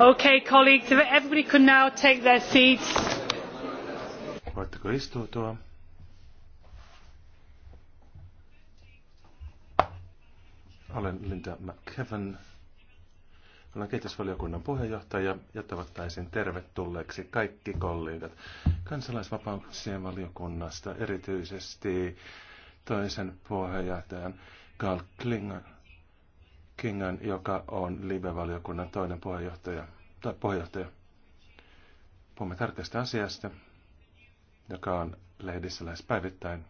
Okay, colleagues, if everybody could now take their seats. Voitteko istuutua? Olen Linda McKevin. Olen kehitysvaliokunnan puheenjohtaja ja toivottaisin tervetulleeksi kaikki kollegat kansalaisvapauksien valiokunnasta, erityisesti toisen puheenjohtajan Carl Klingan Kingan, joka on Libe-valiokunnan toinen puheenjohtaja. Tai puheenjohtaja. Puhumme tärkeästä asiasta, joka on lehdissä lähes päivittäin.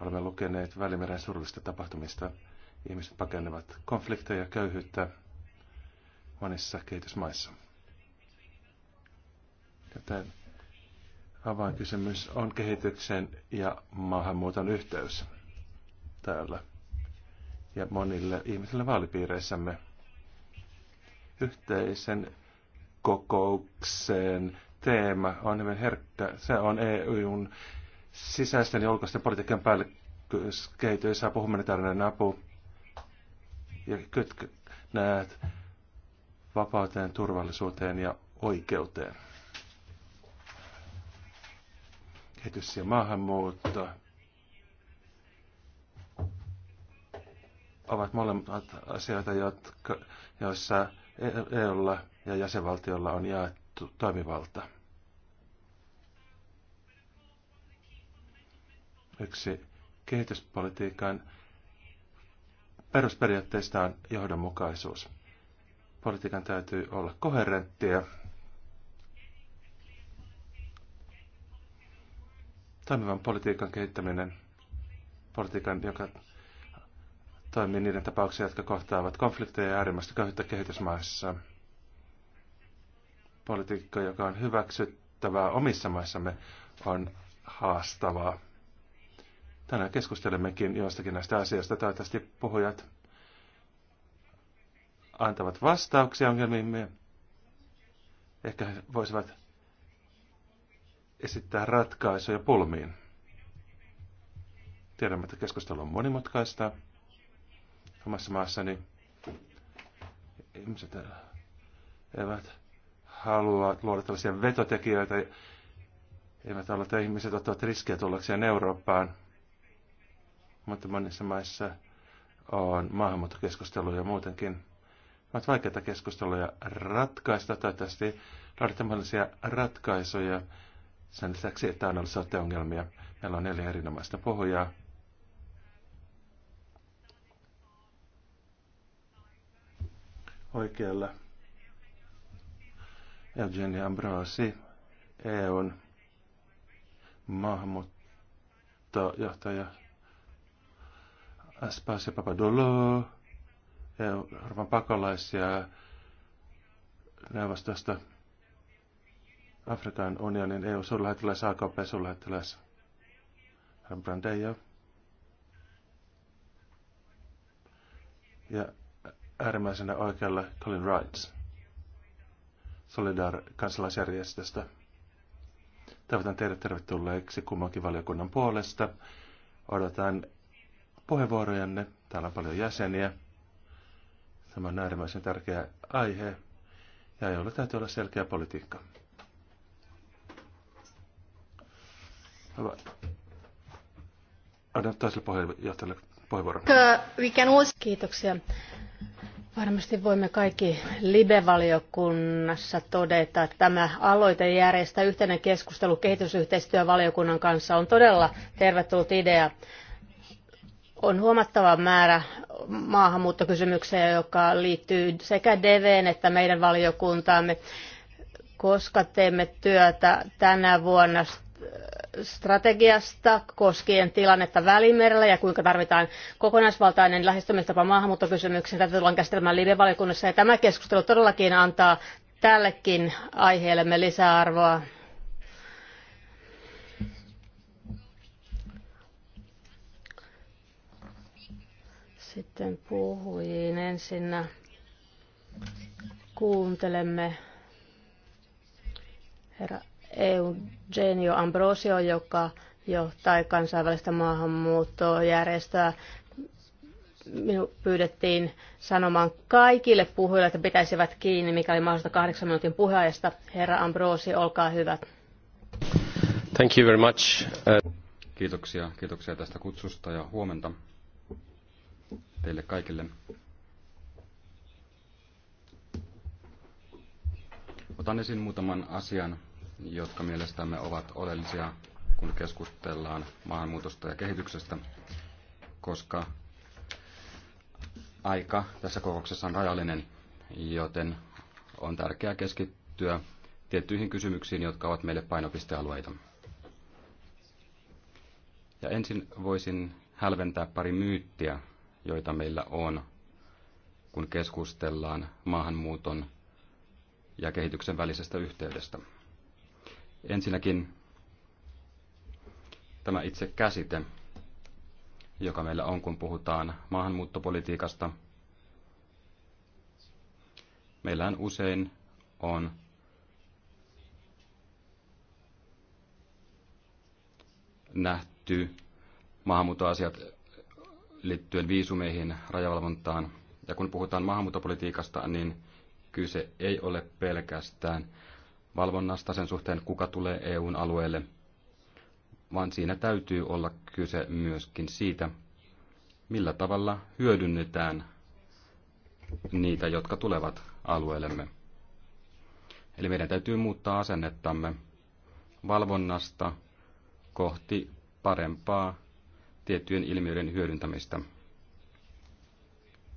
Olemme lukeneet Välimeren surullista tapahtumista. Ihmiset pakenevat konflikteja ja köyhyyttä monissa kehitysmaissa. Joten avainkysymys on kehityksen ja maahanmuuton yhteys täällä ja monille ihmisille vaalipiireissämme. Yhteisen kokouksen teema on hyvin herkkä. Se on EUn sisäisten ja ulkoisten politiikan päällekkyys, ja humanitaarinen apu ja näet vapauteen, turvallisuuteen ja oikeuteen. Kehitys ja maahanmuutto ovat molemmat asioita, jotka, joissa e-, EUlla ja jäsenvaltiolla on jaettu toimivalta. Yksi kehityspolitiikan perusperiaatteista on johdonmukaisuus. Politiikan täytyy olla koherenttia. Toimivan politiikan kehittäminen, politiikan, joka toimii niiden tapauksia, jotka kohtaavat konflikteja ja äärimmäistä köyhyyttä kehitysmaissa. Politiikka, joka on hyväksyttävää omissa maissamme, on haastavaa. Tänään keskustelemmekin joistakin näistä asioista. Toivottavasti puhujat antavat vastauksia ongelmiimme. Ehkä he voisivat esittää ratkaisuja pulmiin. Tiedämme, että keskustelu on monimutkaista omassa maassani ihmiset eivät halua luoda tällaisia vetotekijöitä, eivät halua, että ihmiset ottavat riskejä tullakseen Eurooppaan. Mutta monissa maissa on maahanmuuttokeskusteluja muutenkin. Ovat vaikeita keskusteluja ratkaista, toivottavasti laaditaan mahdollisia ratkaisuja sen lisäksi, että analysoitte ongelmia. Meillä on neljä erinomaista pohjaa. oikealla. Eugenia Ambrosi, EUn maahanmuuttojohtaja Aspasia Papadoulou, e Euroopan pakolaisia neuvostosta Afrikan unionin EU-suurlähettiläs, AKP-suurlähettiläs, Brandeja ja äärimmäisenä oikealle Colin Wright Solidar-kansalaisjärjestöstä. Toivotan teidät tervetulleeksi kummankin valiokunnan puolesta. Odotan puheenvuorojanne. Täällä on paljon jäseniä. Tämä on äärimmäisen tärkeä aihe ja jolla täytyy olla selkeä politiikka. Odotan toiselle puheenjohtajalle puheenvuoron. Kiitoksia. Varmasti voimme kaikki LIBE-valiokunnassa todeta, että tämä aloite järjestää yhteinen keskustelu kehitysyhteistyövaliokunnan kanssa on todella tervetullut idea. On huomattava määrä maahanmuuttokysymyksiä, joka liittyy sekä DVn että meidän valiokuntaamme, koska teemme työtä tänä vuonna strategiasta koskien tilannetta Välimerellä ja kuinka tarvitaan kokonaisvaltainen lähestymistapa maahanmuuttokysymyksiin. Tätä tullaan käsittelemään libe valiokunnassa ja tämä keskustelu todellakin antaa tällekin aiheellemme lisäarvoa. Sitten puhujiin ensin kuuntelemme herra Eugenio Ambrosio, joka johtaa kansainvälistä järjestää, Minut pyydettiin sanomaan kaikille puhujille, että pitäisivät kiinni, mikä oli mahdollista kahdeksan minuutin puheajasta. Herra Ambrosi, olkaa hyvä. Thank you very much. Kiitoksia, kiitoksia tästä kutsusta ja huomenta teille kaikille. Otan esiin muutaman asian, jotka mielestämme ovat oleellisia, kun keskustellaan maahanmuutosta ja kehityksestä, koska aika tässä kokouksessa on rajallinen, joten on tärkeää keskittyä tiettyihin kysymyksiin, jotka ovat meille painopistealueita. Ja ensin voisin hälventää pari myyttiä, joita meillä on, kun keskustellaan maahanmuuton ja kehityksen välisestä yhteydestä. Ensinnäkin tämä itse käsite, joka meillä on, kun puhutaan maahanmuuttopolitiikasta. Meillähän usein on nähty maahanmuuttoasiat liittyen viisumeihin, rajavalvontaan. Ja kun puhutaan maahanmuuttopolitiikasta, niin kyse ei ole pelkästään valvonnasta sen suhteen, kuka tulee EUn alueelle, vaan siinä täytyy olla kyse myöskin siitä, millä tavalla hyödynnetään niitä, jotka tulevat alueellemme. Eli meidän täytyy muuttaa asennettamme valvonnasta kohti parempaa tiettyjen ilmiöiden hyödyntämistä.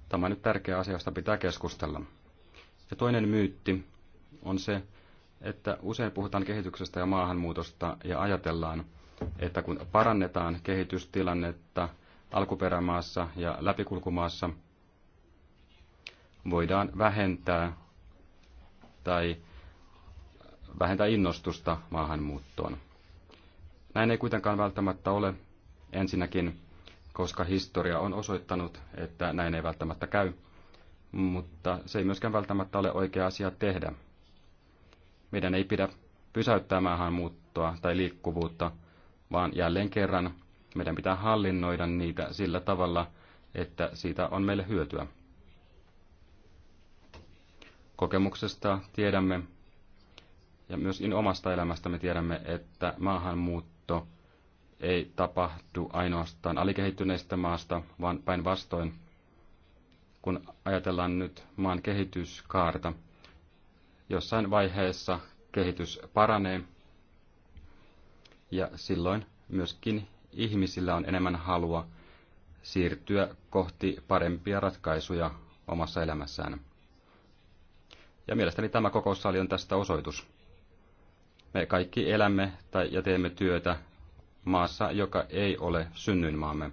Tämä on nyt tärkeä asia, josta pitää keskustella. Ja toinen myytti on se, että usein puhutaan kehityksestä ja maahanmuutosta ja ajatellaan, että kun parannetaan kehitystilannetta alkuperämaassa ja läpikulkumaassa, voidaan vähentää tai vähentää innostusta maahanmuuttoon. Näin ei kuitenkaan välttämättä ole ensinnäkin, koska historia on osoittanut, että näin ei välttämättä käy, mutta se ei myöskään välttämättä ole oikea asia tehdä – meidän ei pidä pysäyttää maahanmuuttoa tai liikkuvuutta, vaan jälleen kerran meidän pitää hallinnoida niitä sillä tavalla, että siitä on meille hyötyä. Kokemuksesta tiedämme, ja myöskin omasta elämästämme tiedämme, että maahanmuutto ei tapahdu ainoastaan alikehittyneistä maasta, vaan päinvastoin, kun ajatellaan nyt maan kehityskaarta – Jossain vaiheessa kehitys paranee ja silloin myöskin ihmisillä on enemmän halua siirtyä kohti parempia ratkaisuja omassa elämässään. Ja mielestäni tämä kokoussali on tästä osoitus. Me kaikki elämme tai ja teemme työtä maassa, joka ei ole synnyinmaamme.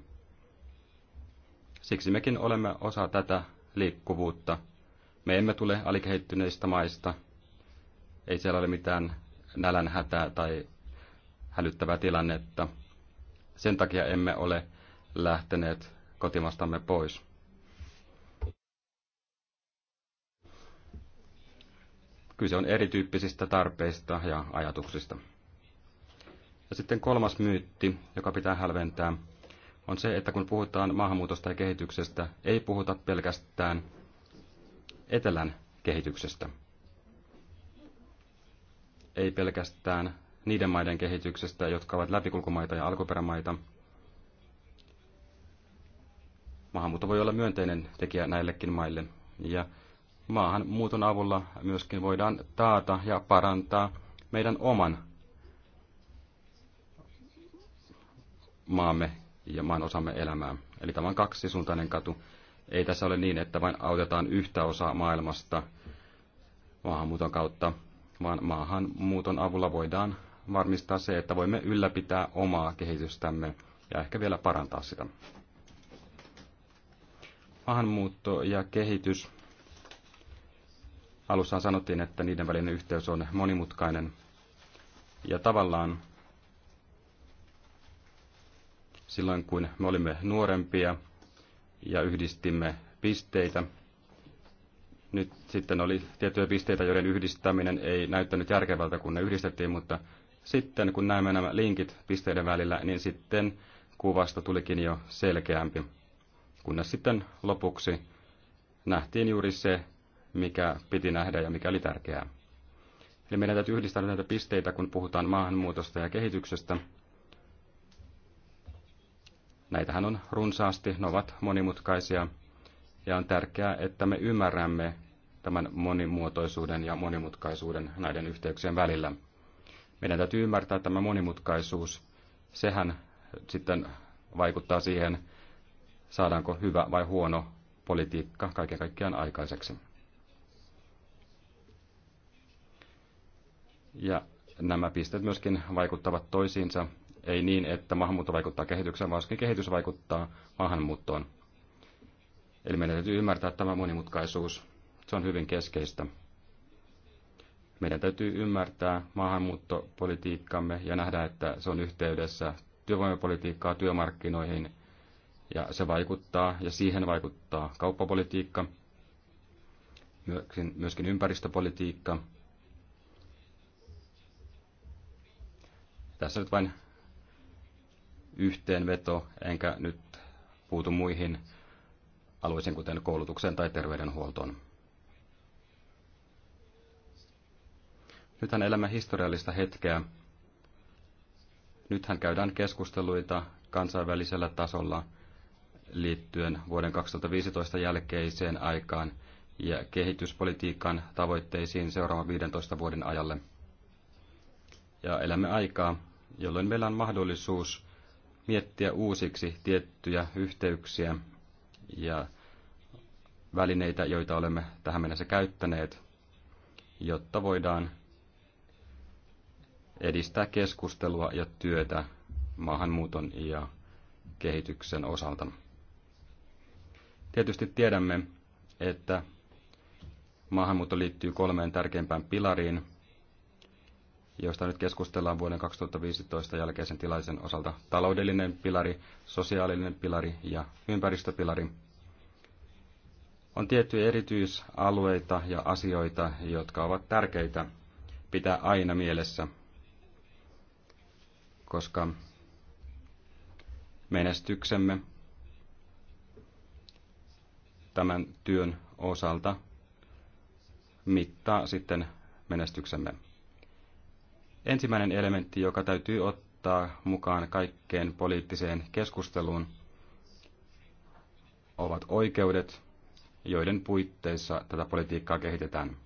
Siksi mekin olemme osa tätä liikkuvuutta. Me emme tule alikehittyneistä maista, ei siellä ole mitään nälänhätää tai hälyttävää tilannetta. Sen takia emme ole lähteneet kotimastamme pois. Kyse on erityyppisistä tarpeista ja ajatuksista. Ja sitten kolmas myytti, joka pitää hälventää, on se, että kun puhutaan maahanmuutosta ja kehityksestä, ei puhuta pelkästään etelän kehityksestä – ei pelkästään niiden maiden kehityksestä, jotka ovat läpikulkumaita ja alkuperämaita. Maahanmuutto voi olla myönteinen tekijä näillekin maille. Ja maahanmuuton avulla myöskin voidaan taata ja parantaa meidän oman maamme ja maan osamme elämää. Eli tämä on kaksisuuntainen katu. Ei tässä ole niin, että vain autetaan yhtä osaa maailmasta maahanmuuton kautta, vaan maahanmuuton avulla voidaan varmistaa se, että voimme ylläpitää omaa kehitystämme ja ehkä vielä parantaa sitä. Maahanmuutto ja kehitys. Alussa sanottiin, että niiden välinen yhteys on monimutkainen. Ja tavallaan silloin, kun me olimme nuorempia ja yhdistimme pisteitä, nyt sitten oli tiettyjä pisteitä, joiden yhdistäminen ei näyttänyt järkevältä, kun ne yhdistettiin, mutta sitten kun näemme nämä linkit pisteiden välillä, niin sitten kuvasta tulikin jo selkeämpi. Kunnes sitten lopuksi nähtiin juuri se, mikä piti nähdä ja mikä oli tärkeää. Eli meidän täytyy yhdistää näitä pisteitä, kun puhutaan maahanmuutosta ja kehityksestä. Näitähän on runsaasti, ne ovat monimutkaisia, ja on tärkeää, että me ymmärrämme tämän monimuotoisuuden ja monimutkaisuuden näiden yhteyksien välillä. Meidän täytyy ymmärtää tämä monimutkaisuus. Sehän sitten vaikuttaa siihen, saadaanko hyvä vai huono politiikka kaiken kaikkiaan aikaiseksi. Ja nämä pisteet myöskin vaikuttavat toisiinsa. Ei niin, että maahanmuutto vaikuttaa kehitykseen, vaan myöskin kehitys vaikuttaa maahanmuuttoon. Eli meidän täytyy ymmärtää tämä monimutkaisuus se on hyvin keskeistä. Meidän täytyy ymmärtää maahanmuuttopolitiikkamme ja nähdä, että se on yhteydessä työvoimapolitiikkaa työmarkkinoihin ja se vaikuttaa ja siihen vaikuttaa kauppapolitiikka, myöskin ympäristöpolitiikka. Tässä nyt vain yhteenveto, enkä nyt puutu muihin alueisiin, kuten koulutukseen tai terveydenhuoltoon. Nythän elämme historiallista hetkeä. Nythän käydään keskusteluita kansainvälisellä tasolla liittyen vuoden 2015 jälkeiseen aikaan ja kehityspolitiikan tavoitteisiin seuraavan 15 vuoden ajalle. Ja elämme aikaa, jolloin meillä on mahdollisuus miettiä uusiksi tiettyjä yhteyksiä ja välineitä, joita olemme tähän mennessä käyttäneet, jotta voidaan edistää keskustelua ja työtä maahanmuuton ja kehityksen osalta. Tietysti tiedämme, että maahanmuutto liittyy kolmeen tärkeimpään pilariin, joista nyt keskustellaan vuoden 2015 jälkeisen tilaisen osalta. Taloudellinen pilari, sosiaalinen pilari ja ympäristöpilari. On tiettyjä erityisalueita ja asioita, jotka ovat tärkeitä pitää aina mielessä, koska menestyksemme tämän työn osalta mittaa sitten menestyksemme. Ensimmäinen elementti, joka täytyy ottaa mukaan kaikkeen poliittiseen keskusteluun, ovat oikeudet, joiden puitteissa tätä politiikkaa kehitetään.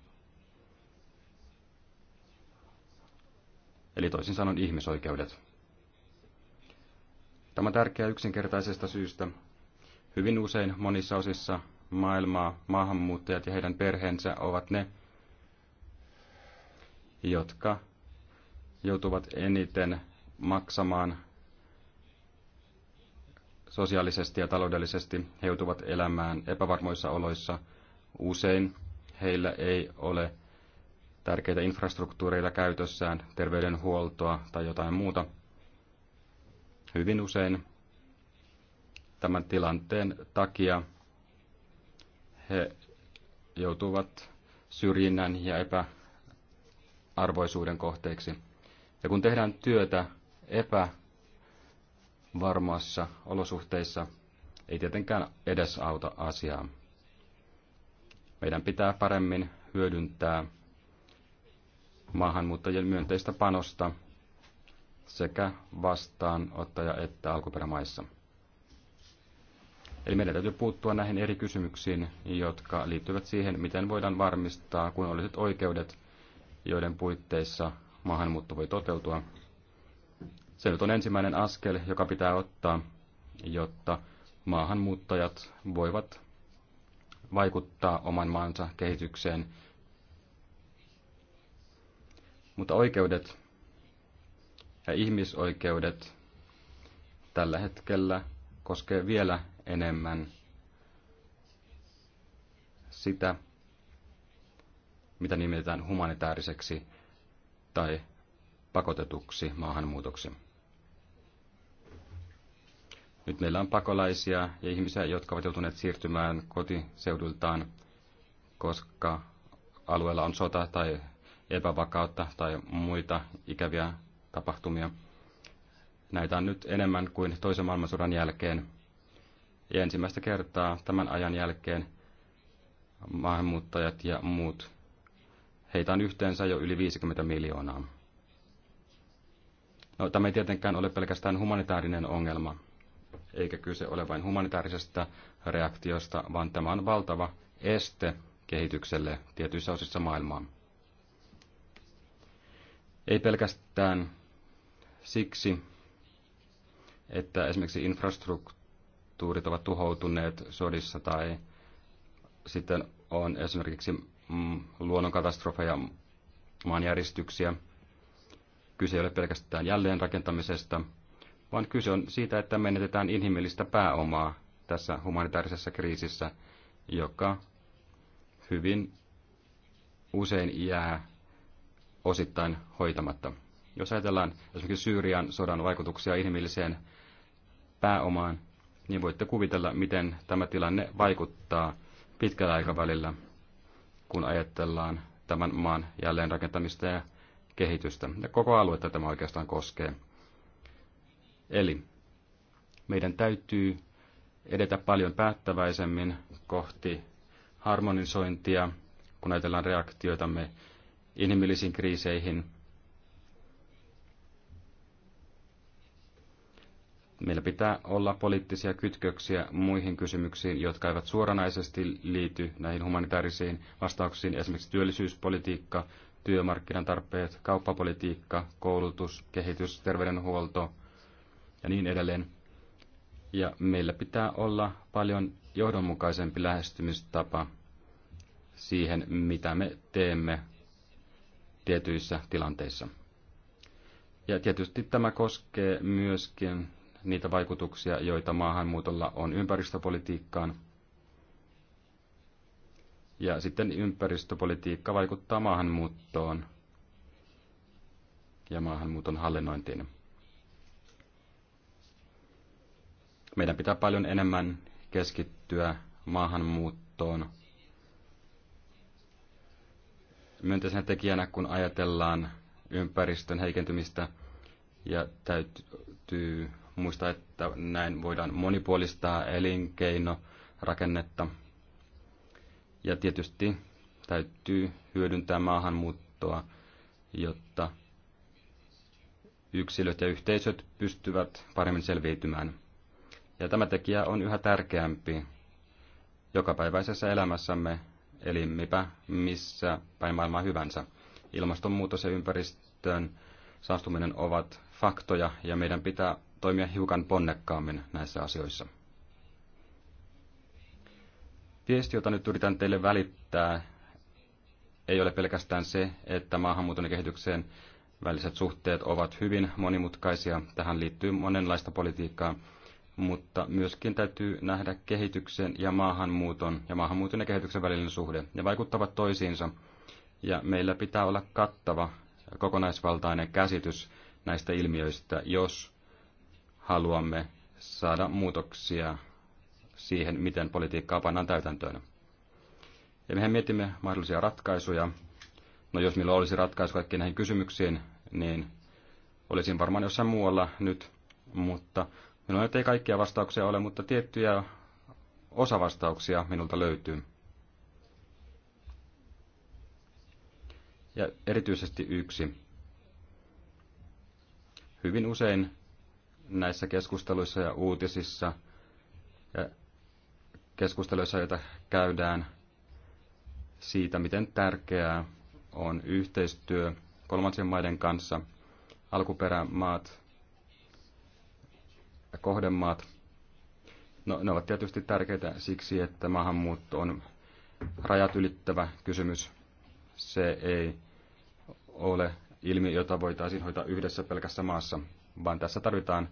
Eli toisin sanoen ihmisoikeudet. Tämä on tärkeää yksinkertaisesta syystä. Hyvin usein monissa osissa maailmaa maahanmuuttajat ja heidän perheensä ovat ne, jotka joutuvat eniten maksamaan sosiaalisesti ja taloudellisesti. He joutuvat elämään epävarmoissa oloissa. Usein heillä ei ole tärkeitä infrastruktuureita käytössään, terveydenhuoltoa tai jotain muuta – Hyvin usein tämän tilanteen takia he joutuvat syrjinnän ja epäarvoisuuden kohteeksi. Ja kun tehdään työtä epävarmoissa olosuhteissa, ei tietenkään edes auta asiaa. Meidän pitää paremmin hyödyntää maahanmuuttajien myönteistä panosta sekä vastaanottaja- että alkuperämaissa. Eli meidän täytyy puuttua näihin eri kysymyksiin, jotka liittyvät siihen, miten voidaan varmistaa kunnolliset oikeudet, joiden puitteissa maahanmuutto voi toteutua. Se nyt on ensimmäinen askel, joka pitää ottaa, jotta maahanmuuttajat voivat vaikuttaa oman maansa kehitykseen. Mutta oikeudet ja ihmisoikeudet tällä hetkellä koskee vielä enemmän sitä, mitä nimetään humanitaariseksi tai pakotetuksi maahanmuutoksi. Nyt meillä on pakolaisia ja ihmisiä, jotka ovat joutuneet siirtymään kotiseudultaan, koska alueella on sota tai epävakautta tai muita ikäviä tapahtumia. Näitä on nyt enemmän kuin toisen maailmansodan jälkeen. Ja ensimmäistä kertaa tämän ajan jälkeen maahanmuuttajat ja muut. Heitä on yhteensä jo yli 50 miljoonaa. No, tämä ei tietenkään ole pelkästään humanitaarinen ongelma, eikä kyse ole vain humanitaarisesta reaktiosta, vaan tämä on valtava este kehitykselle tietyissä osissa maailmaa. Ei pelkästään siksi, että esimerkiksi infrastruktuurit ovat tuhoutuneet sodissa tai sitten on esimerkiksi mm, luonnonkatastrofeja, maanjäristyksiä. Kyse ei ole pelkästään jälleenrakentamisesta, vaan kyse on siitä, että menetetään inhimillistä pääomaa tässä humanitaarisessa kriisissä, joka hyvin usein jää osittain hoitamatta. Jos ajatellaan esimerkiksi Syyrian sodan vaikutuksia inhimilliseen pääomaan, niin voitte kuvitella, miten tämä tilanne vaikuttaa pitkällä aikavälillä, kun ajatellaan tämän maan jälleenrakentamista ja kehitystä. Ja koko aluetta tämä oikeastaan koskee. Eli meidän täytyy edetä paljon päättäväisemmin kohti harmonisointia, kun ajatellaan reaktioitamme inhimillisiin kriiseihin – meillä pitää olla poliittisia kytköksiä muihin kysymyksiin, jotka eivät suoranaisesti liity näihin humanitaarisiin vastauksiin, esimerkiksi työllisyyspolitiikka, työmarkkinan tarpeet, kauppapolitiikka, koulutus, kehitys, terveydenhuolto ja niin edelleen. Ja meillä pitää olla paljon johdonmukaisempi lähestymistapa siihen, mitä me teemme tietyissä tilanteissa. Ja tietysti tämä koskee myöskin niitä vaikutuksia, joita maahanmuutolla on ympäristöpolitiikkaan. Ja sitten ympäristöpolitiikka vaikuttaa maahanmuuttoon ja maahanmuuton hallinnointiin. Meidän pitää paljon enemmän keskittyä maahanmuuttoon myönteisenä tekijänä, kun ajatellaan ympäristön heikentymistä ja täytyy muista, että näin voidaan monipuolistaa elinkeino, rakennetta. Ja tietysti täytyy hyödyntää maahanmuuttoa, jotta yksilöt ja yhteisöt pystyvät paremmin selviytymään. Ja tämä tekijä on yhä tärkeämpi jokapäiväisessä elämässämme, eli mipä missä päin maailmaa hyvänsä. Ilmastonmuutos ja ympäristön saastuminen ovat faktoja, ja meidän pitää toimia hiukan ponnekkaammin näissä asioissa. Viesti, jota nyt yritän teille välittää, ei ole pelkästään se, että maahanmuuton ja kehitykseen väliset suhteet ovat hyvin monimutkaisia. Tähän liittyy monenlaista politiikkaa, mutta myöskin täytyy nähdä kehityksen ja maahanmuuton ja maahanmuuton ja kehityksen välinen suhde. Ne vaikuttavat toisiinsa ja meillä pitää olla kattava kokonaisvaltainen käsitys näistä ilmiöistä, jos haluamme saada muutoksia siihen, miten politiikkaa pannaan täytäntöön. Ja mehän mietimme mahdollisia ratkaisuja. No jos meillä olisi ratkaisu kaikkiin näihin kysymyksiin, niin olisin varmaan jossain muualla nyt, mutta minulla ei kaikkia vastauksia ole, mutta tiettyjä osavastauksia minulta löytyy. Ja erityisesti yksi. Hyvin usein näissä keskusteluissa ja uutisissa ja keskusteluissa, joita käydään siitä, miten tärkeää on yhteistyö kolmansien maiden kanssa, alkuperämaat ja kohdemaat. No, ne ovat tietysti tärkeitä siksi, että maahanmuutto on rajat ylittävä kysymys. Se ei ole ilmiö, jota voitaisiin hoitaa yhdessä pelkässä maassa, vaan tässä tarvitaan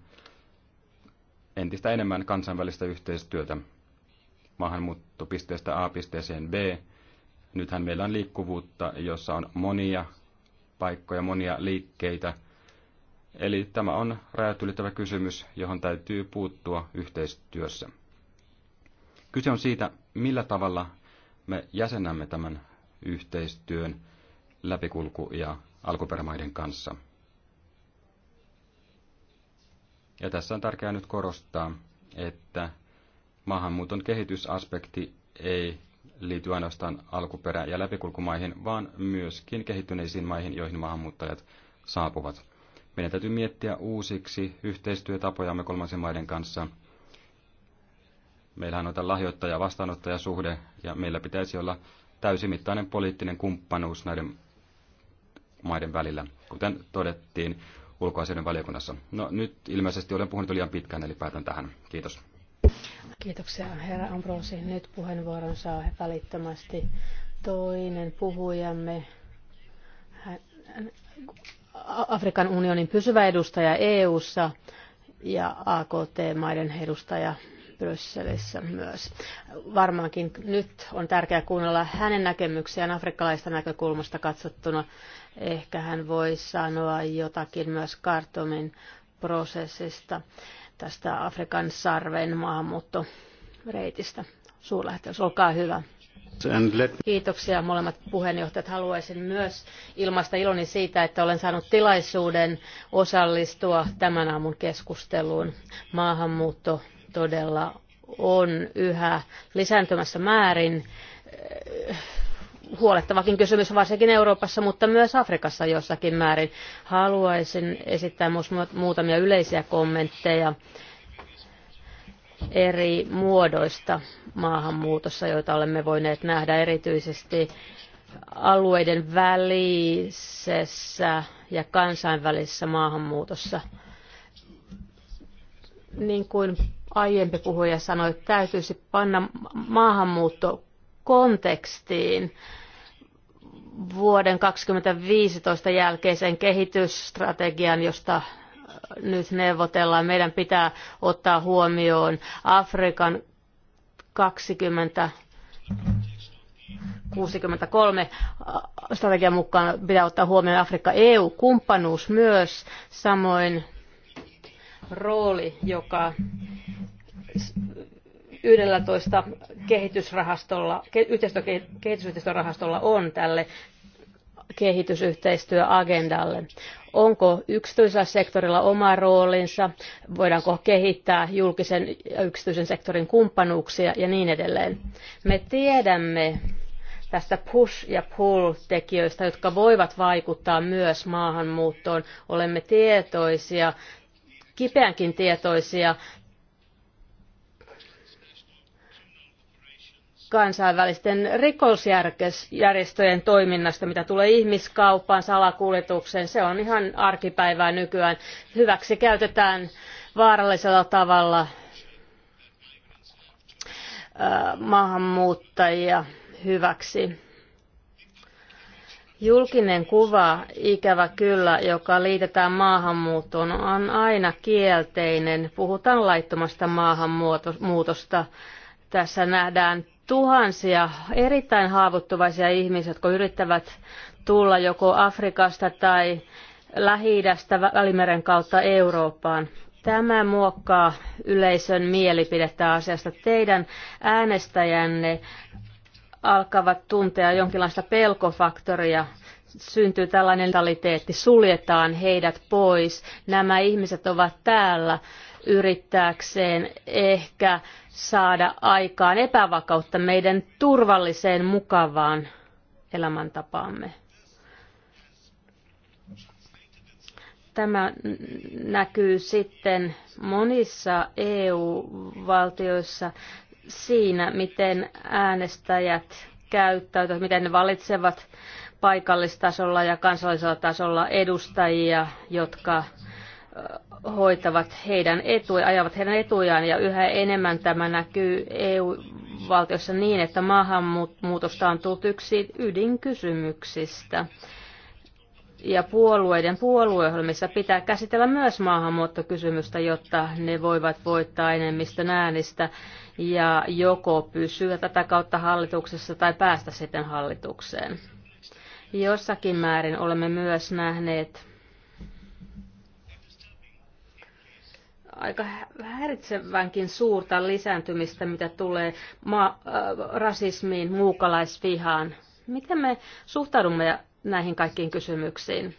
entistä enemmän kansainvälistä yhteistyötä maahanmuuttopisteestä A pisteeseen B. Nythän meillä on liikkuvuutta, jossa on monia paikkoja, monia liikkeitä. Eli tämä on rajat ylittävä kysymys, johon täytyy puuttua yhteistyössä. Kyse on siitä, millä tavalla me jäsenämme tämän yhteistyön läpikulku- ja alkuperämaiden kanssa – Ja tässä on tärkeää nyt korostaa, että maahanmuuton kehitysaspekti ei liity ainoastaan alkuperä- ja läpikulkumaihin, vaan myöskin kehittyneisiin maihin, joihin maahanmuuttajat saapuvat. Meidän täytyy miettiä uusiksi yhteistyötapojamme kolmansien maiden kanssa. Meillähän on tämä lahjoittaja vastaanottajasuhde ja meillä pitäisi olla täysimittainen poliittinen kumppanuus näiden maiden välillä. Kuten todettiin, ulkoasioiden valiokunnassa. No nyt ilmeisesti olen puhunut liian pitkään, eli päätän tähän. Kiitos. Kiitoksia herra Ambrosi. Nyt puheenvuoron saa välittömästi toinen puhujamme. Afrikan unionin pysyvä edustaja EU:ssa ja AKT-maiden edustaja Brysselissä myös. Varmaankin nyt on tärkeää kuunnella hänen näkemyksiään afrikkalaista näkökulmasta katsottuna. Ehkä hän voi sanoa jotakin myös kartomin prosessista, tästä Afrikan sarven maahanmuuttoreitistä. Suurlähtöys, olkaa hyvä. Kiitoksia molemmat puheenjohtajat. Haluaisin myös ilmaista iloni siitä, että olen saanut tilaisuuden osallistua tämän aamun keskusteluun. Maahanmuutto todella on yhä lisääntymässä määrin huolettavakin kysymys, varsinkin Euroopassa, mutta myös Afrikassa jossakin määrin. Haluaisin esittää myös muutamia yleisiä kommentteja eri muodoista maahanmuutossa, joita olemme voineet nähdä erityisesti alueiden välisessä ja kansainvälisessä maahanmuutossa. Niin kuin aiempi puhuja sanoi, täytyisi panna maahanmuutto kontekstiin vuoden 2015 jälkeisen kehitysstrategian, josta äh, nyt neuvotellaan. Meidän pitää ottaa huomioon Afrikan 20 63 äh, strategian mukaan pitää ottaa huomioon Afrikka-EU-kumppanuus myös, samoin rooli, joka 11 kehitysrahastolla, kehitysyhteistyörahastolla on tälle kehitysyhteistyöagendalle. Onko yksityisellä sektorilla oma roolinsa, voidaanko kehittää julkisen ja yksityisen sektorin kumppanuuksia ja niin edelleen. Me tiedämme tästä push- ja pull-tekijöistä, jotka voivat vaikuttaa myös maahanmuuttoon. Olemme tietoisia, kipeänkin tietoisia kansainvälisten rikollisjärjestöjen toiminnasta, mitä tulee ihmiskauppaan, salakuljetukseen. Se on ihan arkipäivää nykyään. Hyväksi käytetään vaarallisella tavalla maahanmuuttajia hyväksi. Julkinen kuva, ikävä kyllä, joka liitetään maahanmuuttoon, on aina kielteinen. Puhutaan laittomasta maahanmuutosta. Tässä nähdään tuhansia erittäin haavoittuvaisia ihmisiä, jotka yrittävät tulla joko Afrikasta tai Lähi-idästä Välimeren kautta Eurooppaan. Tämä muokkaa yleisön mielipidettä asiasta. Teidän äänestäjänne alkavat tuntea jonkinlaista pelkofaktoria. Syntyy tällainen mentaliteetti, suljetaan heidät pois. Nämä ihmiset ovat täällä yrittääkseen ehkä saada aikaan epävakautta meidän turvalliseen, mukavaan elämäntapaamme. Tämä näkyy sitten monissa EU-valtioissa siinä, miten äänestäjät käyttäytyvät, miten ne valitsevat paikallistasolla ja kansallisella tasolla edustajia, jotka hoitavat heidän etuja, ajavat heidän etujaan ja yhä enemmän tämä näkyy EU-valtiossa niin, että maahanmuutosta on tullut yksi ydinkysymyksistä. Ja puolueiden puolueohjelmissa pitää käsitellä myös maahanmuuttokysymystä, jotta ne voivat voittaa enemmistön äänistä ja joko pysyä tätä kautta hallituksessa tai päästä sitten hallitukseen. Jossakin määrin olemme myös nähneet aika häiritsevänkin suurta lisääntymistä, mitä tulee ma- äh, rasismiin, muukalaisvihaan. Miten me suhtaudumme näihin kaikkiin kysymyksiin?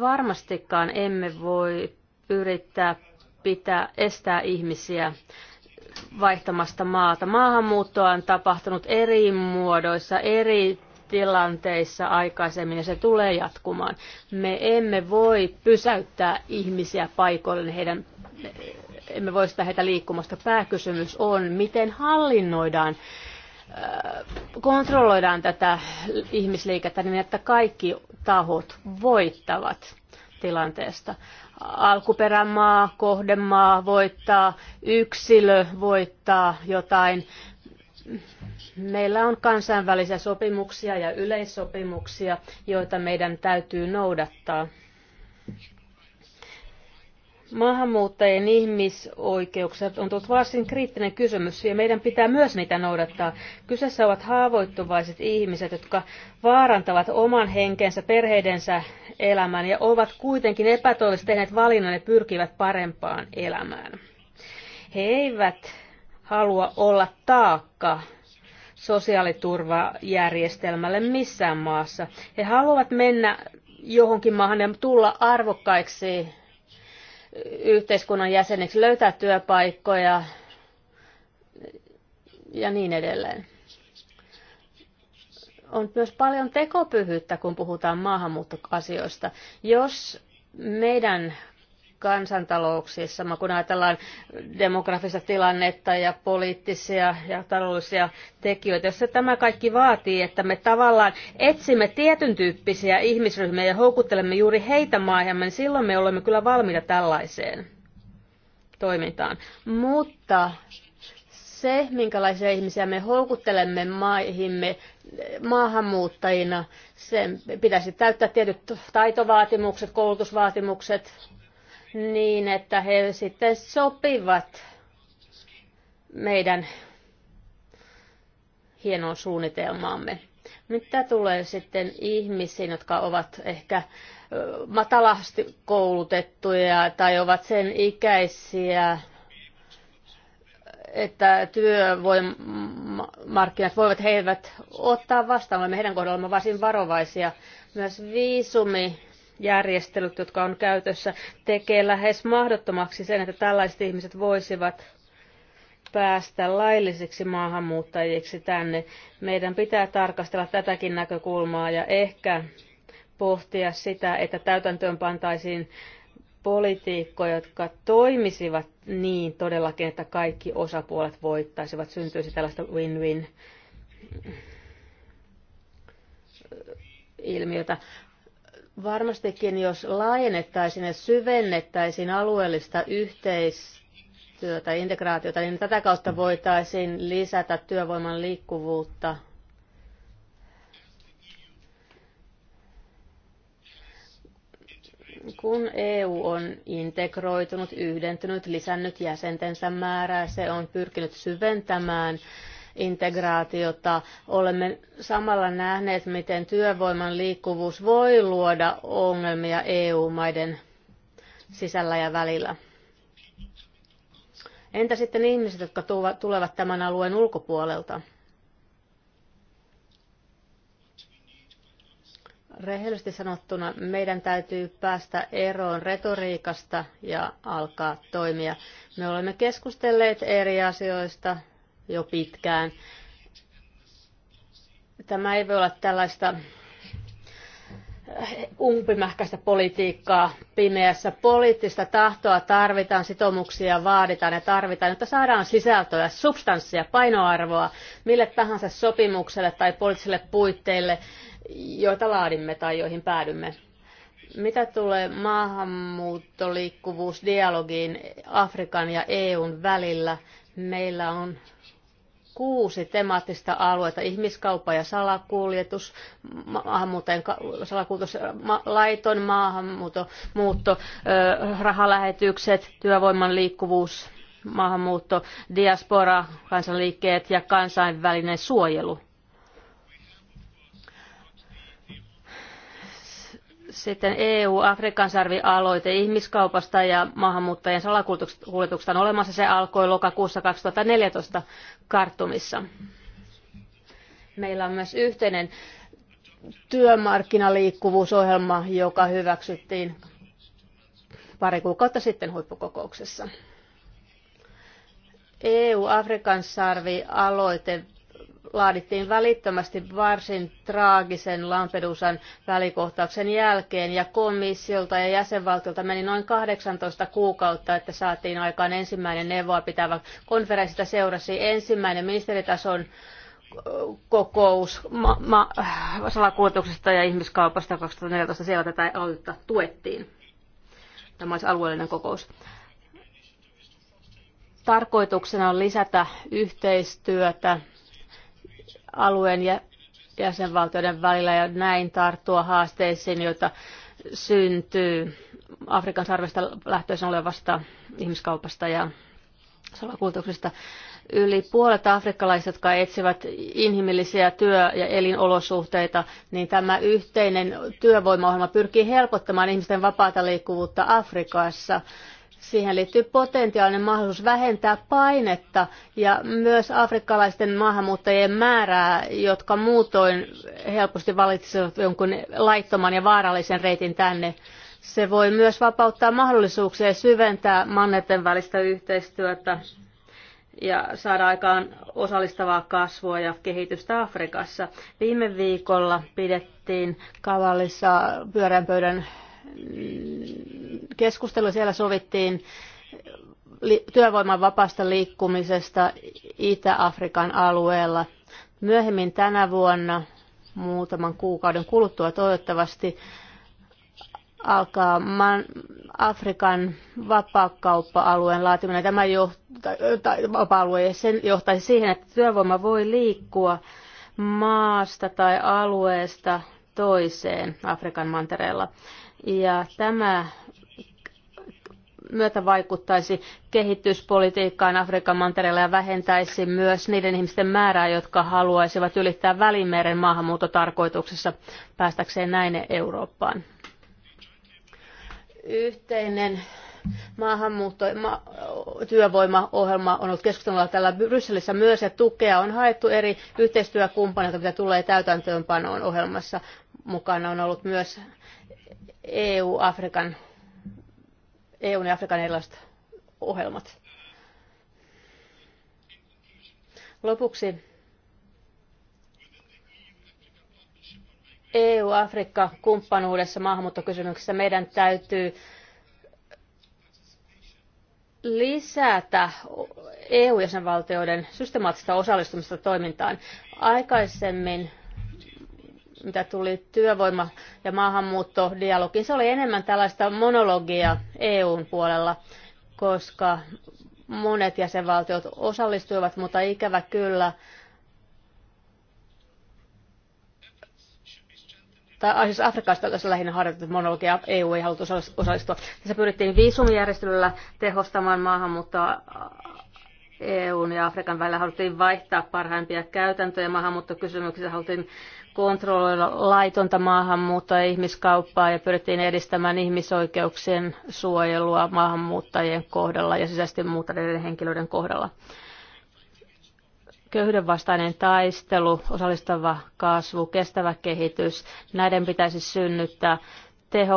Varmastikaan emme voi yrittää pitää estää ihmisiä vaihtamasta maata. Maahanmuuttoa on tapahtunut eri muodoissa, eri tilanteissa aikaisemmin ja se tulee jatkumaan. Me emme voi pysäyttää ihmisiä paikoille heidän emme voi sitä heitä liikkumasta. Pääkysymys on, miten hallinnoidaan, äh, kontrolloidaan tätä ihmisliikettä niin, että kaikki tahot voittavat tilanteesta. Alkuperämaa, kohdemaa voittaa, yksilö voittaa jotain. Meillä on kansainvälisiä sopimuksia ja yleissopimuksia, joita meidän täytyy noudattaa. Maahanmuuttajien ihmisoikeuksia on tullut varsin kriittinen kysymys ja meidän pitää myös niitä noudattaa. Kyseessä ovat haavoittuvaiset ihmiset, jotka vaarantavat oman henkensä, perheidensä elämän ja ovat kuitenkin epätoivoisesti tehneet valinnan ja pyrkivät parempaan elämään. He eivät halua olla taakka sosiaaliturvajärjestelmälle missään maassa. He haluavat mennä johonkin maahan ja tulla arvokkaiksi yhteiskunnan jäseniksi, löytää työpaikkoja ja niin edelleen. On myös paljon tekopyhyyttä, kun puhutaan maahanmuuttoasioista. Jos meidän kansantalouksissa, kun ajatellaan demografista tilannetta ja poliittisia ja taloudellisia tekijöitä. Jos tämä kaikki vaatii, että me tavallaan etsimme tietyn tyyppisiä ihmisryhmiä ja houkuttelemme juuri heitä maahamme, niin silloin me olemme kyllä valmiita tällaiseen toimintaan. Mutta se, minkälaisia ihmisiä me houkuttelemme maihimme maahanmuuttajina, sen pitäisi täyttää tietyt taitovaatimukset, koulutusvaatimukset, niin, että he sitten sopivat meidän hienoon suunnitelmaamme. Mitä tulee sitten ihmisiin, jotka ovat ehkä matalasti koulutettuja tai ovat sen ikäisiä, että työvoimamarkkinat voivat heidät ottaa vastaan, vaan heidän kohdallamme varsin varovaisia. Myös viisumi järjestelyt, jotka on käytössä, tekee lähes mahdottomaksi sen, että tällaiset ihmiset voisivat päästä laillisiksi maahanmuuttajiksi tänne. Meidän pitää tarkastella tätäkin näkökulmaa ja ehkä pohtia sitä, että täytäntöön pantaisiin politiikkoja, jotka toimisivat niin todellakin, että kaikki osapuolet voittaisivat, syntyisi tällaista win-win ilmiötä. Varmastikin, jos laajennettaisiin ja syvennettäisiin alueellista yhteistyötä, integraatiota, niin tätä kautta voitaisiin lisätä työvoiman liikkuvuutta. Kun EU on integroitunut, yhdentynyt, lisännyt jäsentensä määrää, se on pyrkinyt syventämään integraatiota. Olemme samalla nähneet, miten työvoiman liikkuvuus voi luoda ongelmia EU-maiden sisällä ja välillä. Entä sitten ihmiset, jotka tulevat tämän alueen ulkopuolelta? Rehellisesti sanottuna meidän täytyy päästä eroon retoriikasta ja alkaa toimia. Me olemme keskustelleet eri asioista jo pitkään. Tämä ei voi olla tällaista äh, umpimähkäistä politiikkaa pimeässä. Poliittista tahtoa tarvitaan, sitoumuksia vaaditaan ja tarvitaan, jotta saadaan sisältöä, substanssia, painoarvoa mille tahansa sopimukselle tai poliittisille puitteille, joita laadimme tai joihin päädymme. Mitä tulee maahanmuuttoliikkuvuusdialogiin Afrikan ja EUn välillä, meillä on kuusi temaattista aluetta, ihmiskauppa ja salakuljetus, maahanmuuttajien salakuljetus, laiton maahanmuutto, muutto, rahalähetykset, työvoiman liikkuvuus, maahanmuutto, diaspora, kansanliikkeet ja kansainvälinen suojelu. Sitten EU-Afrikan sarvi-aloite ihmiskaupasta ja maahanmuuttajien salakuljetuksesta on olemassa. Se alkoi lokakuussa 2014 Kartumissa. Meillä on myös yhteinen työmarkkinaliikkuvuusohjelma, joka hyväksyttiin pari kuukautta sitten huippukokouksessa. EU-Afrikan sarvi-aloite laadittiin välittömästi varsin traagisen Lampedusan välikohtauksen jälkeen ja komissiolta ja jäsenvaltiolta meni noin 18 kuukautta, että saatiin aikaan ensimmäinen neuvoa pitävä konferenssista seurasi ensimmäinen ministeritason äh, kokous ma- ma- äh, salakuljetuksesta ja ihmiskaupasta 2014. Siellä tätä aloitetta tuettiin. Tämä olisi alueellinen kokous. Tarkoituksena on lisätä yhteistyötä alueen ja jäsenvaltioiden välillä ja näin tarttua haasteisiin, joita syntyy Afrikan sarvesta lähtöisen olevasta ihmiskaupasta ja salakuljetuksesta. Yli puolet afrikkalaisista, jotka etsivät inhimillisiä työ- ja elinolosuhteita, niin tämä yhteinen työvoimaohjelma pyrkii helpottamaan ihmisten vapaata liikkuvuutta Afrikassa Siihen liittyy potentiaalinen mahdollisuus vähentää painetta ja myös afrikkalaisten maahanmuuttajien määrää, jotka muutoin helposti valitsisivat jonkun laittoman ja vaarallisen reitin tänne. Se voi myös vapauttaa mahdollisuuksia ja syventää manneten välistä yhteistyötä ja saada aikaan osallistavaa kasvua ja kehitystä Afrikassa. Viime viikolla pidettiin kavallissa pyöränpöydän keskustelu siellä sovittiin työvoiman vapaasta liikkumisesta Itä-Afrikan alueella. Myöhemmin tänä vuonna, muutaman kuukauden kuluttua toivottavasti, alkaa man, Afrikan vapaakauppa-alueen laatiminen. Tämä vapaa-alue sen johtaisi siihen, että työvoima voi liikkua maasta tai alueesta toiseen Afrikan mantereella. Ja tämä myötä vaikuttaisi kehityspolitiikkaan Afrikan mantereella ja vähentäisi myös niiden ihmisten määrää, jotka haluaisivat ylittää Välimeren maahanmuutotarkoituksessa päästäkseen näin Eurooppaan. Yhteinen maahanmuutto, ma, työvoimaohjelma on ollut keskustelulla täällä Brysselissä myös ja tukea on haettu eri yhteistyökumppaneilta, mitä tulee täytäntöönpanoon ohjelmassa. Mukana on ollut myös EU-Afrikan, EUn ja Afrikan erilaiset ohjelmat. Lopuksi EU-Afrikka-kumppanuudessa maahanmuuttokysymyksessä meidän täytyy lisätä EU-jäsenvaltioiden systemaattista osallistumista toimintaan. Aikaisemmin mitä tuli työvoima- ja maahanmuuttodialogi, Se oli enemmän tällaista monologia EUn puolella, koska monet jäsenvaltiot osallistuivat, mutta ikävä kyllä tai siis Afrikasta tässä lähinnä harjoitettu monologia, EU ei haluttu osallistua. Tässä pyrittiin viisumijärjestelyllä tehostamaan maahanmuuttoa EUn ja Afrikan välillä haluttiin vaihtaa parhaimpia käytäntöjä maahanmuuttokysymyksissä, haluttiin kontrolloida laitonta maahanmuuttoa ja ihmiskauppaa ja pyrittiin edistämään ihmisoikeuksien suojelua maahanmuuttajien kohdalla ja sisäisesti muuttaneiden henkilöiden kohdalla. Köyhyyden vastainen taistelu, osallistava kasvu, kestävä kehitys, näiden pitäisi synnyttää te,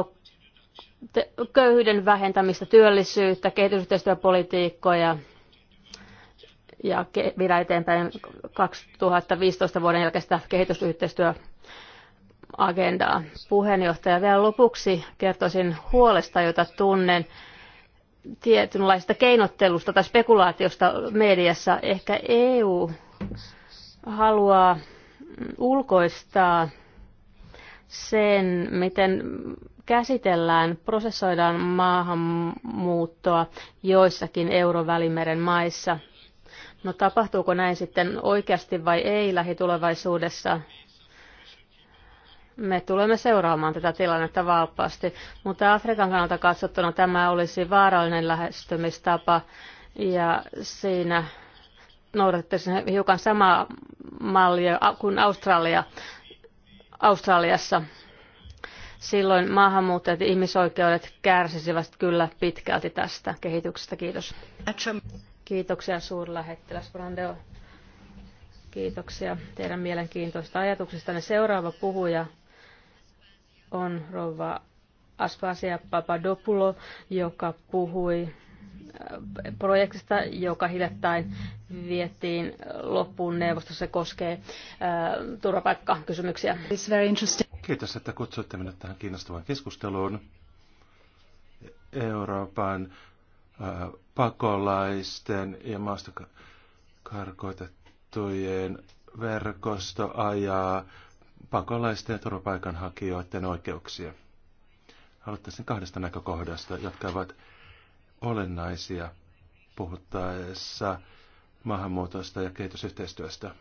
köyhyyden vähentämistä, työllisyyttä, kehitysyhteistyöpolitiikkoja ja viedä eteenpäin 2015 vuoden jälkeistä kehitysyhteistyöagendaa. Puheenjohtaja, vielä lopuksi kertoisin huolesta, jota tunnen tietynlaista keinottelusta tai spekulaatiosta mediassa. Ehkä EU haluaa ulkoistaa sen, miten käsitellään, prosessoidaan maahanmuuttoa joissakin Eurovälimeren maissa – No tapahtuuko näin sitten oikeasti vai ei lähitulevaisuudessa? Me tulemme seuraamaan tätä tilannetta valppaasti, mutta Afrikan kannalta katsottuna tämä olisi vaarallinen lähestymistapa ja siinä noudattaisiin hiukan samaa mallia kuin Australia, Australiassa. Silloin maahanmuuttajat ja ihmisoikeudet kärsisivät kyllä pitkälti tästä kehityksestä. Kiitos. Kiitoksia suurlähettiläs Brandeo. Kiitoksia teidän mielenkiintoista ajatuksista. Seuraava puhuja on rouva Aspasia Papadopulo, joka puhui äh, projektista, joka hiljattain viettiin loppuun neuvostossa. Se koskee äh, turvapaikkakysymyksiä. Kiitos, että kutsuitte minut tähän kiinnostavaan keskusteluun. Euroopan äh, pakolaisten ja maasta karkoitettujen verkosto ajaa pakolaisten ja turvapaikanhakijoiden oikeuksia. Aloittaisin kahdesta näkökohdasta, jotka ovat olennaisia puhuttaessa maahanmuutosta ja kehitysyhteistyöstä.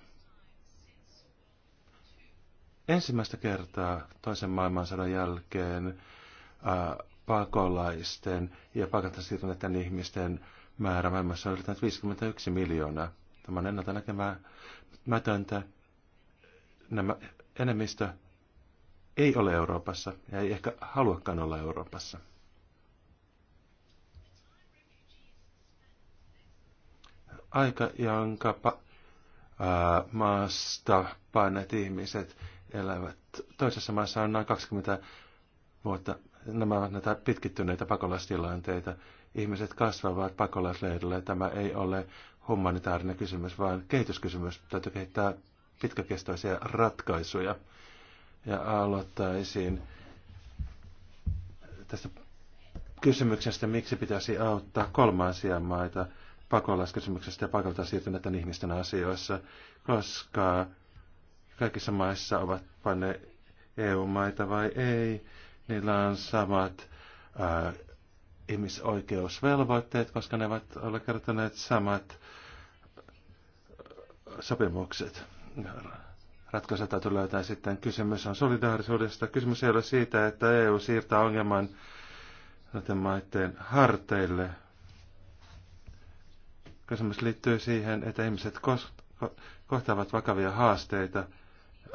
Ensimmäistä kertaa toisen maailmansodan jälkeen ää, pakolaisten ja pakalta siirtyneiden ihmisten määrä maailmassa on 51 miljoonaa. Tämä on ennalta näkemätöntä. Nämä enemmistö ei ole Euroopassa ja ei ehkä haluakaan olla Euroopassa. Aika, jonka pa- ää, maasta paineet ihmiset elävät toisessa maassa on noin 20 vuotta nämä ovat näitä pitkittyneitä pakolaistilanteita. Ihmiset kasvavat pakolaisleirillä. Tämä ei ole humanitaarinen kysymys, vaan kehityskysymys. Täytyy kehittää pitkäkestoisia ratkaisuja. Ja aloittaisin tästä kysymyksestä, miksi pitäisi auttaa kolmansia maita pakolaiskysymyksestä ja paikalta siirtyneiden ihmisten asioissa, koska kaikissa maissa ovat ne EU-maita vai ei, Niillä on samat ää, äh, ihmisoikeusvelvoitteet, koska ne ovat allekirjoittaneet samat äh, sopimukset. Ratkaisu täytyy löytää sitten. Kysymys on solidaarisuudesta. Kysymys ei ole siitä, että EU siirtää ongelman näiden maiden harteille. Kysymys liittyy siihen, että ihmiset kohtaavat vakavia haasteita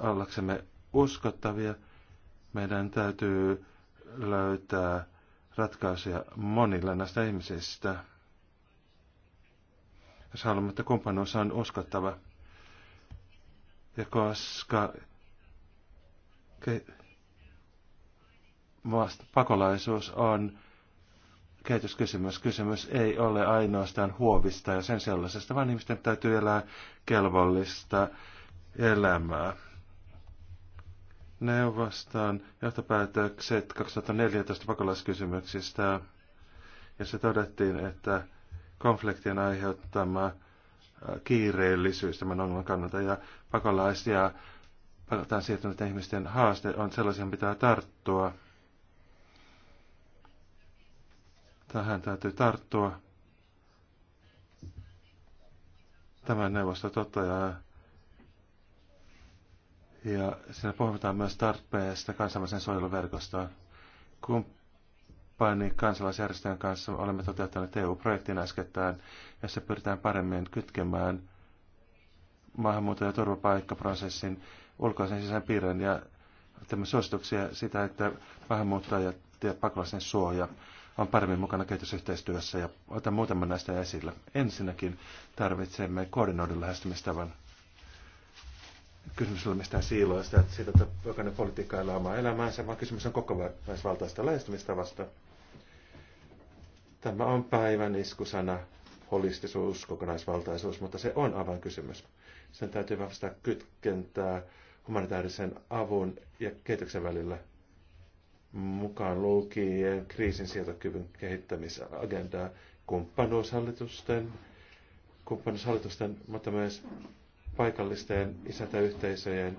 ollaksemme uskottavia – meidän täytyy löytää ratkaisuja monille näistä ihmisistä. Jos haluamme, että kumppanuus on uskottava. Ja koska ke- pakolaisuus on kehityskysymys. Kysymys ei ole ainoastaan huovista ja sen sellaisesta, vaan ihmisten täytyy elää kelvollista elämää neuvoston johtopäätökset 2014 pakolaiskysymyksistä, ja se todettiin, että konfliktien aiheuttama äh, kiireellisyys tämän ongelman kannalta ja pakolaisia pakotaan siirtyneiden ihmisten haaste on sellaisia, pitää tarttua. Tähän täytyy tarttua. Tämä neuvosto toteaa, ja siinä puhutaan myös tarpeesta kansainvälisen suojeluverkostoon. Kumppanin kansalaisjärjestöjen kanssa olemme toteuttaneet EU-projektin äskettäin, jossa pyritään paremmin kytkemään maahanmuutto- ja turvapaikkaprosessin ulkoisen sisäpiirin ja teemme suosituksia sitä, että maahanmuuttajat ja pakolaisen suoja on paremmin mukana kehitysyhteistyössä ja otan muutaman näistä esille. Ensinnäkin tarvitsemme koordinoidun lähestymistavan kysymys ole mistään siiloista, että siitä, että jokainen politiikka elää omaa elämäänsä, vaan kysymys on kokonaisvaltaista lähestymistavasta. Tämä on päivän iskusana, holistisuus, kokonaisvaltaisuus, mutta se on avainkysymys. Sen täytyy vahvistaa kytkentää humanitaarisen avun ja kehityksen välillä mukaan lukien sietokyvyn kehittämisagendaa kumppanuushallitusten, kumppanuushallitusten, mutta myös paikallisten isäntäyhteisöjen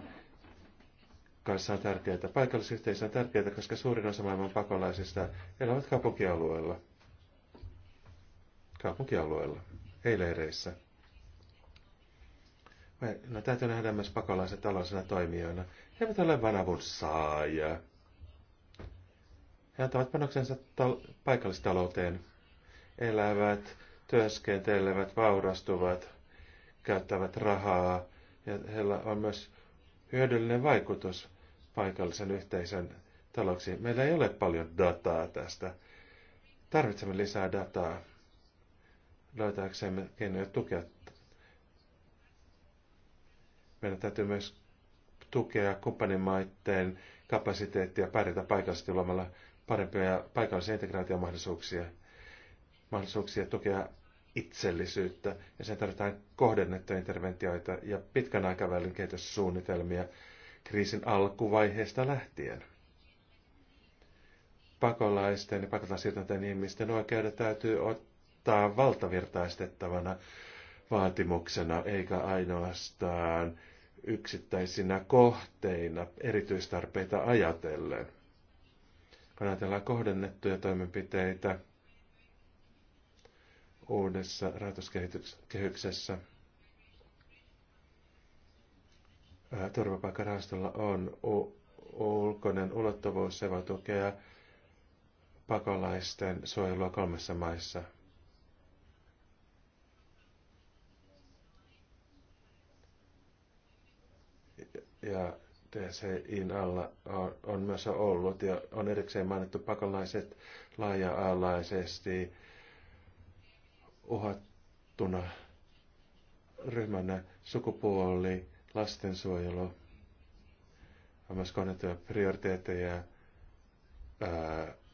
kanssa on tärkeää. Paikallisyhteisö on tärkeää, koska suurin osa maailman pakolaisista elävät kaupunkialueella. Kaupunkialueella, ei leireissä. no, täytyy nähdä myös pakolaiset taloisena toimijoina. He eivät ole vain avun saajia. He antavat panoksensa tal- paikallistalouteen. Elävät, työskentelevät, vaurastuvat – käyttävät rahaa ja heillä on myös hyödyllinen vaikutus paikallisen yhteisön talouksiin. Meillä ei ole paljon dataa tästä. Tarvitsemme lisää dataa löytääksemme keinoja tukea. Meidän täytyy myös tukea kumppanimaiden kapasiteettia pärjätä paikallisesti luomalla parempia paikallisia integraatiomahdollisuuksia mahdollisuuksia tukea itsellisyyttä ja sen tarvitaan kohdennettuja interventioita ja pitkän aikavälin kehityssuunnitelmia kriisin alkuvaiheesta lähtien. Pakolaisten ja pakolaisiirtyneiden ihmisten oikeudet täytyy ottaa valtavirtaistettavana vaatimuksena, eikä ainoastaan yksittäisinä kohteina erityistarpeita ajatellen. Kun ajatellaan kohdennettuja toimenpiteitä, uudessa rahoituskehyksessä. Turvapaikkarahastolla on ulkoinen ulottuvuus, se voi tukea pakolaisten suojelua kolmessa maissa. Ja TCIin alla on, on myös ollut ja on erikseen mainittu pakolaiset laaja-alaisesti ohattuna ryhmänä sukupuoli, lastensuojelu, myös kohdennettuja prioriteetteja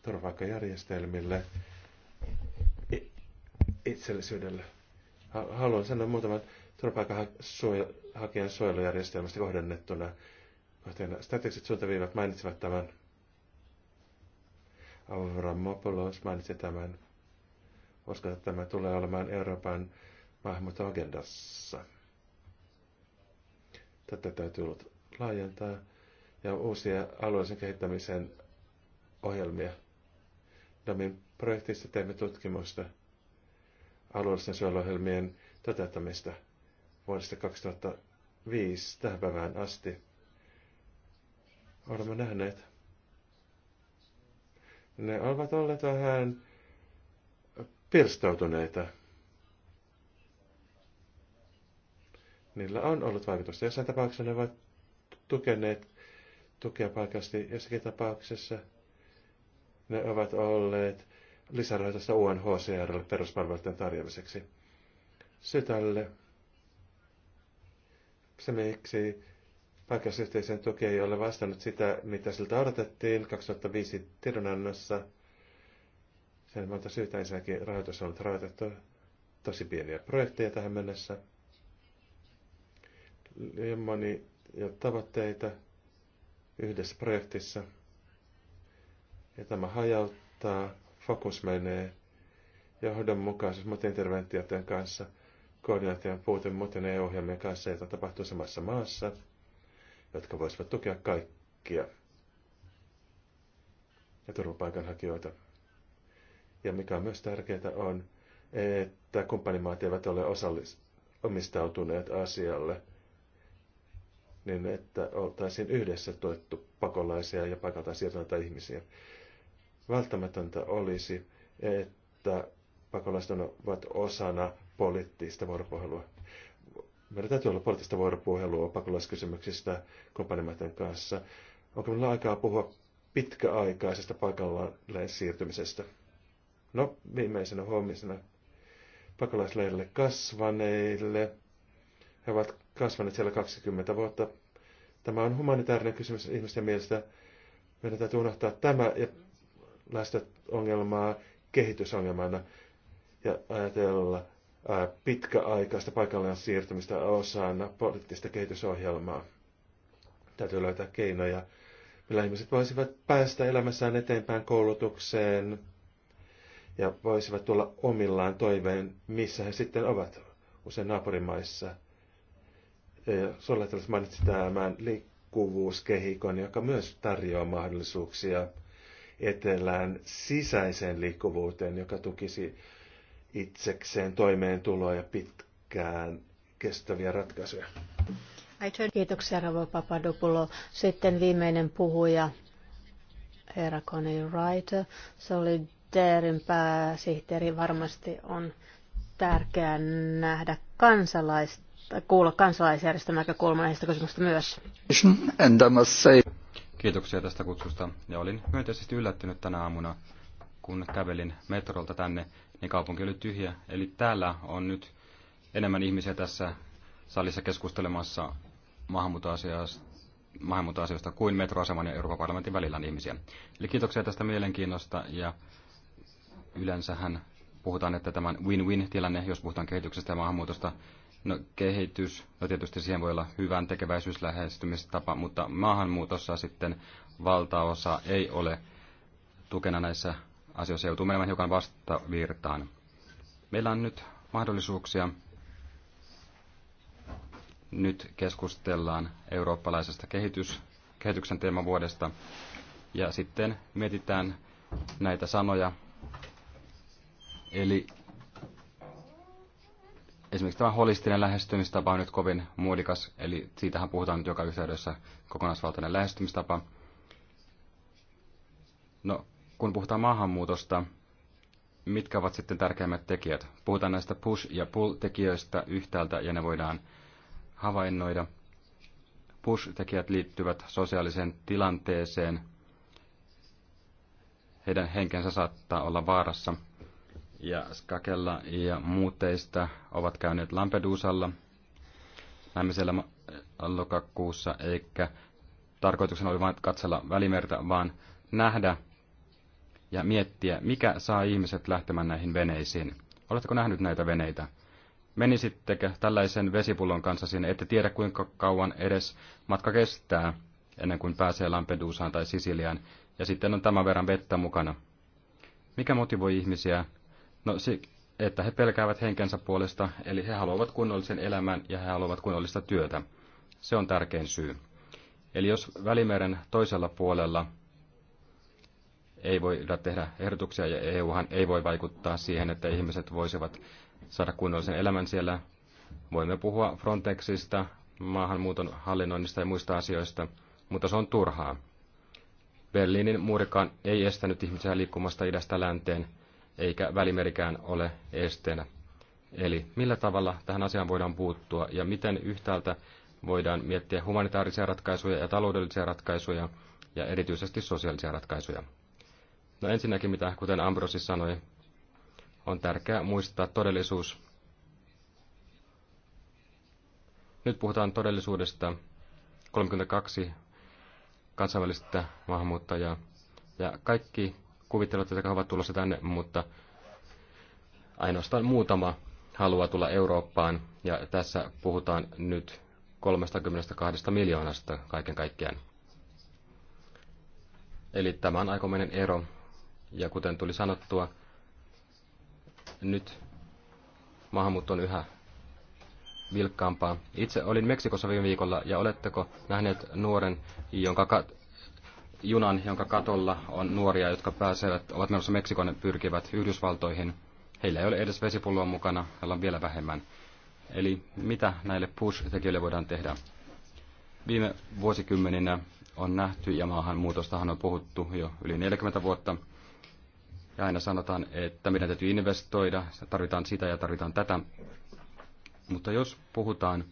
turvapaikkajärjestelmille, itsellisyydellä. Haluan sanoa muutaman turvapaikanhakijan suojelujärjestelmästä kohdennettuna. Strategiset suuntaviivat mainitsevat tämän. Avramopoulos mainitsi tämän koska että tämä tulee olemaan Euroopan maahanmuuttoagendassa. Tätä täytyy ollut laajentaa ja uusia alueellisen kehittämisen ohjelmia. Damin projektissa teemme tutkimusta alueellisen suojeluohjelmien toteuttamista vuodesta 2005 tähän päivään asti. Olemme nähneet. Ne ovat olleet vähän Pirstautuneita, Niillä on ollut vaikutusta. Jossain tapauksessa ne ovat tukeneet tukea paikasti, Jossakin tapauksessa ne ovat olleet lisärahoitusta UNHCRlle peruspalveluiden tarjoamiseksi. Sytälle se, miksi paikallisyhteisön tuki ei ole vastannut sitä, mitä siltä odotettiin 2005 tiedonannossa – sen monta syytä ensinnäkin rahoitus on ollut rahoitettu tosi pieniä projekteja tähän mennessä. Liian moni ja tavoitteita yhdessä projektissa. Ja tämä hajauttaa, fokus menee johdonmukaisesti muiden interventioiden kanssa, koordinaation puute muiden EU-ohjelmien kanssa, joita tapahtuu samassa maassa, jotka voisivat tukea kaikkia ja turvapaikanhakijoita. Ja mikä on myös tärkeää on, että kumppanimaat eivät ole osallis, omistautuneet asialle, niin että oltaisiin yhdessä tuettu pakolaisia ja paikalta siirtyneitä ihmisiä. Välttämätöntä olisi, että pakolaiset ovat osana poliittista vuoropuhelua. Meidän täytyy olla poliittista vuoropuhelua pakolaiskysymyksistä kumppanimaiden kanssa. Onko meillä aikaa puhua pitkäaikaisesta paikallaan siirtymisestä? No, viimeisenä huomisena pakolaisleirille kasvaneille. He ovat kasvaneet siellä 20 vuotta. Tämä on humanitaarinen kysymys ihmisten mielestä. Meidän täytyy unohtaa tämä ja ongelmaa kehitysongelmana ja ajatella pitkäaikaista paikallaan siirtymistä osana poliittista kehitysohjelmaa. Täytyy löytää keinoja, millä ihmiset voisivat päästä elämässään eteenpäin koulutukseen, ja voisivat tulla omillaan toiveen, missä he sitten ovat usein naapurimaissa. Suunnitelmassa mainitsi tämän liikkuvuuskehikon, joka myös tarjoaa mahdollisuuksia etelään sisäiseen liikkuvuuteen, joka tukisi itsekseen toimeentuloa ja pitkään kestäviä ratkaisuja. Kiitoksia Ravo Papadopulo. Sitten viimeinen puhuja, herra Connie Wright. Se oli Koreperin pääsihteeri varmasti on tärkeää nähdä kansalaista kuulla kansalaisjärjestön näkökulmaa näistä kysymyksistä myös. Kiitoksia tästä kutsusta ja olin myönteisesti yllättynyt tänä aamuna, kun kävelin metrolta tänne, niin kaupunki oli tyhjä. Eli täällä on nyt enemmän ihmisiä tässä salissa keskustelemassa maahanmuuttoasioista kuin metroaseman ja Euroopan parlamentin välillä on ihmisiä. Eli kiitoksia tästä mielenkiinnosta ja yleensähän puhutaan, että tämä on win-win-tilanne, jos puhutaan kehityksestä ja maahanmuutosta. No kehitys, no tietysti siihen voi olla hyvän tekeväisyyslähestymistapa, mutta maahanmuutossa sitten valtaosa ei ole tukena näissä asioissa, joutuu menemään hiukan vastavirtaan. Meillä on nyt mahdollisuuksia. Nyt keskustellaan eurooppalaisesta kehitys, kehityksen teemavuodesta ja sitten mietitään näitä sanoja, Eli esimerkiksi tämä holistinen lähestymistapa on nyt kovin muodikas, eli siitähän puhutaan nyt joka yhteydessä kokonaisvaltainen lähestymistapa. No, kun puhutaan maahanmuutosta, mitkä ovat sitten tärkeimmät tekijät? Puhutaan näistä push- ja pull-tekijöistä yhtäältä, ja ne voidaan havainnoida. Push-tekijät liittyvät sosiaaliseen tilanteeseen. Heidän henkensä saattaa olla vaarassa – ja Skakella ja muut teistä ovat käyneet Lampedusalla. Näimme siellä lokakuussa, eikä tarkoituksena oli vain katsella välimerta, vaan nähdä ja miettiä, mikä saa ihmiset lähtemään näihin veneisiin. Oletteko nähnyt näitä veneitä? Menisittekö tällaisen vesipullon kanssa sinne? Ette tiedä, kuinka kauan edes matka kestää ennen kuin pääsee Lampedusaan tai Sisiliaan, ja sitten on tämän verran vettä mukana. Mikä motivoi ihmisiä No, että he pelkäävät henkensä puolesta, eli he haluavat kunnollisen elämän ja he haluavat kunnollista työtä. Se on tärkein syy. Eli jos Välimeren toisella puolella ei voida tehdä ehdotuksia ja EUhan ei voi vaikuttaa siihen, että ihmiset voisivat saada kunnollisen elämän siellä, voimme puhua Frontexista, maahanmuuton hallinnoinnista ja muista asioista, mutta se on turhaa. Berliinin muurikaan ei estänyt ihmisiä liikkumasta idästä länteen, eikä välimerikään ole esteenä. Eli millä tavalla tähän asiaan voidaan puuttua ja miten yhtäältä voidaan miettiä humanitaarisia ratkaisuja ja taloudellisia ratkaisuja ja erityisesti sosiaalisia ratkaisuja. No ensinnäkin, mitä kuten Ambrosi sanoi, on tärkeää muistaa todellisuus. Nyt puhutaan todellisuudesta 32 kansainvälistä maahanmuuttajaa ja kaikki kuvittelut, että ovat tulossa tänne, mutta ainoastaan muutama haluaa tulla Eurooppaan, ja tässä puhutaan nyt 32 miljoonasta kaiken kaikkiaan. Eli tämä on aikomainen ero, ja kuten tuli sanottua, nyt maahanmuutto on yhä vilkkaampaa. Itse olin Meksikossa viime viikolla, ja oletteko nähneet nuoren, jonka junan, jonka katolla on nuoria, jotka pääsevät, ovat menossa Meksikon pyrkivät Yhdysvaltoihin. Heillä ei ole edes vesipulloa mukana, heillä on vielä vähemmän. Eli mitä näille push-tekijöille voidaan tehdä? Viime vuosikymmeninä on nähty, ja maahanmuutostahan on puhuttu jo yli 40 vuotta, ja aina sanotaan, että meidän täytyy investoida, tarvitaan sitä ja tarvitaan tätä. Mutta jos puhutaan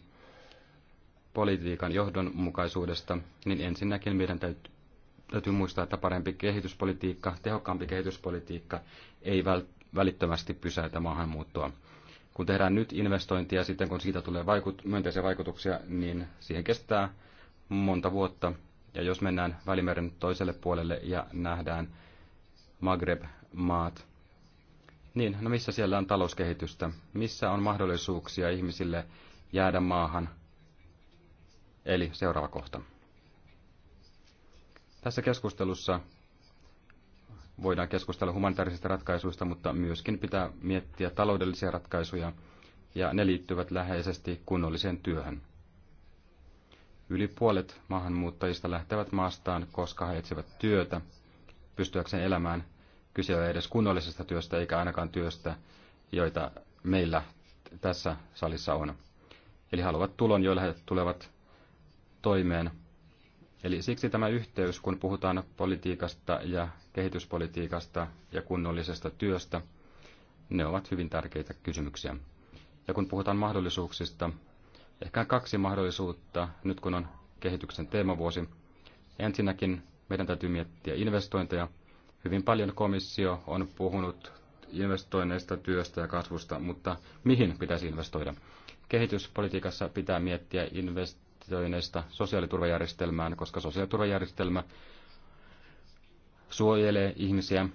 politiikan johdonmukaisuudesta, niin ensinnäkin meidän täytyy täytyy muistaa, että parempi kehityspolitiikka, tehokkaampi kehityspolitiikka ei välittömästi pysäytä maahanmuuttoa. Kun tehdään nyt investointia, sitten kun siitä tulee vaikut- myönteisiä vaikutuksia, niin siihen kestää monta vuotta. Ja jos mennään Välimeren toiselle puolelle ja nähdään Maghreb-maat, niin no missä siellä on talouskehitystä? Missä on mahdollisuuksia ihmisille jäädä maahan? Eli seuraava kohta. Tässä keskustelussa voidaan keskustella humanitaarisista ratkaisuista, mutta myöskin pitää miettiä taloudellisia ratkaisuja, ja ne liittyvät läheisesti kunnolliseen työhön. Yli puolet maahanmuuttajista lähtevät maastaan, koska he etsivät työtä, pystyäkseen elämään. Kyse ei edes kunnollisesta työstä, eikä ainakaan työstä, joita meillä tässä salissa on. Eli haluavat tulon, joilla he tulevat toimeen Eli siksi tämä yhteys, kun puhutaan politiikasta ja kehityspolitiikasta ja kunnollisesta työstä, ne ovat hyvin tärkeitä kysymyksiä. Ja kun puhutaan mahdollisuuksista, ehkä kaksi mahdollisuutta nyt kun on kehityksen teemavuosi. Ensinnäkin meidän täytyy miettiä investointeja. Hyvin paljon komissio on puhunut investoinneista, työstä ja kasvusta, mutta mihin pitäisi investoida? Kehityspolitiikassa pitää miettiä invest- investoinneista sosiaaliturvajärjestelmään, koska sosiaaliturvajärjestelmä suojelee ihmisiä.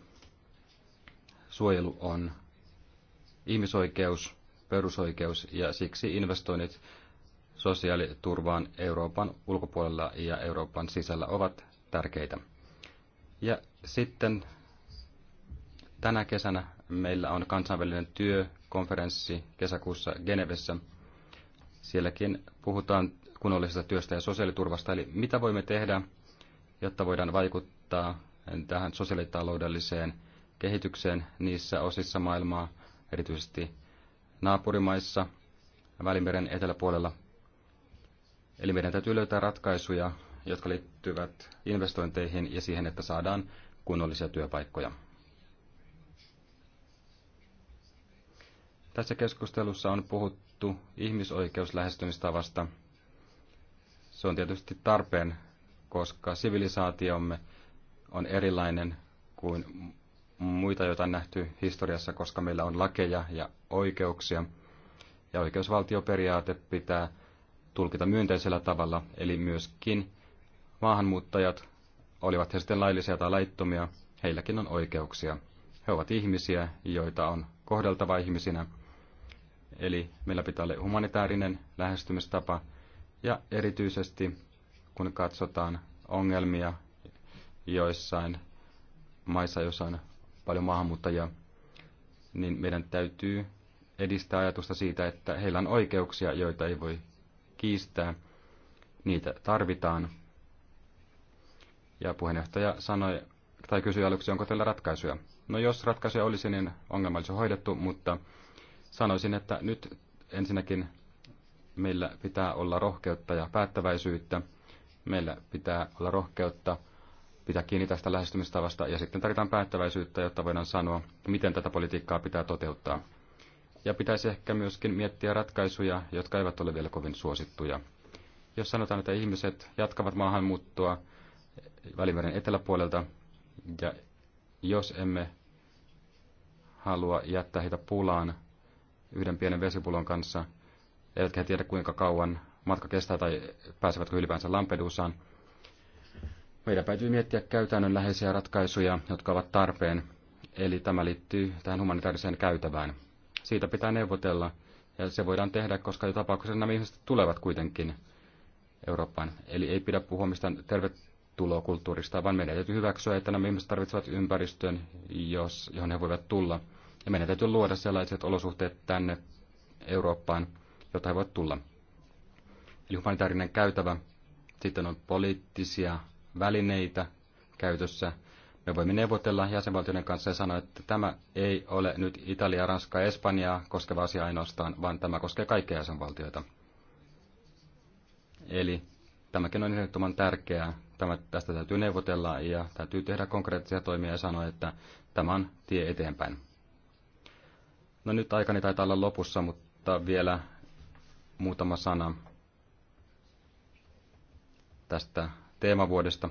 Suojelu on ihmisoikeus, perusoikeus ja siksi investoinnit sosiaaliturvaan Euroopan ulkopuolella ja Euroopan sisällä ovat tärkeitä. Ja sitten tänä kesänä meillä on kansainvälinen työkonferenssi kesäkuussa Genevessä. Sielläkin puhutaan kunnollisesta työstä ja sosiaaliturvasta. Eli mitä voimme tehdä, jotta voidaan vaikuttaa tähän sosiaalitaloudelliseen kehitykseen niissä osissa maailmaa, erityisesti naapurimaissa, Välimeren eteläpuolella. Eli meidän täytyy löytää ratkaisuja, jotka liittyvät investointeihin ja siihen, että saadaan kunnollisia työpaikkoja. Tässä keskustelussa on puhuttu ihmisoikeuslähestymistavasta – se on tietysti tarpeen, koska sivilisaatiomme on erilainen kuin muita, joita on nähty historiassa, koska meillä on lakeja ja oikeuksia. Ja oikeusvaltioperiaate pitää tulkita myönteisellä tavalla, eli myöskin maahanmuuttajat, olivat he sitten laillisia tai laittomia, heilläkin on oikeuksia. He ovat ihmisiä, joita on kohdeltava ihmisinä. Eli meillä pitää olla humanitaarinen lähestymistapa – ja erityisesti kun katsotaan ongelmia joissain maissa, joissa on paljon maahanmuuttajia, niin meidän täytyy edistää ajatusta siitä, että heillä on oikeuksia, joita ei voi kiistää. Niitä tarvitaan. Ja puheenjohtaja sanoi, tai kysyi aluksi, onko teillä ratkaisuja. No jos ratkaisuja olisi, niin ongelma olisi hoidettu, mutta sanoisin, että nyt ensinnäkin meillä pitää olla rohkeutta ja päättäväisyyttä, meillä pitää olla rohkeutta pitää kiinni tästä lähestymistavasta ja sitten tarvitaan päättäväisyyttä, jotta voidaan sanoa, miten tätä politiikkaa pitää toteuttaa. Ja pitäisi ehkä myöskin miettiä ratkaisuja, jotka eivät ole vielä kovin suosittuja. Jos sanotaan, että ihmiset jatkavat maahanmuuttoa Välimeren eteläpuolelta ja jos emme halua jättää heitä pulaan yhden pienen vesipulon kanssa, eivätkä he tiedä kuinka kauan matka kestää tai pääsevätkö ylipäänsä Lampedusaan. Meidän täytyy miettiä käytännönläheisiä ratkaisuja, jotka ovat tarpeen, eli tämä liittyy tähän humanitaariseen käytävään. Siitä pitää neuvotella, ja se voidaan tehdä, koska jo tapauksessa nämä ihmiset tulevat kuitenkin Eurooppaan. Eli ei pidä puhua mistään tervetulokulttuurista, vaan meidän täytyy hyväksyä, että nämä ihmiset tarvitsevat ympäristön, jos, johon he voivat tulla. Ja meidän täytyy luoda sellaiset olosuhteet tänne Eurooppaan, jota ei voi tulla. Eli humanitaarinen käytävä, sitten on poliittisia välineitä käytössä. Me voimme neuvotella jäsenvaltioiden kanssa ja sanoa, että tämä ei ole nyt Italia, Ranska ja Espanjaa koskeva asia ainoastaan, vaan tämä koskee kaikkia jäsenvaltioita. Eli tämäkin on ehdottoman tärkeää. Tämä, tästä täytyy neuvotella ja täytyy tehdä konkreettisia toimia ja sanoa, että tämä on tie eteenpäin. No nyt aikani taitaa olla lopussa, mutta vielä muutama sana tästä teemavuodesta.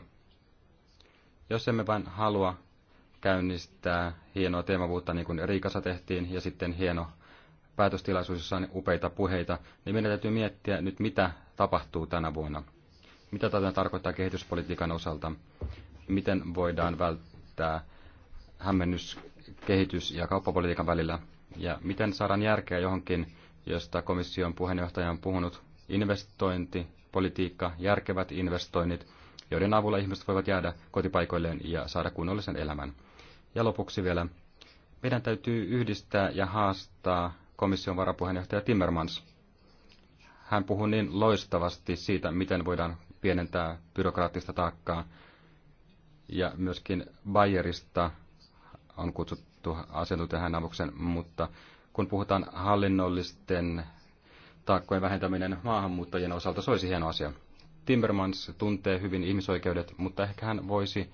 Jos emme vain halua käynnistää hienoa teemavuutta niin kuin Riikassa tehtiin ja sitten hieno päätöstilaisuus, jossa on upeita puheita, niin meidän täytyy miettiä nyt, mitä tapahtuu tänä vuonna. Mitä tätä tarkoittaa kehityspolitiikan osalta? Miten voidaan välttää hämmennyskehitys kehitys- ja kauppapolitiikan välillä? Ja miten saadaan järkeä johonkin, josta komission puheenjohtaja on puhunut, investointipolitiikka, järkevät investoinnit, joiden avulla ihmiset voivat jäädä kotipaikoilleen ja saada kunnollisen elämän. Ja lopuksi vielä, meidän täytyy yhdistää ja haastaa komission varapuheenjohtaja Timmermans. Hän puhuu niin loistavasti siitä, miten voidaan pienentää byrokraattista taakkaa. Ja myöskin Bayerista on kutsuttu asiantuntijan avuksen, mutta kun puhutaan hallinnollisten taakkojen vähentäminen maahanmuuttajien osalta, se olisi hieno asia. Timmermans tuntee hyvin ihmisoikeudet, mutta ehkä hän voisi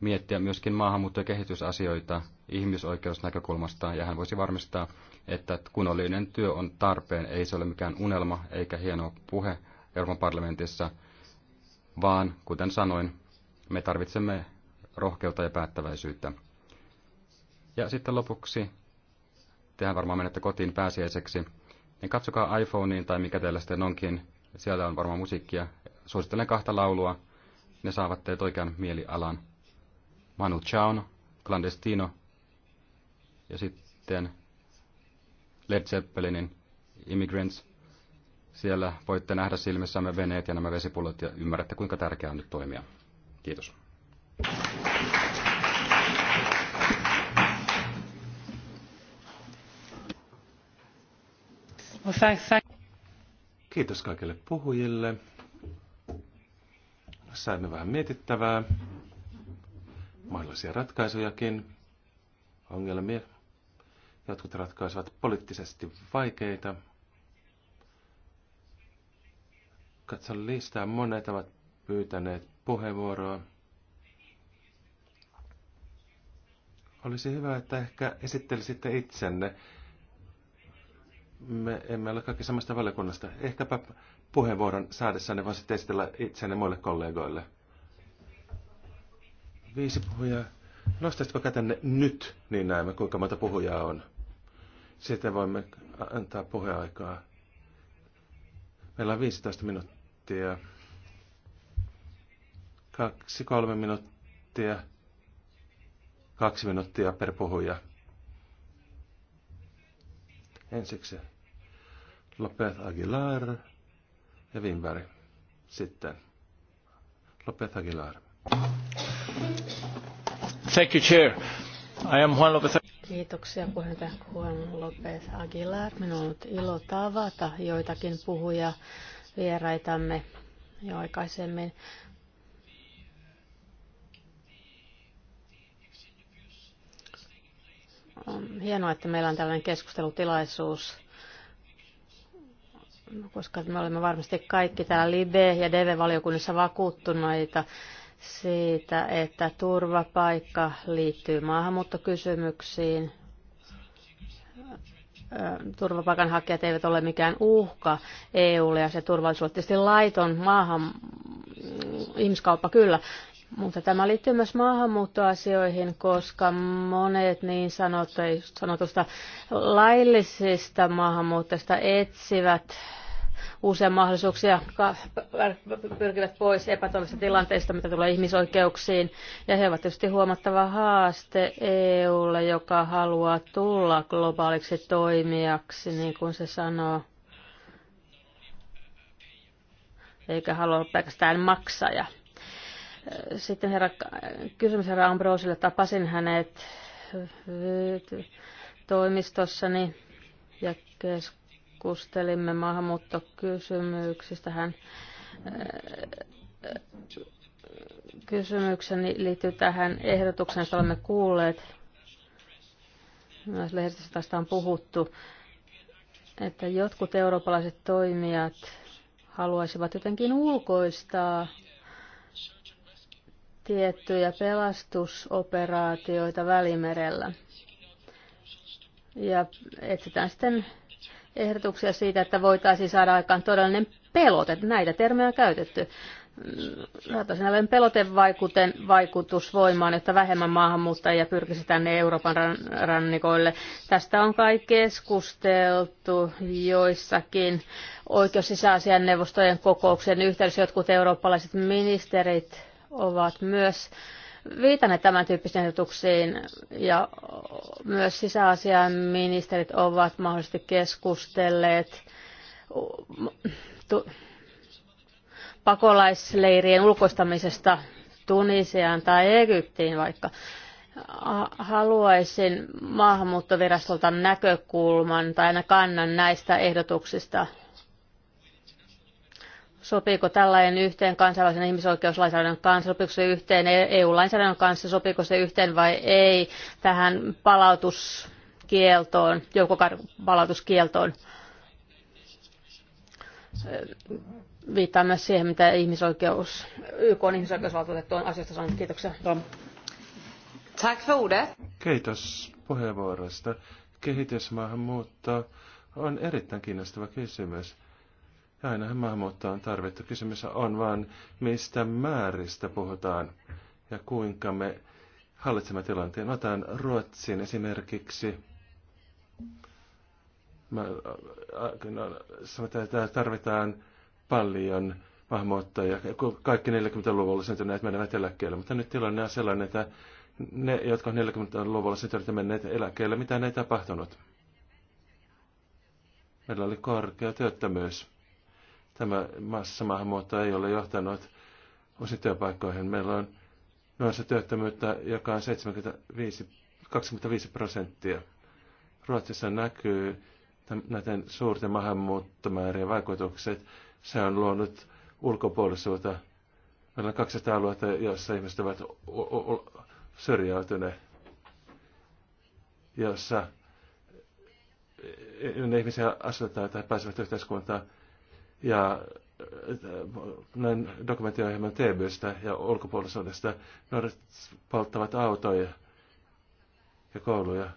miettiä myöskin maahanmuutto- ja kehitysasioita ihmisoikeusnäkökulmasta, ja hän voisi varmistaa, että kunnollinen työ on tarpeen, ei se ole mikään unelma eikä hieno puhe Euroopan parlamentissa, vaan kuten sanoin, me tarvitsemme rohkeutta ja päättäväisyyttä. Ja sitten lopuksi tehän varmaan menette kotiin pääsiäiseksi, niin katsokaa iPhoneen tai mikä teillä sitten onkin. Siellä on varmaan musiikkia. Suosittelen kahta laulua. Ne saavat teet oikean mielialan. Manu Chao, Clandestino ja sitten Led Zeppelinin Immigrants. Siellä voitte nähdä silmissämme veneet ja nämä vesipullot ja ymmärrätte, kuinka tärkeää on nyt toimia. Kiitos. Kiitos kaikille puhujille. Saimme vähän mietittävää, mahdollisia ratkaisujakin, ongelmia. Jotkut ratkaisuvat poliittisesti vaikeita. Katson listaa, monet ovat pyytäneet puheenvuoroa. Olisi hyvä, että ehkä esittelisitte itsenne me emme ole kaikki samasta valiokunnasta. Ehkäpä puheenvuoron saadessanne voisi esitellä itsenne muille kollegoille. Viisi puhujaa. Nostaisitko kätenne nyt, niin näemme kuinka monta puhujaa on. Sitten voimme antaa puheaikaa. Meillä on 15 minuuttia. Kaksi, kolme minuuttia. Kaksi minuuttia per puhuja. Ensiksi Lopez Aguilar ja Wimberg. Sitten Lopez Aguilar. Thank you, Chair. I am Juan Lopez. Kiitoksia puheenjohtaja Juan Lopez Aguilar. Minun on ollut ilo tavata joitakin puhuja vieraitamme jo aikaisemmin. On hienoa, että meillä on tällainen keskustelutilaisuus, koska me olemme varmasti kaikki täällä LIBE- ja DV-valiokunnissa vakuuttuneita siitä, että turvapaikka liittyy maahanmuuttokysymyksiin. Turvapaikanhakijat eivät ole mikään uhka EUlle ja se turvallisuus. Tietysti laiton maahan ihmiskauppa kyllä, mutta tämä liittyy myös maahanmuuttoasioihin, koska monet niin sanotusta laillisista maahanmuuttajista etsivät uusia mahdollisuuksia, pyrkivät pois epätoivoisista tilanteista, mitä tulee ihmisoikeuksiin. Ja he ovat tietysti huomattava haaste EUlle, joka haluaa tulla globaaliksi toimijaksi, niin kuin se sanoo. Eikä halua pelkästään maksaja. Sitten herra, kysymys herra Ambrosille. Tapasin hänet toimistossani ja keskustelimme maahanmuuttokysymyksistä. Hän äh, kysymykseni liittyy tähän ehdotukseen, josta olemme kuulleet. Myös lehdistössä tästä on puhuttu, että jotkut eurooppalaiset toimijat haluaisivat jotenkin ulkoistaa tiettyjä pelastusoperaatioita Välimerellä. Ja etsitään sitten ehdotuksia siitä, että voitaisiin saada aikaan todellinen pelote. Näitä termejä on käytetty. Saataisiin pelotevaikutus voimaan, jotta vähemmän maahanmuuttajia pyrkisi tänne Euroopan rannikoille. Tästä on kai keskusteltu joissakin oikeus- ja neuvostojen kokouksen yhteydessä. Jotkut eurooppalaiset ministerit ovat myös viitanneet tämän tyyppisiin ehdotuksiin ja myös sisäasiainministerit ovat mahdollisesti keskustelleet pakolaisleirien ulkoistamisesta Tunisiaan tai Egyptiin vaikka. Haluaisin maahanmuuttovirastolta näkökulman tai aina kannan näistä ehdotuksista Sopiiko tällainen yhteen kansainvälisen ihmisoikeuslainsäädännön kanssa, sopiiko se yhteen EU-lainsäädännön kanssa, sopiiko se yhteen vai ei tähän palautuskieltoon, joukkopalautuskieltoon? Viittaa myös siihen, mitä ihmisoikeus, YK on ihmisoikeusvaltuutettu on asiasta sanonut. Kiitoksia. Tack för ordet. Kiitos puheenvuorosta. Kehitysmaahanmuutto on erittäin kiinnostava kysymys Ainahan maahanmuuttoa on tarvittu. Kysymys on vain, mistä määristä puhutaan ja kuinka me hallitsemme tilanteen. Otan Ruotsin esimerkiksi. Mä, no, tarvitaan paljon maahanmuuttajia. Kaikki 40-luvulla syntyneet menevät eläkkeelle, mutta nyt tilanne on sellainen, että ne, jotka on 40-luvulla syntyneet menneet eläkkeelle, mitä ei tapahtunut. Meillä oli korkea työttömyys. Tämä massamaahanmuutto ei ole johtanut osin työpaikkoihin. Meillä on työttömyyttä, joka on 75, 25 prosenttia. Ruotsissa näkyy näiden suurten maahanmuuttomäärien vaikutukset. Se on luonut ulkopuolisuutta. Meillä on 200 aluetta, joissa ihmiset ovat syrjäytyneet, jossa e-, e-, ihmisiä asutetaan tai pääsevät yhteiskuntaan ja äh, näin dokumenttiohjelman TBstä ja ulkopuolisuudesta. Nuoret polttavat autoja ja kouluja.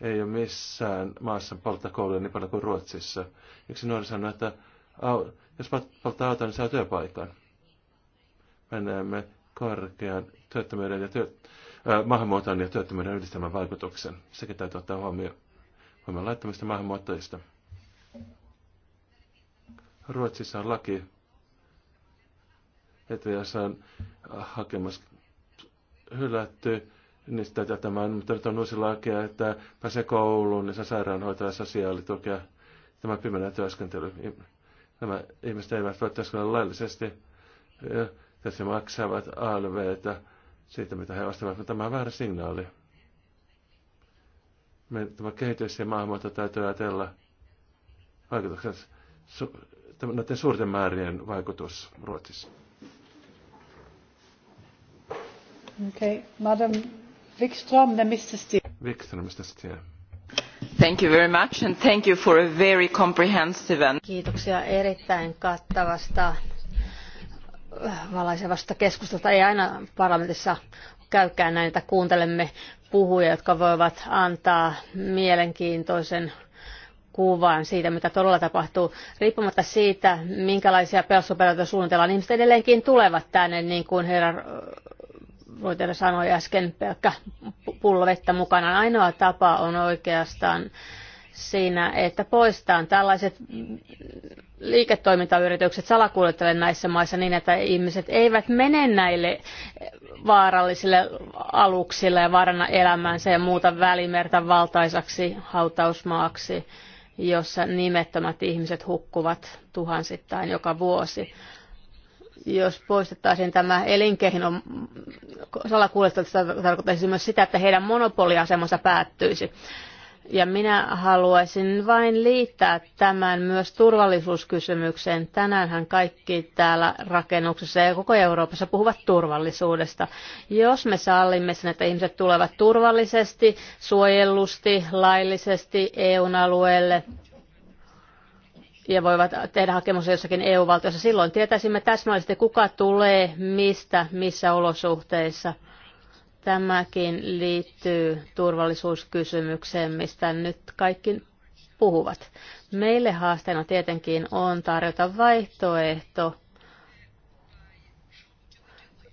Ei ole missään maassa polttaa kouluja niin paljon kuin Ruotsissa. Yksi nuori sanoi, että jos polttaa autoa, niin saa työpaikan. Me näemme korkean työttömyyden ja työ, äh, maahanmuuton ja työttömyyden yhdistelmän vaikutuksen. Sekin täytyy ottaa huomioon. huomioon laittamista maahanmuuttajista. Ruotsissa on laki, että jos on hakemus hylätty, niin sitä tämä, mutta nyt on uusi laki, että pääsee kouluun, niin saa sairaanhoitoa ja sosiaalitukea. Tämä pimeä työskentely. Nämä ihmiset eivät voi työskennellä laillisesti. Tässä maksavat alveita siitä, mitä he ostavat, mutta tämä on väärä signaali. Me, tämä kehitys ja maahanmuutto täytyy ajatella vaikutuksensa näiden suurten määrien vaikutus Ruotsissa. Okay, Madam Wikström, then Mr. Steer. Wikström, Mr. Steer. Thank you very much and thank you for a very comprehensive and... Kiitoksia erittäin kattavasta valaisevasta keskustelusta. Ei aina parlamentissa käykään näin, että kuuntelemme puhuja, jotka voivat antaa mielenkiintoisen kuvan siitä, mitä todella tapahtuu. Riippumatta siitä, minkälaisia pelastusoperaatioita suunnitellaan, ihmiset edelleenkin tulevat tänne, niin kuin herra Voitella sanoi äsken, pelkkä pullo vettä mukana. Ainoa tapa on oikeastaan siinä, että poistaan tällaiset liiketoimintayritykset salakuljettele näissä maissa niin, että ihmiset eivät mene näille vaarallisille aluksille ja vaaranna elämänsä ja muuta välimerta valtaisaksi hautausmaaksi jossa nimettömät ihmiset hukkuvat tuhansittain joka vuosi. Jos poistettaisiin tämä elinkeino salakuljetusta tarkoittaisi myös sitä, että heidän monopoliasemansa päättyisi. Ja minä haluaisin vain liittää tämän myös turvallisuuskysymykseen. Tänäänhän kaikki täällä rakennuksessa ja koko Euroopassa puhuvat turvallisuudesta. Jos me sallimme sen, että ihmiset tulevat turvallisesti, suojellusti, laillisesti EU-alueelle, ja voivat tehdä hakemus jossakin EU-valtiossa. Silloin tietäisimme täsmällisesti, kuka tulee, mistä, missä olosuhteissa – Tämäkin liittyy turvallisuuskysymykseen, mistä nyt kaikki puhuvat. Meille haasteena tietenkin on tarjota vaihtoehto,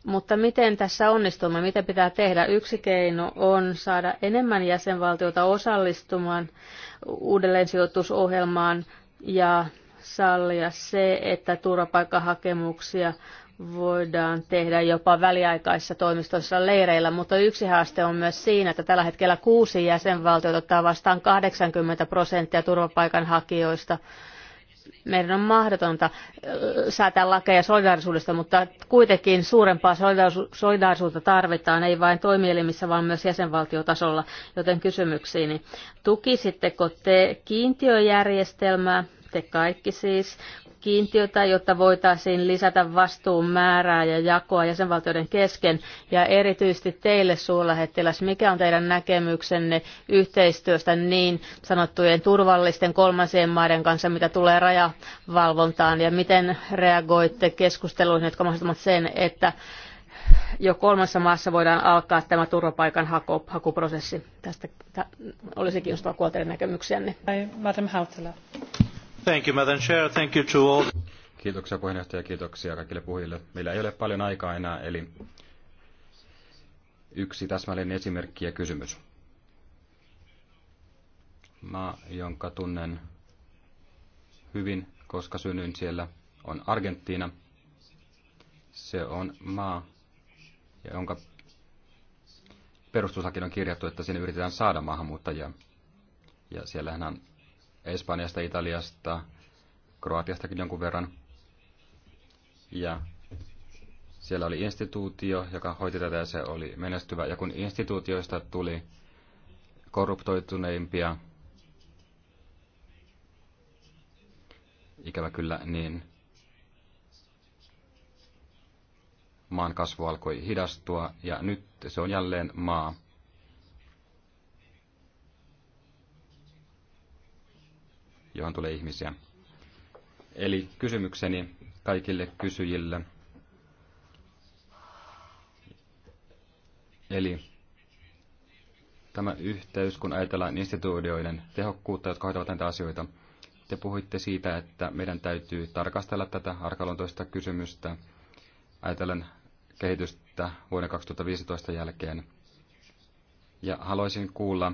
mutta miten tässä onnistumme, mitä pitää tehdä? Yksi keino on saada enemmän jäsenvaltiota osallistumaan uudelleen sijoitusohjelmaan ja sallia se, että turvapaikkahakemuksia voidaan tehdä jopa väliaikaisissa toimistossa leireillä, mutta yksi haaste on myös siinä, että tällä hetkellä kuusi jäsenvaltiota ottaa vastaan 80 prosenttia turvapaikanhakijoista. Meidän on mahdotonta äh, säätää lakeja solidaarisuudesta, mutta kuitenkin suurempaa solidaarisuutta tarvitaan, ei vain toimielimissä, vaan myös jäsenvaltiotasolla. Joten kysymyksiini, tukisitteko te kiintiöjärjestelmää te kaikki siis kiintiötä, jotta voitaisiin lisätä vastuun määrää ja jakoa jäsenvaltioiden kesken. Ja erityisesti teille suurlähettiläs, mikä on teidän näkemyksenne yhteistyöstä niin sanottujen turvallisten kolmansien maiden kanssa, mitä tulee rajavalvontaan ja miten reagoitte keskusteluihin, jotka mahdollistavat sen, että jo kolmessa maassa voidaan alkaa tämä turvapaikan haku, hakuprosessi. Tästä t- olisi kiinnostavaa kuulla teidän näkemyksiänne. Madam Hautala. Thank you, Madam Chair. Thank you to all. Kiitoksia puheenjohtaja kiitoksia kaikille puhujille. Meillä ei ole paljon aikaa enää, eli yksi täsmällinen esimerkki ja kysymys. Maa, jonka tunnen hyvin, koska synnyin siellä, on Argentiina. Se on maa, jonka perustuslakiin on kirjattu, että sinne yritetään saada maahanmuuttajia. Ja siellähän Espanjasta, Italiasta, Kroatiastakin jonkun verran. Ja siellä oli instituutio, joka hoiti tätä ja se oli menestyvä. Ja kun instituutioista tuli korruptoituneimpia, ikävä kyllä, niin maan kasvu alkoi hidastua ja nyt se on jälleen maa, johon tulee ihmisiä. Eli kysymykseni kaikille kysyjille. Eli tämä yhteys, kun ajatellaan instituutioiden tehokkuutta, jotka hoitavat näitä asioita. Te puhuitte siitä, että meidän täytyy tarkastella tätä arkaluontoista kysymystä. Ajatellen kehitystä vuoden 2015 jälkeen. Ja haluaisin kuulla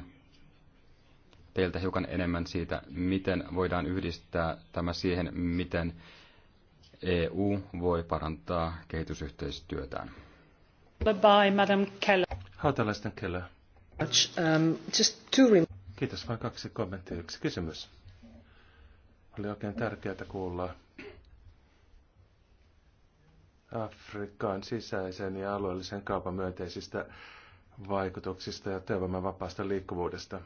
teiltä hiukan enemmän siitä, miten voidaan yhdistää tämä siihen, miten EU voi parantaa kehitysyhteistyötään. bye Madam Keller. Hautalaisten Keller. Um, Kiitos, vain kaksi kommenttia. Yksi kysymys. Oli oikein tärkeää kuulla Afrikan sisäisen ja alueellisen kaupan myönteisistä vaikutuksista ja työvoiman vapaasta liikkuvuudesta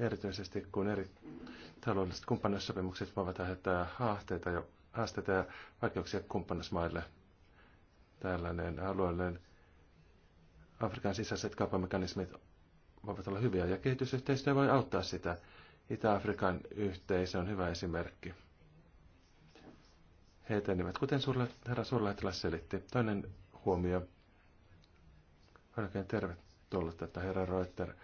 erityisesti kun eri taloudelliset kumppanuussopimukset voivat aiheuttaa haasteita ja, haasteita ja vaikeuksia kumppanusmaille. Tällainen alueellinen Afrikan sisäiset kauppamekanismit voivat olla hyviä ja kehitysyhteistyö voi auttaa sitä. Itä-Afrikan yhteisö on hyvä esimerkki. He etenivät, kuten suurle, herra suurlähettiläs selitti. Toinen huomio. Oikein tervetullut, että herra Reuter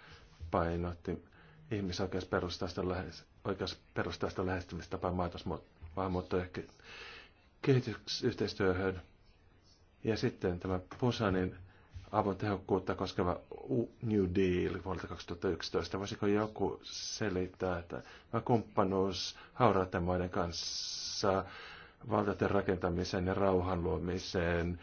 painotti ihmisoikeusperustaista lähestymistapaa maahanmuutto- ja kehitysyhteistyöhön. Ja sitten tämä Busanin avun tehokkuutta koskeva New Deal vuodelta 2011. Voisiko joku selittää, että kumppanuus hauraiden maiden kanssa valtaten rakentamiseen ja rauhan luomiseen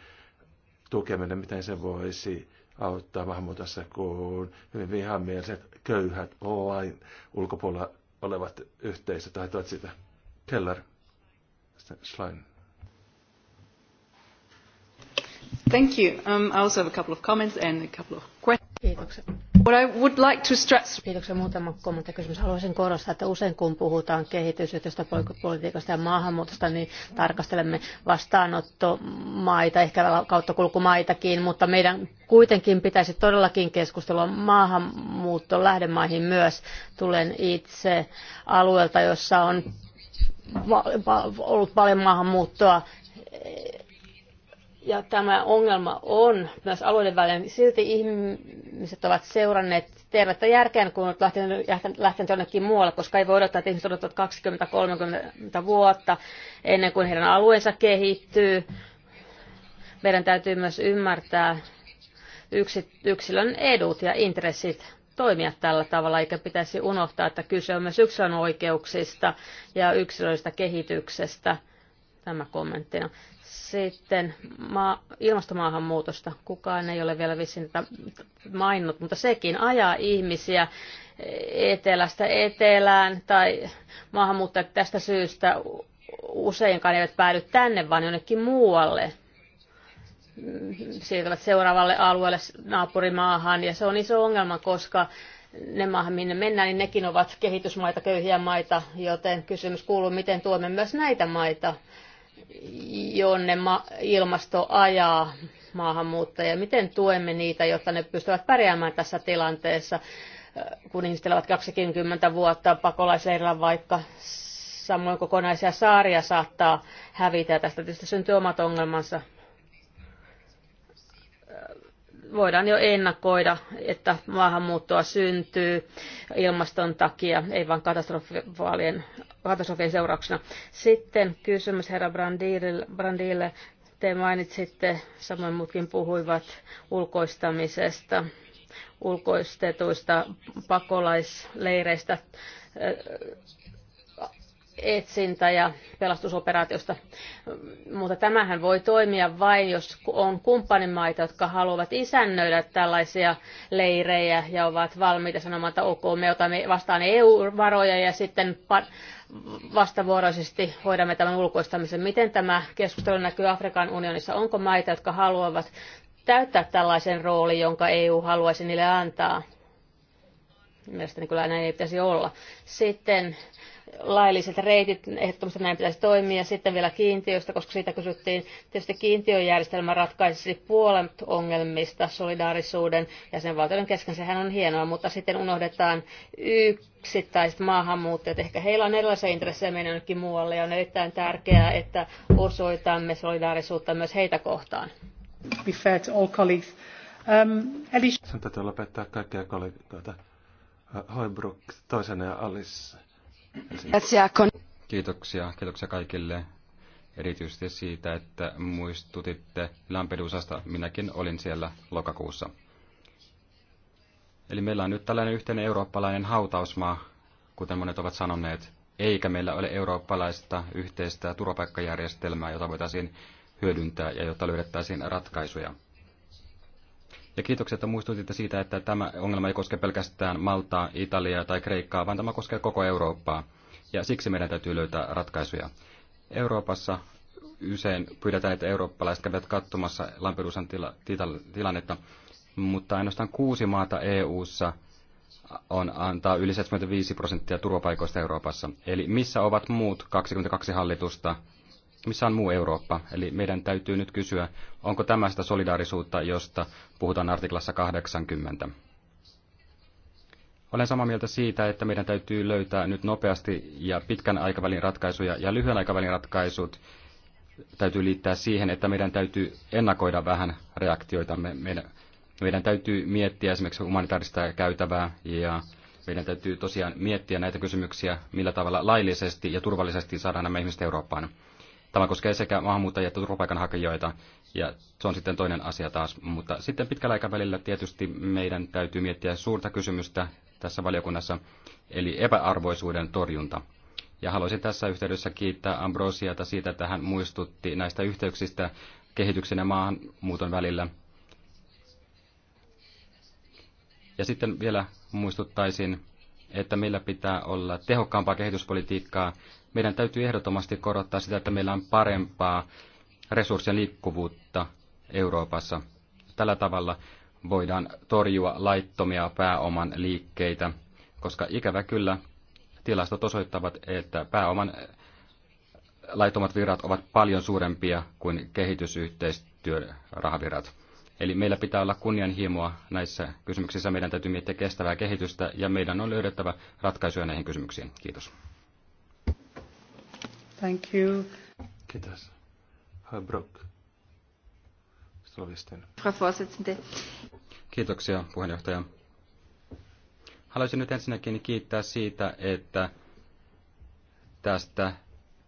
tukeminen, miten se voisi auttaa maahanmuutossa, kun hyvin vihamieliset, köyhät, lain ulkopuolella olevat yhteisöt haetavat sitä. Keller. Schlein. Thank you. Um, I also have a couple of comments and a couple of questions. Haluaisin korostaa, että usein kun puhutaan kehitysyhteistyöpolitiikasta ja maahanmuutosta, niin tarkastelemme vastaanottomaita, ehkä kauttakulkumaitakin, mutta meidän kuitenkin pitäisi todellakin keskustella maahanmuutto lähdemaihin myös. Tulen itse alueelta, jossa on ollut paljon maahanmuuttoa ja tämä ongelma on myös alueiden välillä. Silti ihmiset ovat seuranneet tervettä järkeen, kun olet lähtenyt lähtenyt jonnekin muualle, koska ei voi odottaa, että ihmiset odottavat 20-30 vuotta ennen kuin heidän alueensa kehittyy. Meidän täytyy myös ymmärtää yksilön edut ja intressit toimia tällä tavalla, eikä pitäisi unohtaa, että kyse on myös yksilön oikeuksista ja yksilöllisestä kehityksestä. Tämä kommenttina. Sitten maa, ilmastomaahanmuutosta. Kukaan ei ole vielä vissiin tätä mutta sekin ajaa ihmisiä etelästä etelään tai maahanmuuttajat tästä syystä useinkaan eivät päädy tänne, vaan jonnekin muualle siirtyvät seuraavalle alueelle naapurimaahan. Ja se on iso ongelma, koska ne maahan, minne mennään, niin nekin ovat kehitysmaita, köyhiä maita, joten kysymys kuuluu, miten tuomme myös näitä maita jonne ma- ilmasto ajaa maahanmuuttajia. Miten tuemme niitä, jotta ne pystyvät pärjäämään tässä tilanteessa, kun ihmiset elävät 20 vuotta pakolaisleirillä, vaikka samoin kokonaisia saaria saattaa hävitä. Tästä tietysti syntyy omat ongelmansa voidaan jo ennakoida, että maahanmuuttoa syntyy ilmaston takia, ei vain katastrofien, katastrofien seurauksena. Sitten kysymys herra Brandille, Brandille. Te mainitsitte, samoin muutkin puhuivat ulkoistamisesta, ulkoistetuista pakolaisleireistä etsintä- ja pelastusoperaatiosta. Mutta tämähän voi toimia vain, jos on kumppanimaita, jotka haluavat isännöidä tällaisia leirejä ja ovat valmiita sanomaan, että ok, me otamme vastaan EU-varoja ja sitten vastavuoroisesti hoidamme tämän ulkoistamisen. Miten tämä keskustelu näkyy Afrikan unionissa? Onko maita, jotka haluavat täyttää tällaisen roolin, jonka EU haluaisi niille antaa? Mielestäni kyllä näin ei pitäisi olla. Sitten lailliset reitit, ehdottomasti näin pitäisi toimia. Sitten vielä kiintiöistä, koska siitä kysyttiin. Tietysti kiintiöjärjestelmä ratkaisisi puolet ongelmista solidaarisuuden ja sen valtioiden kesken. Sehän on hienoa, mutta sitten unohdetaan yksittäiset maahanmuuttajat. Ehkä heillä on erilaisia intressejä mennä jonnekin muualle ja on erittäin tärkeää, että osoitamme solidaarisuutta myös heitä kohtaan. Be fair to all colleagues. Um, eli... Sen täytyy lopettaa kaikkia kollegoita. Hoibruk toisena ja Alice. Kiitoksia, kiitoksia kaikille, erityisesti siitä, että muistutitte Lampedusasta. Minäkin olin siellä lokakuussa. Eli meillä on nyt tällainen yhteinen eurooppalainen hautausmaa, kuten monet ovat sanoneet, eikä meillä ole eurooppalaista yhteistä turvapaikkajärjestelmää, jota voitaisiin hyödyntää ja jotta löydettäisiin ratkaisuja. Ja kiitokset, että muistutitte siitä, että tämä ongelma ei koske pelkästään Maltaa, Italiaa tai Kreikkaa, vaan tämä koskee koko Eurooppaa. Ja siksi meidän täytyy löytää ratkaisuja. Euroopassa usein pyydetään, että eurooppalaiset kävivät katsomassa Lampedusan tila, tila, tilannetta, mutta ainoastaan kuusi maata EU:ssa on antaa yli 75 prosenttia turvapaikoista Euroopassa. Eli missä ovat muut 22 hallitusta, missä on muu Eurooppa. Eli meidän täytyy nyt kysyä, onko tämä sitä solidaarisuutta, josta puhutaan artiklassa 80. Olen samaa mieltä siitä, että meidän täytyy löytää nyt nopeasti ja pitkän aikavälin ratkaisuja ja lyhyen aikavälin ratkaisut täytyy liittää siihen, että meidän täytyy ennakoida vähän reaktioitamme. Meidän, meidän täytyy miettiä esimerkiksi humanitaarista käytävää ja meidän täytyy tosiaan miettiä näitä kysymyksiä, millä tavalla laillisesti ja turvallisesti saadaan nämä ihmiset Eurooppaan. Tämä koskee sekä maahanmuuttajia että turvapaikanhakijoita, ja se on sitten toinen asia taas. Mutta sitten pitkällä aikavälillä tietysti meidän täytyy miettiä suurta kysymystä tässä valiokunnassa, eli epäarvoisuuden torjunta. Ja haluaisin tässä yhteydessä kiittää Ambrosiata siitä, että hän muistutti näistä yhteyksistä kehityksen ja maahanmuuton välillä. Ja sitten vielä muistuttaisin, että meillä pitää olla tehokkaampaa kehityspolitiikkaa meidän täytyy ehdottomasti korottaa sitä, että meillä on parempaa resurssien liikkuvuutta Euroopassa. Tällä tavalla voidaan torjua laittomia pääoman liikkeitä, koska ikävä kyllä tilastot osoittavat, että pääoman laittomat virrat ovat paljon suurempia kuin kehitysyhteistyörahavirrat. Eli meillä pitää olla kunnianhimoa näissä kysymyksissä. Meidän täytyy miettiä kestävää kehitystä ja meidän on löydettävä ratkaisuja näihin kysymyksiin. Kiitos. Thank you. Kiitos. Herr Brock. Kiitoksia, puheenjohtaja. Haluaisin nyt ensinnäkin kiittää siitä, että tästä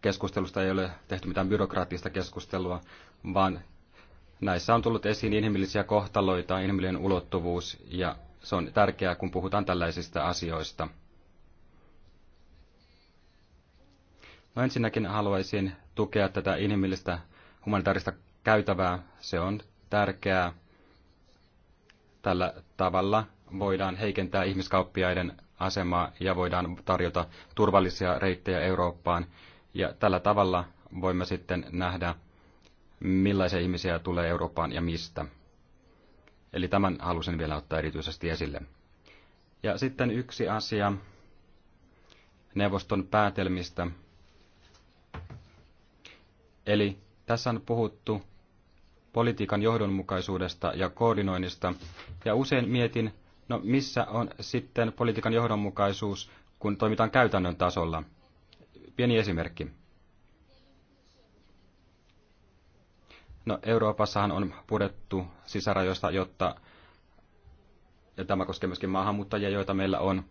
keskustelusta ei ole tehty mitään byrokraattista keskustelua, vaan näissä on tullut esiin inhimillisiä kohtaloita, inhimillinen ulottuvuus, ja se on tärkeää, kun puhutaan tällaisista asioista. No ensinnäkin haluaisin tukea tätä inhimillistä humanitaarista käytävää. Se on tärkeää. Tällä tavalla voidaan heikentää ihmiskauppiaiden asemaa ja voidaan tarjota turvallisia reittejä Eurooppaan. Ja tällä tavalla voimme sitten nähdä, millaisia ihmisiä tulee Eurooppaan ja mistä. Eli tämän halusin vielä ottaa erityisesti esille. Ja sitten yksi asia neuvoston päätelmistä Eli tässä on puhuttu politiikan johdonmukaisuudesta ja koordinoinnista, ja usein mietin, no missä on sitten politiikan johdonmukaisuus, kun toimitaan käytännön tasolla. Pieni esimerkki. No Euroopassahan on pudettu sisärajoista, jotta, ja tämä koskee myöskin maahanmuuttajia, joita meillä on,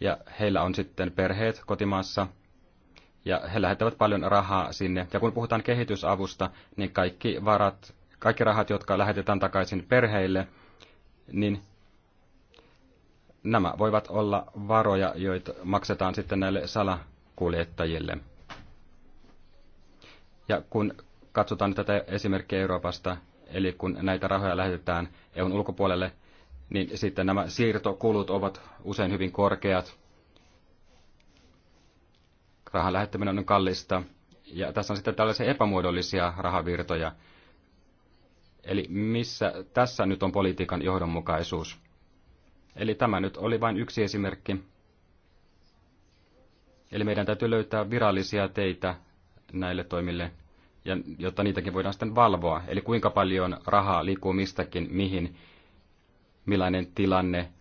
ja heillä on sitten perheet kotimaassa – ja he lähettävät paljon rahaa sinne. Ja kun puhutaan kehitysavusta, niin kaikki varat, kaikki rahat, jotka lähetetään takaisin perheille, niin nämä voivat olla varoja, joita maksetaan sitten näille salakuljettajille. Ja kun katsotaan tätä esimerkkiä Euroopasta, eli kun näitä rahoja lähetetään EUn ulkopuolelle, niin sitten nämä siirtokulut ovat usein hyvin korkeat. Rahan lähettäminen on kallista. Ja tässä on sitten tällaisia epämuodollisia rahavirtoja. Eli missä tässä nyt on politiikan johdonmukaisuus? Eli tämä nyt oli vain yksi esimerkki. Eli meidän täytyy löytää virallisia teitä näille toimille, ja, jotta niitäkin voidaan sitten valvoa. Eli kuinka paljon rahaa liikkuu mistäkin, mihin, millainen tilanne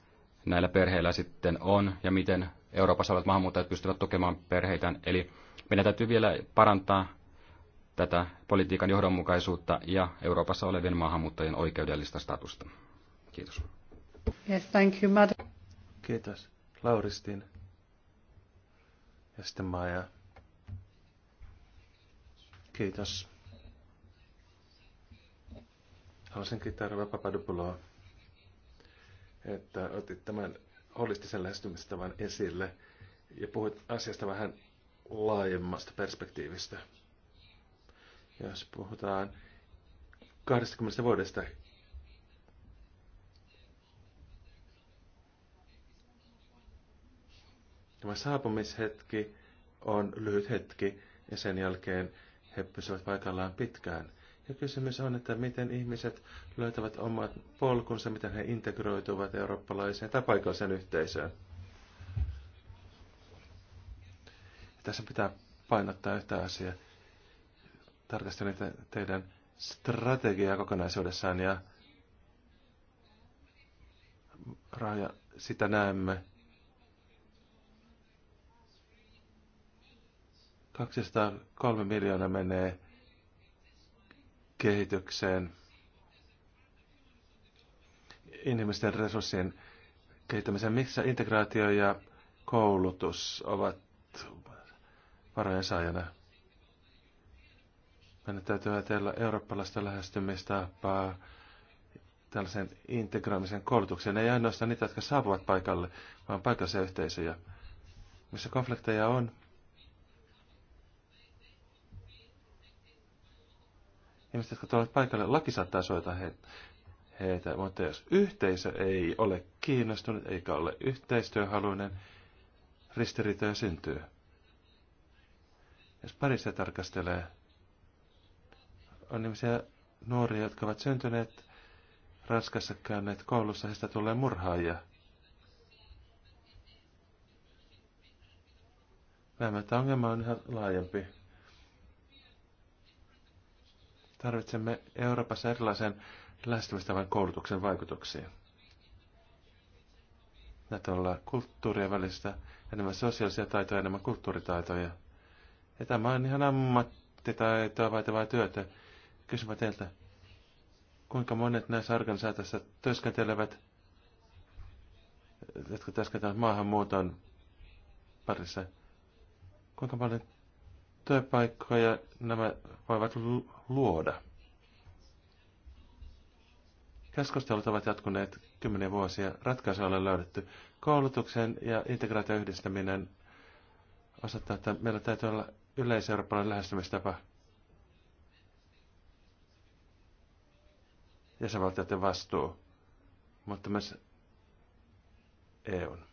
näillä perheillä sitten on ja miten Euroopassa olevat maahanmuuttajat pystyvät tukemaan perheitään. Eli meidän täytyy vielä parantaa tätä politiikan johdonmukaisuutta ja Euroopassa olevien maahanmuuttajien oikeudellista statusta. Kiitos. Yes, thank you, madam. Kiitos. Lauristin. Ja sitten Maja. Kiitos. Haluaisin kiittää Rova Papadopuloa, että otit tämän holistisen lähestymistavan esille ja puhuit asiasta vähän laajemmasta perspektiivistä. Jos puhutaan 20 vuodesta Tämä saapumishetki on lyhyt hetki ja sen jälkeen he pysyvät paikallaan pitkään. Ja kysymys on, että miten ihmiset löytävät omat polkunsa, miten he integroituvat eurooppalaiseen tai paikalliseen yhteisöön. Ja tässä pitää painottaa yhtä asiaa. Tarkastelen teidän strategiaa kokonaisuudessaan ja raja, sitä näemme 203 miljoonaa menee kehitykseen, inhimillisten resurssien kehittämiseen. Missä integraatio ja koulutus ovat varojen saajana? Meidän täytyy ajatella eurooppalaista lähestymistapaa tällaisen integroimisen koulutukseen. Ei ainoastaan niitä, jotka saapuvat paikalle, vaan paikallisia yhteisöjä. Missä konflikteja on, ihmiset, jotka tulevat paikalle, laki saattaa suojata he, heitä, mutta jos yhteisö ei ole kiinnostunut eikä ole yhteistyöhaluinen, ristiriitoja syntyy. Jos parissa tarkastelee, on ihmisiä nuoria, jotka ovat syntyneet Ranskassa käyneet koulussa, heistä tulee murhaajia. Näemme, että ongelma on ihan laajempi. Tarvitsemme Euroopassa erilaisen lähestymistavan koulutuksen vaikutuksia. Näitä olla kulttuurien välistä enemmän sosiaalisia taitoja, enemmän kulttuuritaitoja. Ja tämä on ihan ammattitaitoa vaativaa työtä. Kysymä teiltä, kuinka monet näissä organisaatioissa työskentelevät, jotka työskentelevät maahanmuuton parissa, kuinka paljon työpaikkoja nämä voivat luoda. Keskustelut ovat jatkuneet kymmeniä vuosia. ratkaisu on löydetty. Koulutuksen ja integraation yhdistäminen osoittaa, että meillä täytyy olla yleiseurooppalainen lähestymistapa jäsenvaltioiden vastuu, mutta myös EUn.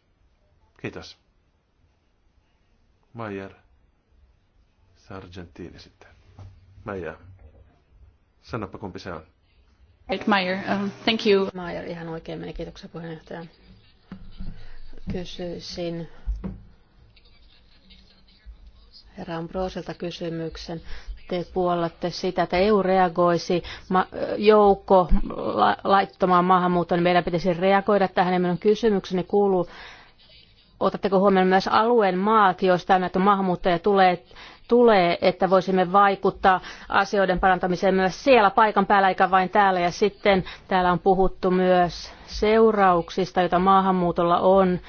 Kiitos. Mayer. Sargentini sitten. Maija, sanoppa kumpi se on. Meyer, uh, um, thank you. Meyer, ihan oikein meni, kiitoksia puheenjohtaja. Kysyisin herra Ambrosilta kysymyksen te puolatte sitä, että EU reagoisi joukko laittomaan maahanmuuttoon, niin meidän pitäisi reagoida tähän. Ja minun kysymykseni kuuluu, otatteko huomioon myös alueen maat, joista näitä maahanmuuttajia tulee, tulee, että voisimme vaikuttaa asioiden parantamiseen myös siellä paikan päällä, eikä vain täällä. Ja sitten täällä on puhuttu myös seurauksista, joita maahanmuutolla on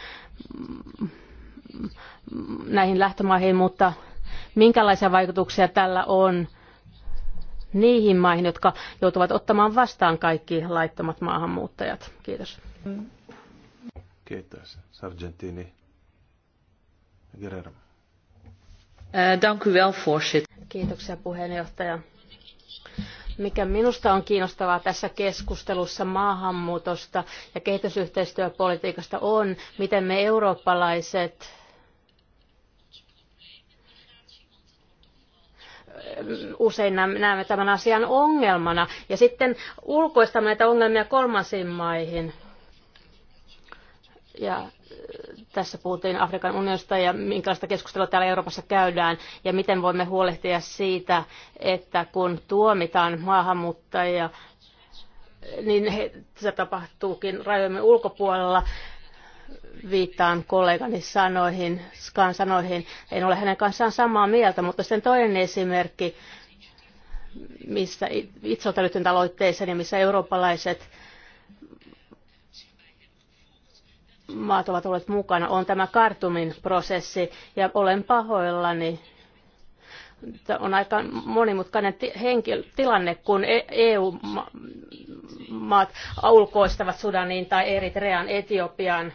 näihin lähtömaihin, mutta minkälaisia vaikutuksia tällä on niihin maihin, jotka joutuvat ottamaan vastaan kaikki laittomat maahanmuuttajat. Kiitos. Kiitos. Sargentini Guerrero. Eh, dank u wel, voorzitter. Kiitoksia puheenjohtaja. Mikä minusta on kiinnostavaa tässä keskustelussa maahanmuutosta ja kehitysyhteistyöpolitiikasta on, miten me eurooppalaiset eh, usein näemme tämän asian ongelmana. Ja sitten ulkoistamme näitä ongelmia kolmansiin maihin. Ja tässä puhuttiin Afrikan unionista ja minkälaista keskustelua täällä Euroopassa käydään ja miten voimme huolehtia siitä, että kun tuomitaan maahanmuuttajia, niin se tapahtuukin rajojemme ulkopuolella viittaan kollegani sanoihin, Skan sanoihin. En ole hänen kanssaan samaa mieltä, mutta sen toinen esimerkki, missä itse olen aloitteeseen ja missä eurooppalaiset maat ovat olleet mukana, on tämä kartumin prosessi ja olen pahoillani. On aika monimutkainen tilanne, kun EU-maat e ulkoistavat Sudaniin tai Eritrean, Etiopian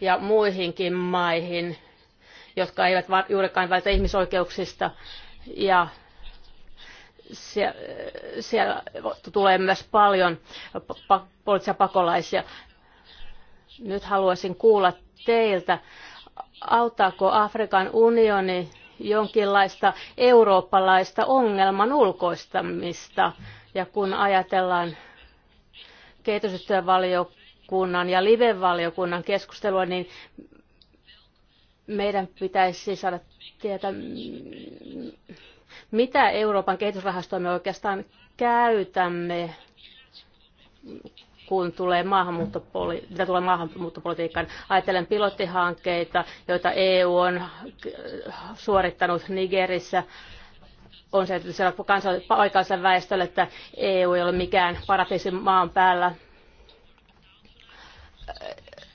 ja muihinkin maihin, jotka eivät juurikaan välitä ihmisoikeuksista. Ja siellä, siellä tulee myös paljon poliittisia pakolaisia. Nyt haluaisin kuulla teiltä, auttaako Afrikan unioni jonkinlaista eurooppalaista ongelman ulkoistamista. Ja kun ajatellaan kehitysyhteistyövaliokunnan ja live-valiokunnan keskustelua, niin meidän pitäisi saada tietää, mitä Euroopan kehitysrahastoa me oikeastaan käytämme kun tulee maahanmuuttopoli- tulee maahanmuuttopolitiikkaan. Ajattelen pilottihankkeita, joita EU on äh, suorittanut Nigerissä. On se, että siellä paikallisella väestöllä, että EU ei ole mikään paratiisi maan päällä.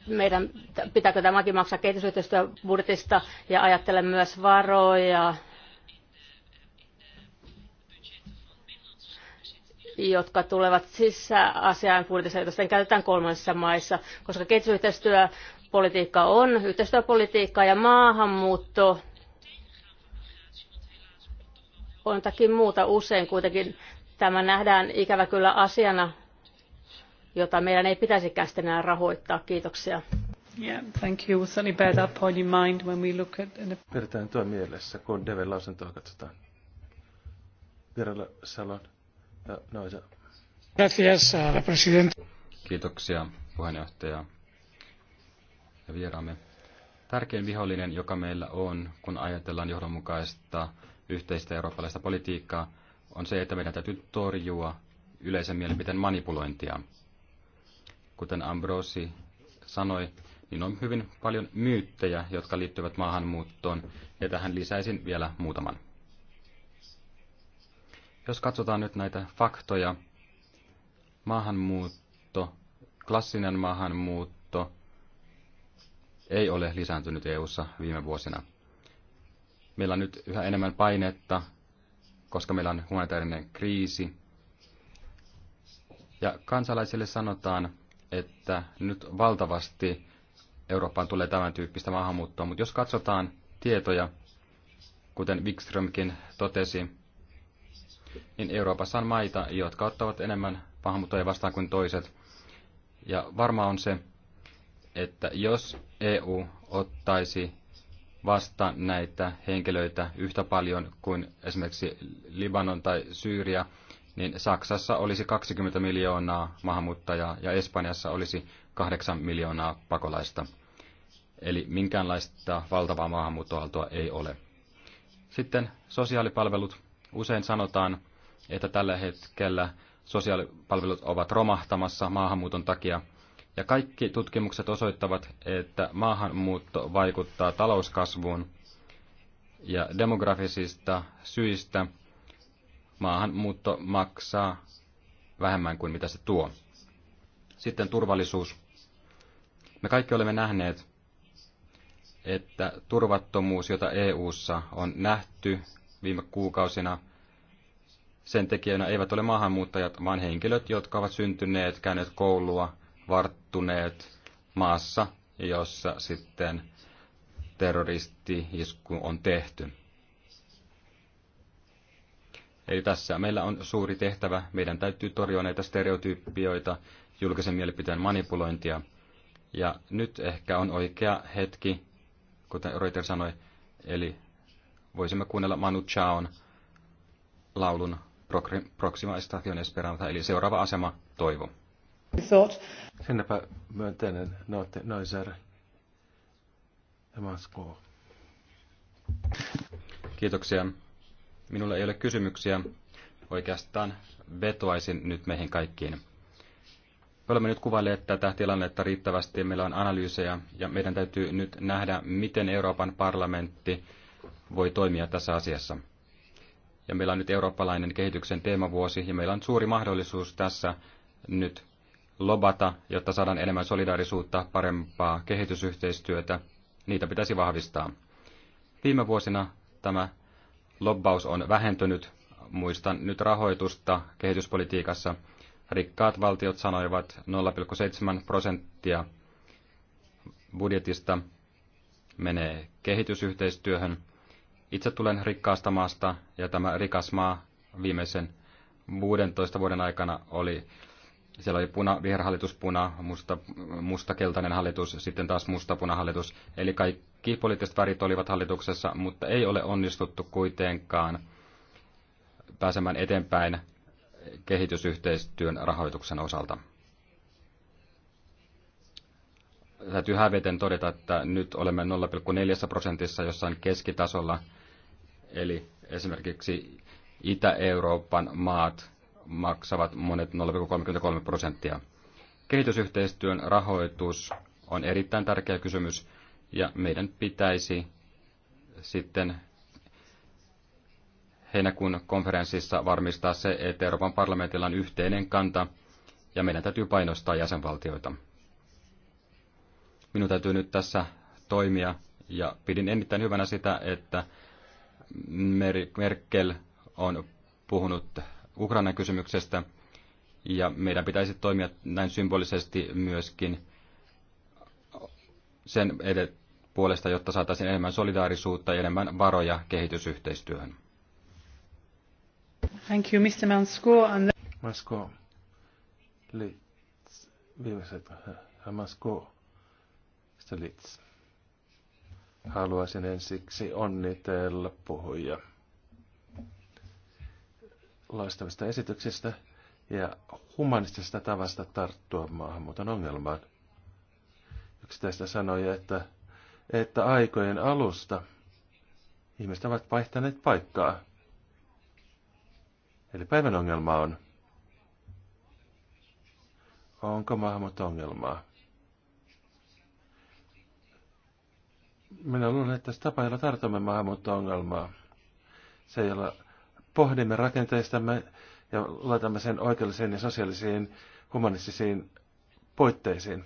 Meidän pitääkö tämäkin maksaa kehitysyhteistyöbudjetista ja ajattelen myös varoja jotka tulevat sisäasiaan budjetissa, joita sitten käytetään kolmansissa maissa, koska kehitysyhteistyöpolitiikka on yhteistyöpolitiikkaa ja maahanmuutto on jotakin muuta usein kuitenkin. Tämä nähdään ikävä kyllä asiana, jota meidän ei pitäisikään sitten enää rahoittaa. Kiitoksia. Yeah, thank you. We'll bear that point in mind when we look at... Pidetään tuo mielessä, kun Deven lausuntoa katsotaan. Virala Salon No, no, se... Gracias, presidente. Kiitoksia, puheenjohtaja ja vieraamme. Tärkein vihollinen, joka meillä on, kun ajatellaan johdonmukaista yhteistä eurooppalaista politiikkaa, on se, että meidän täytyy torjua yleisen mielipiteen manipulointia. Kuten Ambrosi sanoi, niin on hyvin paljon myyttejä, jotka liittyvät maahanmuuttoon, ja tähän lisäisin vielä muutaman. Jos katsotaan nyt näitä faktoja, maahanmuutto, klassinen maahanmuutto ei ole lisääntynyt EU-ssa viime vuosina. Meillä on nyt yhä enemmän painetta, koska meillä on humanitaarinen kriisi. Ja kansalaisille sanotaan, että nyt valtavasti Eurooppaan tulee tämän tyyppistä maahanmuuttoa, mutta jos katsotaan tietoja, kuten Wikströmkin totesi, niin Euroopassa on maita, jotka ottavat enemmän maahanmuuttajia vastaan kuin toiset. Ja varma on se, että jos EU ottaisi vastaan näitä henkilöitä yhtä paljon kuin esimerkiksi Libanon tai Syyria, niin Saksassa olisi 20 miljoonaa maahanmuuttajaa ja Espanjassa olisi 8 miljoonaa pakolaista. Eli minkäänlaista valtavaa maahanmuuttoaaltoa ei ole. Sitten sosiaalipalvelut. Usein sanotaan, että tällä hetkellä sosiaalipalvelut ovat romahtamassa maahanmuuton takia, ja kaikki tutkimukset osoittavat, että maahanmuutto vaikuttaa talouskasvuun ja demografisista syistä maahanmuutto maksaa vähemmän kuin mitä se tuo. Sitten turvallisuus. Me kaikki olemme nähneet, että turvattomuus, jota EU:ssa on nähty viime kuukausina sen tekijöinä eivät ole maahanmuuttajat, vaan henkilöt, jotka ovat syntyneet, käyneet koulua, varttuneet maassa, jossa sitten terroristi-isku on tehty. Eli tässä meillä on suuri tehtävä. Meidän täytyy torjua näitä stereotypioita, julkisen mielipiteen manipulointia. Ja nyt ehkä on oikea hetki, kuten Reuter sanoi, eli voisimme kuunnella Manu Chaon laulun Proxima Estación Esperanza, eli seuraava asema, toivo. Sinnepä myönteinen nootte Noiser Kiitoksia. Minulla ei ole kysymyksiä. Oikeastaan vetoaisin nyt meihin kaikkiin. Me olemme nyt kuvailleet tätä tilannetta riittävästi, meillä on analyysejä ja meidän täytyy nyt nähdä, miten Euroopan parlamentti voi toimia tässä asiassa. Ja meillä on nyt eurooppalainen kehityksen teemavuosi ja meillä on suuri mahdollisuus tässä nyt lobata, jotta saadaan enemmän solidaarisuutta, parempaa kehitysyhteistyötä. Niitä pitäisi vahvistaa. Viime vuosina tämä lobbaus on vähentynyt. Muistan nyt rahoitusta kehityspolitiikassa. Rikkaat valtiot sanoivat 0,7 prosenttia budjetista menee kehitysyhteistyöhön. Itse tulen rikkaasta maasta ja tämä rikas maa viimeisen 16 vuoden aikana oli, siellä oli puna, viherhallitus, puna, musta, musta keltainen hallitus, sitten taas musta hallitus Eli kaikki poliittiset värit olivat hallituksessa, mutta ei ole onnistuttu kuitenkaan pääsemään eteenpäin kehitysyhteistyön rahoituksen osalta. Täytyy häveten todeta, että nyt olemme 0,4 prosentissa jossain keskitasolla – Eli esimerkiksi Itä-Euroopan maat maksavat monet 0,33 prosenttia. Kehitysyhteistyön rahoitus on erittäin tärkeä kysymys ja meidän pitäisi sitten heinäkuun konferenssissa varmistaa se, että Euroopan parlamentilla on yhteinen kanta ja meidän täytyy painostaa jäsenvaltioita. Minun täytyy nyt tässä toimia ja pidin erittäin hyvänä sitä, että Merkel on puhunut Ukrainan kysymyksestä ja meidän pitäisi toimia näin symbolisesti myöskin sen edet puolesta, jotta saataisiin enemmän solidaarisuutta ja enemmän varoja kehitysyhteistyöhön. Thank you, Mr. Mansko. And Mansko. Litz. Viimeiset. Mansko. Mr. Litz. Haluaisin ensiksi onnitella puhuja loistavista esityksistä ja humanistisesta tavasta tarttua maahanmuuton ongelmaan. Yksi tästä sanoi, että, että aikojen alusta ihmiset ovat vaihtaneet paikkaa. Eli päivän ongelma on, onko maahanmuutto ongelmaa? Minä luulen, että se tapa, jolla tartumme maahanmuutto-ongelmaa, se, jolla pohdimme rakenteistamme ja laitamme sen oikeellisiin ja sosiaalisiin humanistisiin puitteisiin,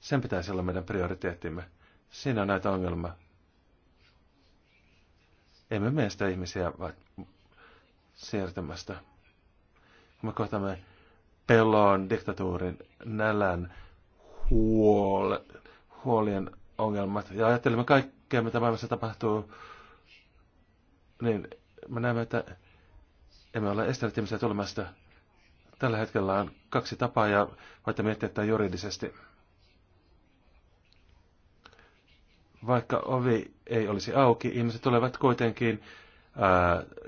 sen pitäisi olla meidän prioriteettimme. Siinä on näitä ongelmia. Emme mene sitä ihmisiä vaan siirtämästä. Kun me kohtamme pelon, diktatuurin, nälän, huole, huolien ongelmat ja ajattelemme kaikkea, mitä maailmassa tapahtuu, niin me näemme, että emme ole estäneet ihmisiä tulemasta. Tällä hetkellä on kaksi tapaa ja voitte miettiä tämä juridisesti. Vaikka ovi ei olisi auki, ihmiset tulevat kuitenkin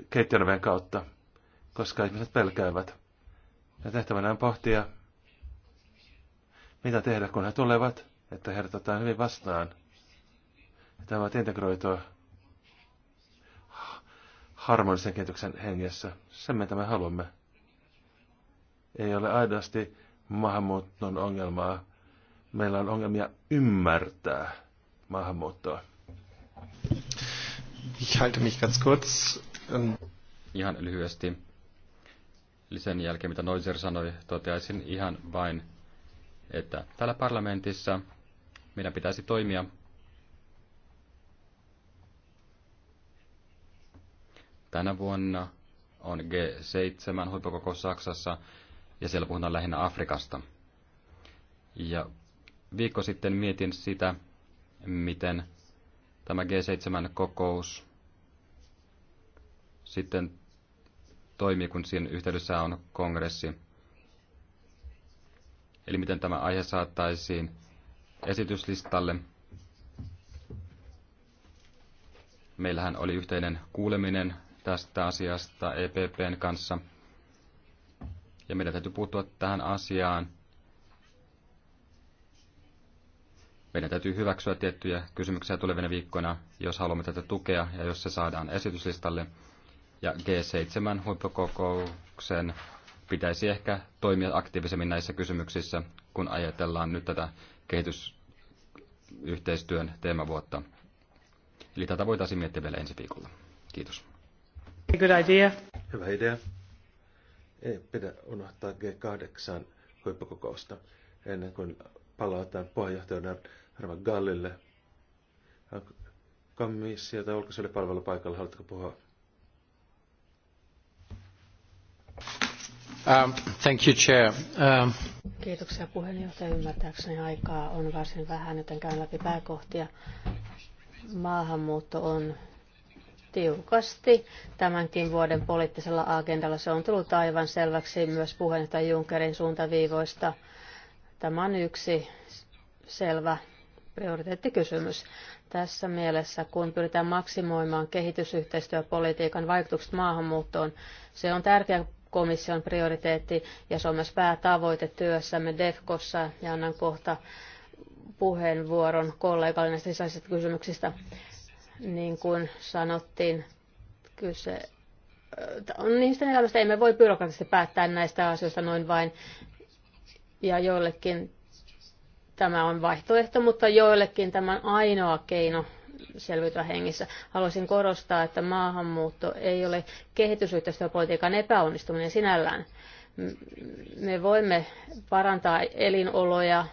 keittiönoven kautta, koska ihmiset pelkäävät. Ja tehtävänä on pohtia, mitä tehdä, kun he tulevat että heidät ottaa hyvin vastaan. Että he ovat integroitua harmonisen kehityksen hengessä. Sen mitä me haluamme. Ei ole aidosti maahanmuuton ongelmaa. Meillä on ongelmia ymmärtää maahanmuuttoa. Ich halte mich ganz kurz. Ähm, ihan lyhyesti. Eli sen jälkeen, mitä Noiser sanoi, toteaisin ihan vain, että täällä parlamentissa meidän pitäisi toimia. Tänä vuonna on G7 huippukokous Saksassa ja siellä puhutaan lähinnä Afrikasta. Ja viikko sitten mietin sitä, miten tämä G7-kokous sitten toimii, kun siinä yhteydessä on kongressi. Eli miten tämä aihe saattaisiin esityslistalle. Meillähän oli yhteinen kuuleminen tästä asiasta EPPn kanssa. Ja meidän täytyy puuttua tähän asiaan. Meidän täytyy hyväksyä tiettyjä kysymyksiä tulevina viikkoina, jos haluamme tätä tukea ja jos se saadaan esityslistalle. Ja G7 huippukokouksen pitäisi ehkä toimia aktiivisemmin näissä kysymyksissä, kun ajatellaan nyt tätä kehitysyhteistyön teemavuotta. Eli tätä voitaisiin miettiä vielä ensi viikolla. Kiitos. Good idea. Hyvä idea. Ei pidä unohtaa G8 huippukokousta ennen kuin palataan puheenjohtajana Arva Gallille. Komissio tai ulkoisuuden palvelupaikalla haluatko puhua? Um, thank um, Kiitoksia puheenjohtaja. Ymmärtääkseni aikaa on varsin vähän, joten käyn läpi pääkohtia. Maahanmuutto on tiukasti tämänkin vuoden poliittisella agendalla. Se on tullut aivan selväksi myös puheenjohtaja Junckerin suuntaviivoista. Tämä on yksi selvä prioriteettikysymys. Tässä mielessä, kun pyritään maksimoimaan kehitysyhteistyöpolitiikan vaikutukset maahanmuuttoon, se on tärkeä komission prioriteetti ja se on myös päätavoite työssämme DEFCOssa ja annan kohta puheenvuoron kollegalle näistä sisäisistä kysymyksistä. Niin kuin sanottiin, kyse äh, on niistä elämästä, emme voi byrokratisesti päättää näistä asioista noin vain. Ja joillekin tämä on vaihtoehto, mutta joillekin tämä on ainoa keino selviytyä hengissä. Haluaisin korostaa, että maahanmuutto ei ole kehitysyhteistyöpolitiikan epäonnistuminen sinällään. Me voimme parantaa elinoloja,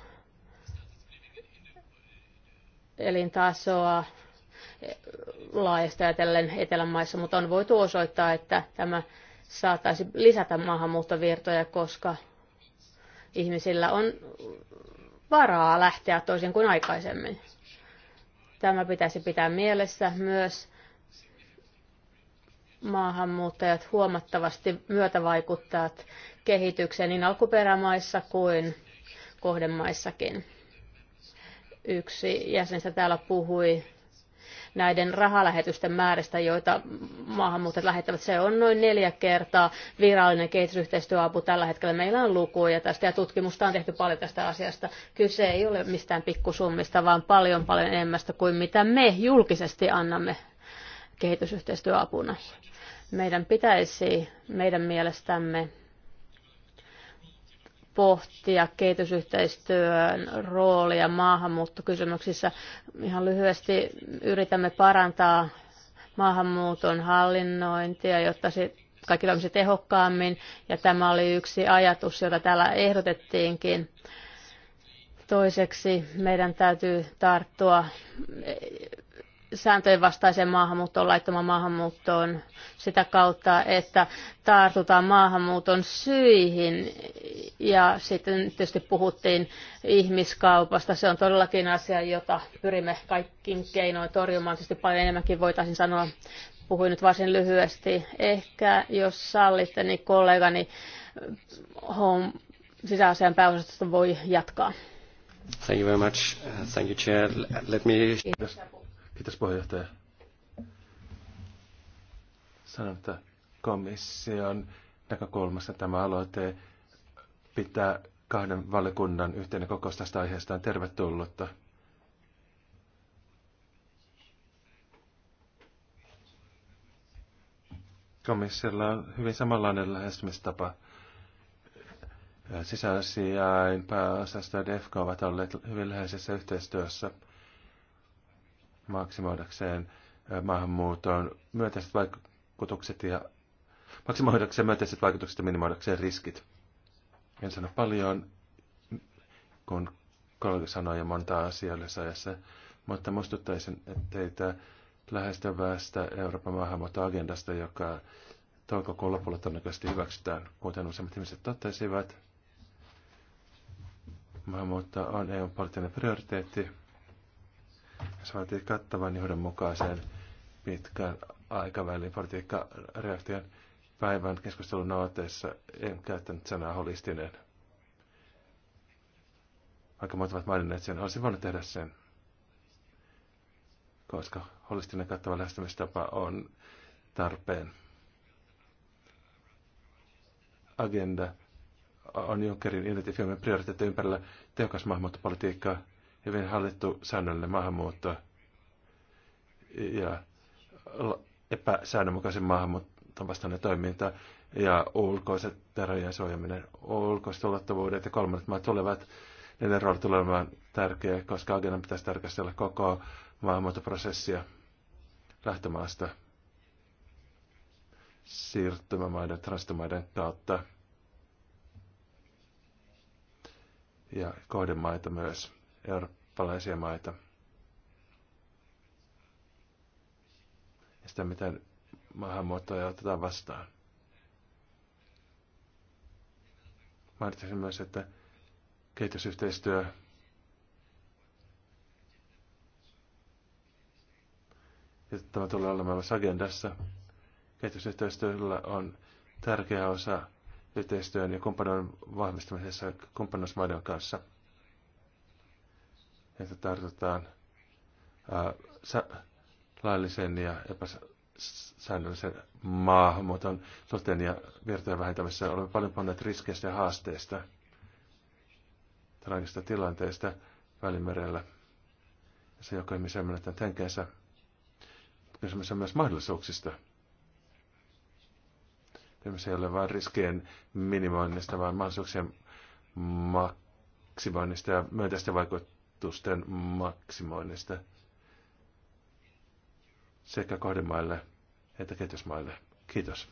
elintasoa laajasti ajatellen etelämaissa, mutta on voitu osoittaa, että tämä saattaisi lisätä maahanmuuttovirtoja, koska ihmisillä on varaa lähteä toisin kuin aikaisemmin. Tämä pitäisi pitää mielessä myös maahanmuuttajat huomattavasti myötävaikuttavat kehitykseen niin alkuperämaissa kuin kohdemaissakin. Yksi jäsenistä täällä puhui näiden rahalähetysten määrästä, joita maahanmuuttajat lähettävät. Se on noin neljä kertaa virallinen kehitysyhteistyöapu tällä hetkellä. Meillä on lukuja tästä ja tutkimusta on tehty paljon tästä asiasta. Kyse ei ole mistään pikkusummista, vaan paljon paljon enemmästä kuin mitä me julkisesti annamme kehitysyhteistyöapuna. Meidän pitäisi meidän mielestämme pohtia kehitysyhteistyön roolia maahanmuuttokysymyksissä. Ihan lyhyesti yritämme parantaa maahanmuuton hallinnointia, jotta se kaikki toimisi tehokkaammin. Ja tämä oli yksi ajatus, jota täällä ehdotettiinkin. Toiseksi meidän täytyy tarttua sääntöjen vastaiseen maahanmuuttoon, laittomaan maahanmuuttoon sitä kautta, että tartutaan maahanmuuton syihin. Ja sitten tietysti puhuttiin ihmiskaupasta. Se on todellakin asia, jota pyrimme kaikkiin keinoin torjumaan. Tietysti paljon enemmänkin voitaisiin sanoa. Puhuin nyt varsin lyhyesti. Ehkä, jos sallitte, niin kollegani sisäasian pääosastosta voi jatkaa. Thank you very much. Thank you, Chair. Let me... Kiitos Kiitos puheenjohtaja. Sanon, että komission näkökulmasta tämä aloite pitää kahden valiokunnan yhteinen kokous tästä aiheesta on tervetullutta. Komissiolla on hyvin samanlainen lähestymistapa. Sisäasiain pääosasto ja DEFCO ovat olleet hyvin läheisessä yhteistyössä – maksimoidakseen maahanmuuton myönteiset vaikutukset ja maksimoidakseen myönteiset vaikutukset ja minimoidakseen riskit. En sano paljon, kun kollega sanoi jo monta asiaa ajassa, mutta muistuttaisin teitä lähestyvästä Euroopan maahanmuuttoagendasta, joka toukokuun lopulla todennäköisesti hyväksytään, kuten useimmat ihmiset totesivat. Maahanmuutto on eu poliittinen prioriteetti. Se vaatii kattavan johdonmukaisen pitkän aikavälin politiikkareaktion päivän keskustelun aloitteessa. En käyttänyt sanaa holistinen. Vaikka muut ovat maininneet sen, olisin voinut tehdä sen. Koska holistinen kattava lähestymistapa on tarpeen. Agenda on Junckerin identifioimien prioriteetti ympärillä tehokas maahanmuuttopolitiikkaa – hyvin hallittu säännöllinen maahanmuutto ja epäsäännönmukaisen maahanmuuton vastainen toiminta ja ulkoiset rajojen suojaminen, ulkoiset ulottuvuudet ja kolmannet maat tulevat, niiden rooli tulee olemaan tärkeä, koska agendan pitäisi tarkastella koko maahanmuuttoprosessia lähtömaasta siirtymämaiden, transitomaiden kautta ja kohdemaita myös eurooppalaisia maita. Ja sitä, miten maahanmuuttoja otetaan vastaan. Mainitsin myös, että kehitysyhteistyö ja tämä tulee olemaan myös agendassa. Kehitysyhteistyöllä on tärkeä osa yhteistyön ja kumppanuuden vahvistamisessa kumppanuusmaiden kanssa – että tartutaan ää, laillisen ja epäsäännöllisen maahanmuuton suhteen ja virtojen vähentämisessä olemme paljon panneet riskeistä ja haasteista tällaisista tilanteista Välimerellä. Se, joka ihmisiä menettänyt henkeensä, kysymys on myös mahdollisuuksista. Kysymys ei ole vain riskien minimoinnista, vaan mahdollisuuksien maksimoinnista ja myönteisten vaikutusten vaikutusten maksimoinnista sekä kohdemaille että kehitysmaille. Kiitos.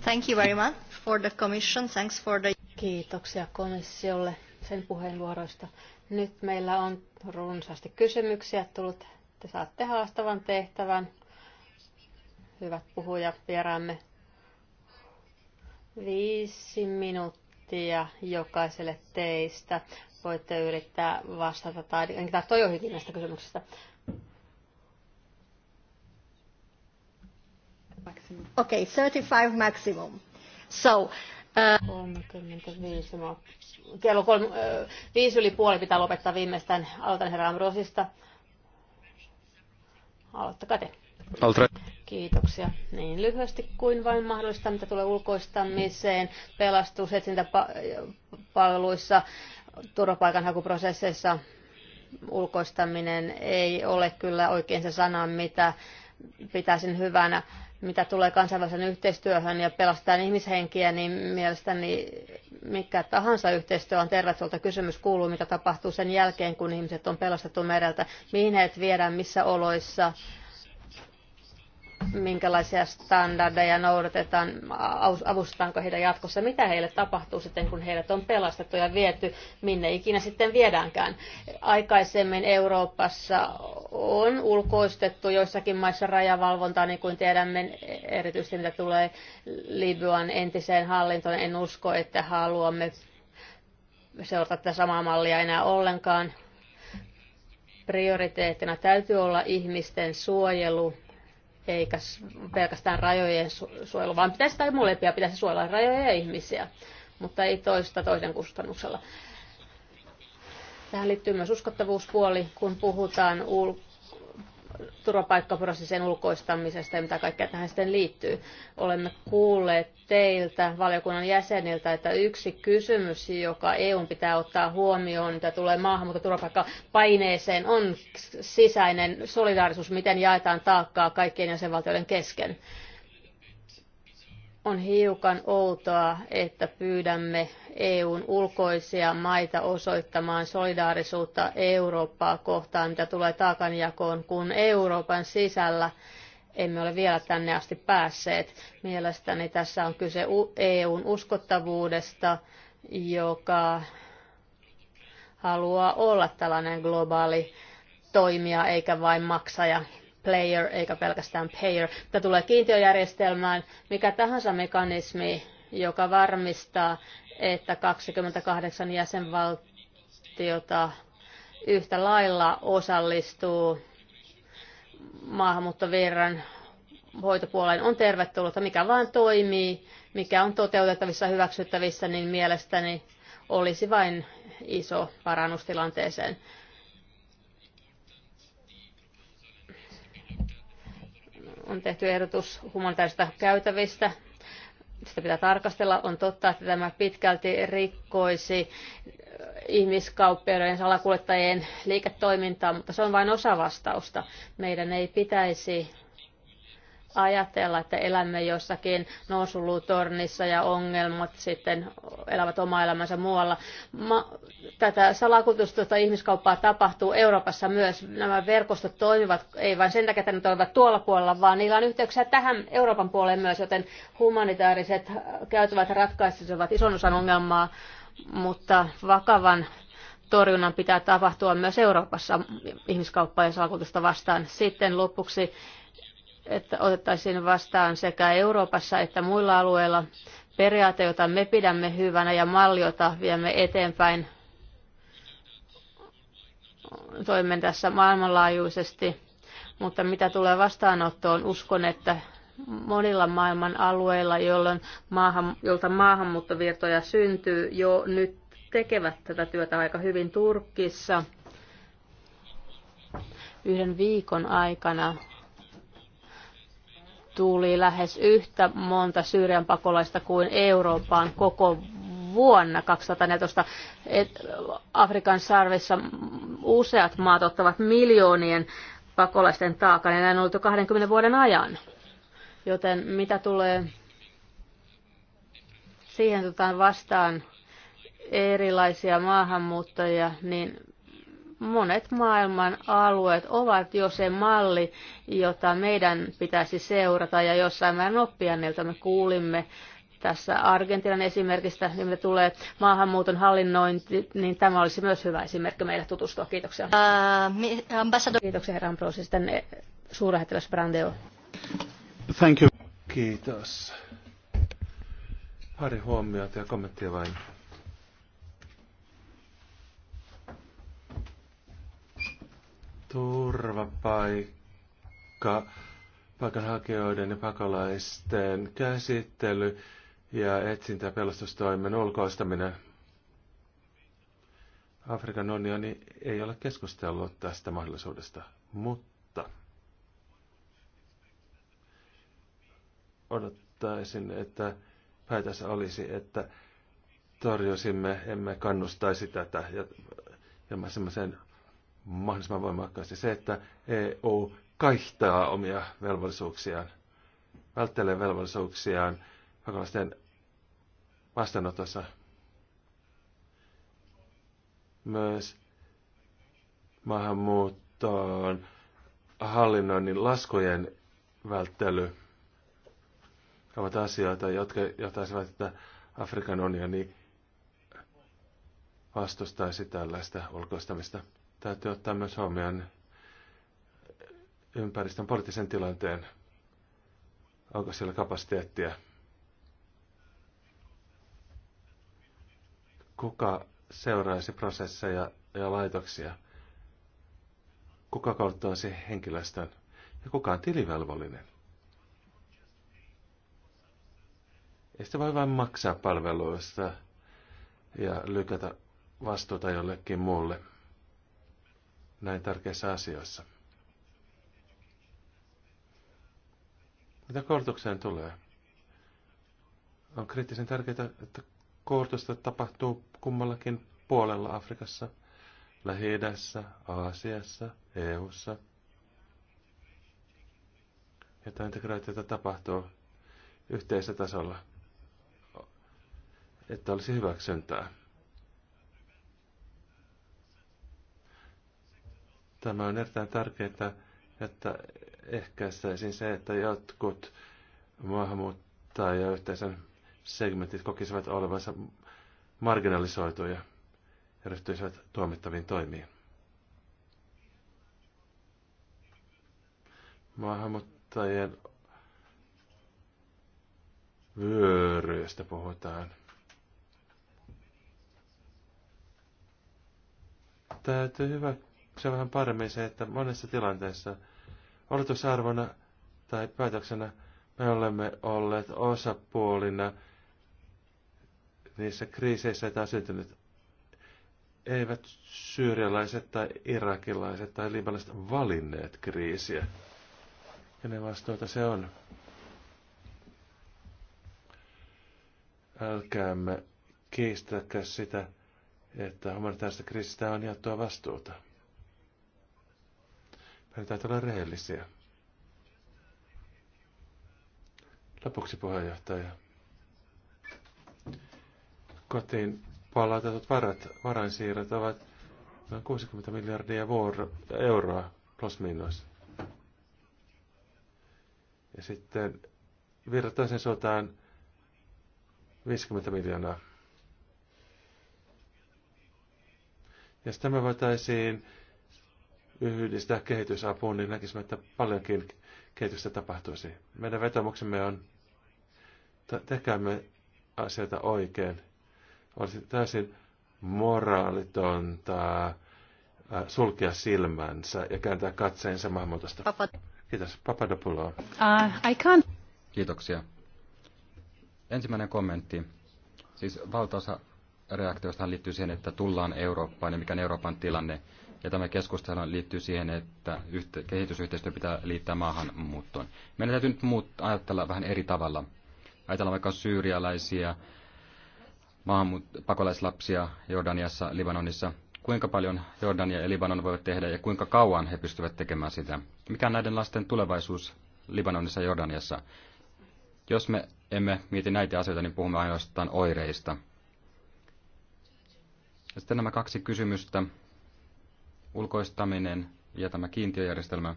Thank you very much for the commission. Thanks for the... Kiitoksia komissiolle sen puheenvuoroista. Nyt meillä on runsaasti kysymyksiä tullut. Te saatte haastavan tehtävän. Hyvät puhujat, vieraamme viisi minuuttia jokaiselle teistä voitte yrittää vastata, tai ainakin tahtoo joihinkin näistä kysymyksistä. Okei, okay, 35 maximum. So, uh... 35, no, kello kolme, viisi yli puoli pitää lopettaa viimeistään. Aloitan herra Ambrosista. Aloittakaa te. Altre. Kiitoksia. Niin lyhyesti kuin vain mahdollista, mitä tulee ulkoistamiseen, pelastus, etsintäpalveluissa, turvapaikanhakuprosesseissa ulkoistaminen ei ole kyllä oikein se sana, mitä pitäisin hyvänä. Mitä tulee kansainvälisen yhteistyöhön ja pelastetaan ihmishenkiä, niin mielestäni mikä tahansa yhteistyö on tervetulta. Kysymys kuuluu, mitä tapahtuu sen jälkeen, kun ihmiset on pelastettu mereltä, mihin heidät viedään, missä oloissa, minkälaisia standardeja noudatetaan, avustetaanko heitä jatkossa, mitä heille tapahtuu sitten, kun heidät on pelastettu ja viety, minne ikinä sitten viedäänkään. Aikaisemmin Euroopassa on ulkoistettu joissakin maissa rajavalvontaa, niin kuin tiedämme, erityisesti mitä tulee Libyan entiseen hallintoon. En usko, että haluamme seurata tätä samaa mallia enää ollenkaan prioriteettina täytyy olla ihmisten suojelu eikä pelkästään rajojen suojelu, vaan pitäisi tai molempia pitäisi suojella rajoja ja ihmisiä, mutta ei toista toisen kustannuksella. Tähän liittyy myös uskottavuuspuoli, kun puhutaan ulko turvapaikkaprosessin ulkoistamisesta ja mitä kaikkea tähän sitten liittyy. Olemme kuulleet teiltä, valiokunnan jäseniltä, että yksi kysymys, joka EUn pitää ottaa huomioon, mitä tulee mutta turvapaikkapaineeseen, on sisäinen solidaarisuus, miten jaetaan taakkaa kaikkien jäsenvaltioiden kesken on hiukan outoa, että pyydämme EUn ulkoisia maita osoittamaan solidaarisuutta Eurooppaa kohtaan, mitä tulee taakanjakoon, kun Euroopan sisällä emme ole vielä tänne asti päässeet. Mielestäni tässä on kyse EUn uskottavuudesta, joka haluaa olla tällainen globaali toimija eikä vain maksaja player eikä pelkästään payer. Mitä tulee kiintiöjärjestelmään, mikä tahansa mekanismi, joka varmistaa, että 28 jäsenvaltiota yhtä lailla osallistuu maahanmuuttovirran hoitopuoleen on tervetullutta. Mikä vain toimii, mikä on toteutettavissa hyväksyttävissä, niin mielestäni olisi vain iso parannustilanteeseen. on tehty ehdotus humanitaarista käytävistä. Sitä pitää tarkastella. On totta, että tämä pitkälti rikkoisi äh, ihmiskauppiaiden salakuljettajien liiketoimintaa, mutta se on vain osa vastausta. Meidän ei pitäisi ajatella, että elämme jossakin nousulutornissa ja ongelmat sitten elävät oma elämänsä muualla. Ma, tätä salakultustusta ihmiskauppaa tapahtuu Euroopassa myös. Nämä verkostot toimivat, ei vain sen takia, että ne toimivat tuolla puolella, vaan niillä on yhteyksiä tähän Euroopan puoleen myös, joten humanitaariset käytävät ratkaisevat ison osan ongelmaa, mutta vakavan torjunnan pitää tapahtua myös Euroopassa ihmiskauppaa ja salakutusta vastaan. Sitten lopuksi että otettaisiin vastaan sekä Euroopassa että muilla alueilla periaate, jota me pidämme hyvänä ja malli, jota viemme eteenpäin. Toimen tässä maailmanlaajuisesti, mutta mitä tulee vastaanottoon, uskon, että monilla maailman alueilla, jolloin maahan, jolta maahanmuuttovirtoja syntyy, jo nyt tekevät tätä työtä aika hyvin Turkissa. Yhden viikon aikana tuli lähes yhtä monta Syyrian pakolaista kuin Eurooppaan koko vuonna 2014. Et Afrikan sarvessa useat maat ottavat miljoonien pakolaisten taakan, ja näin on ollut jo 20 vuoden ajan. Joten mitä tulee siihen otetaan vastaan erilaisia maahanmuuttajia, niin monet maailman alueet ovat jo se malli, jota meidän pitäisi seurata ja jossain määrin oppia niiltä me kuulimme tässä Argentinan esimerkistä, niin mitä tulee maahanmuuton hallinnointi, niin tämä olisi myös hyvä esimerkki meille tutustua. Kiitoksia. Uh, ambassador... Kiitoksia herra Ambrosi. Sitten eh, suurlähettiläs Brandeo. Thank you. Kiitos. Pari huomiota ja kommenttia vain. turvapaikka, paikanhakijoiden ja pakolaisten käsittely ja etsintä- ja pelastustoimen ulkoistaminen. Afrikan unioni ei ole keskustellut tästä mahdollisuudesta, mutta odottaisin, että päätös olisi, että torjusimme, emme kannustaisi tätä ja ja sen mahdollisimman voimakkaasti. Se, että EU kaihtaa omia velvollisuuksiaan, välttelee velvollisuuksiaan pakolaisten vastaanotossa. Myös maahanmuuttoon hallinnoinnin laskujen välttely ovat asioita, jotka johtaisivat, että Afrikan unioni vastustaisi tällaista ulkoistamista täytyy ottaa myös huomioon ympäristön poliittisen tilanteen. Onko siellä kapasiteettia? Kuka seuraisi prosesseja ja laitoksia? Kuka kouluttaisi henkilöstön? Ja kuka on tilivelvollinen? Ei sitä voi vain maksaa palveluista ja lykätä vastuuta jollekin muulle näin tärkeissä asioissa. Mitä koulutukseen tulee? On kriittisen tärkeää, että koulutusta tapahtuu kummallakin puolella Afrikassa, Lähi-idässä, Aasiassa, EU-ssa. Jotain integraatiota tapahtuu yhteisötasolla, että olisi hyväksyntää. Tämä on erittäin tärkeää, että ehkäistäisiin se, että jotkut maahanmuuttajayhteisön segmentit kokisivat olevansa marginalisoituja ja ryhtyisivät tuomittaviin toimiin. Maahanmuuttajien vyöryistä puhutaan. Täytyy hyvä se on vähän paremmin se, että monessa tilanteessa oletusarvona tai päätöksenä me olemme olleet osapuolina niissä kriiseissä, joita on syntynyt. Eivät syyrialaiset tai irakilaiset tai libanaiset valinneet kriisiä. ne vastuuta se on? Älkäämme kiistäkö sitä, että humanitaarista kriisistä on jaettua vastuuta. Meidän täytyy olla rehellisiä. Lopuksi puheenjohtaja. Kotiin palautetut varat, varainsiirrot ovat noin 60 miljardia vuoro, euroa plus minus. Ja sitten virta toisen sotaan 50 miljoonaa. sitten tämä voitaisiin yhdistää kehitysapuun, niin näkisimme, että paljonkin kehitystä tapahtuisi. Meidän vetomuksemme on, että tekäämme asioita oikein. Olisi täysin moraalitonta sulkea silmänsä ja kääntää katseensa maahanmuutosta. Papa. Kiitos. Papadopoulos. Uh, I can't. Kiitoksia. Ensimmäinen kommentti. Siis valtaosa reaktioista liittyy siihen, että tullaan Eurooppaan ja mikä on Euroopan tilanne. Ja tämä keskustelu liittyy siihen, että yhte- kehitysyhteistyö pitää liittää maahanmuuttoon. Meidän täytyy nyt muut ajatella vähän eri tavalla. Ajatellaan vaikka syyrialaisia, maahanmuut- pakolaislapsia Jordaniassa, Libanonissa. Kuinka paljon Jordania ja Libanon voivat tehdä ja kuinka kauan he pystyvät tekemään sitä? Mikä on näiden lasten tulevaisuus Libanonissa ja Jordaniassa? Jos me emme mieti näitä asioita, niin puhumme ainoastaan oireista. Ja sitten nämä kaksi kysymystä, ulkoistaminen ja tämä kiintiöjärjestelmä.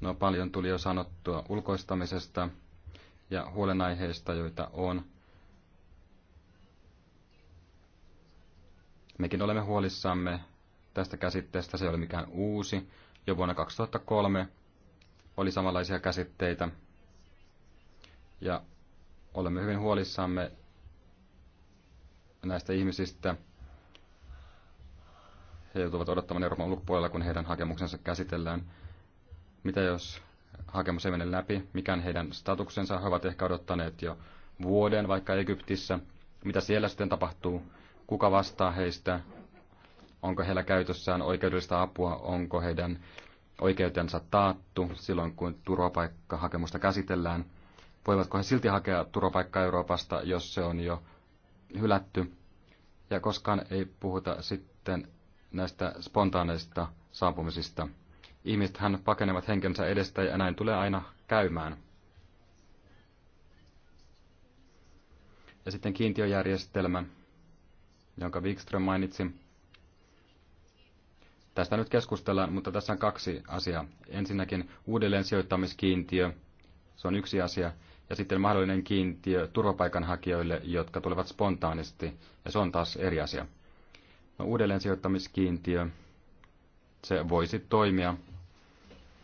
No paljon tuli jo sanottua ulkoistamisesta ja huolenaiheista, joita on. Mekin olemme huolissamme tästä käsitteestä, se ei ole mikään uusi. Jo vuonna 2003 oli samanlaisia käsitteitä. Ja olemme hyvin huolissamme näistä ihmisistä, he joutuvat odottamaan Euroopan ulkopuolella, kun heidän hakemuksensa käsitellään. Mitä jos hakemus ei mene läpi? Mikä heidän statuksensa? He ovat ehkä odottaneet jo vuoden vaikka Egyptissä. Mitä siellä sitten tapahtuu? Kuka vastaa heistä? Onko heillä käytössään oikeudellista apua? Onko heidän oikeutensa taattu silloin, kun turvapaikkahakemusta käsitellään? Voivatko he silti hakea turvapaikkaa Euroopasta, jos se on jo hylätty? Ja koskaan ei puhuta sitten näistä spontaaneista saapumisista. Ihmisethän pakenevat henkensä edestä ja näin tulee aina käymään. Ja sitten kiintiöjärjestelmä, jonka Wikström mainitsi. Tästä nyt keskustellaan, mutta tässä on kaksi asiaa. Ensinnäkin uudelleen sijoittamiskiintiö, se on yksi asia, ja sitten mahdollinen kiintiö turvapaikanhakijoille, jotka tulevat spontaanisti, ja se on taas eri asia. No, uudelleen sijoittamiskiintiö, se voisi toimia,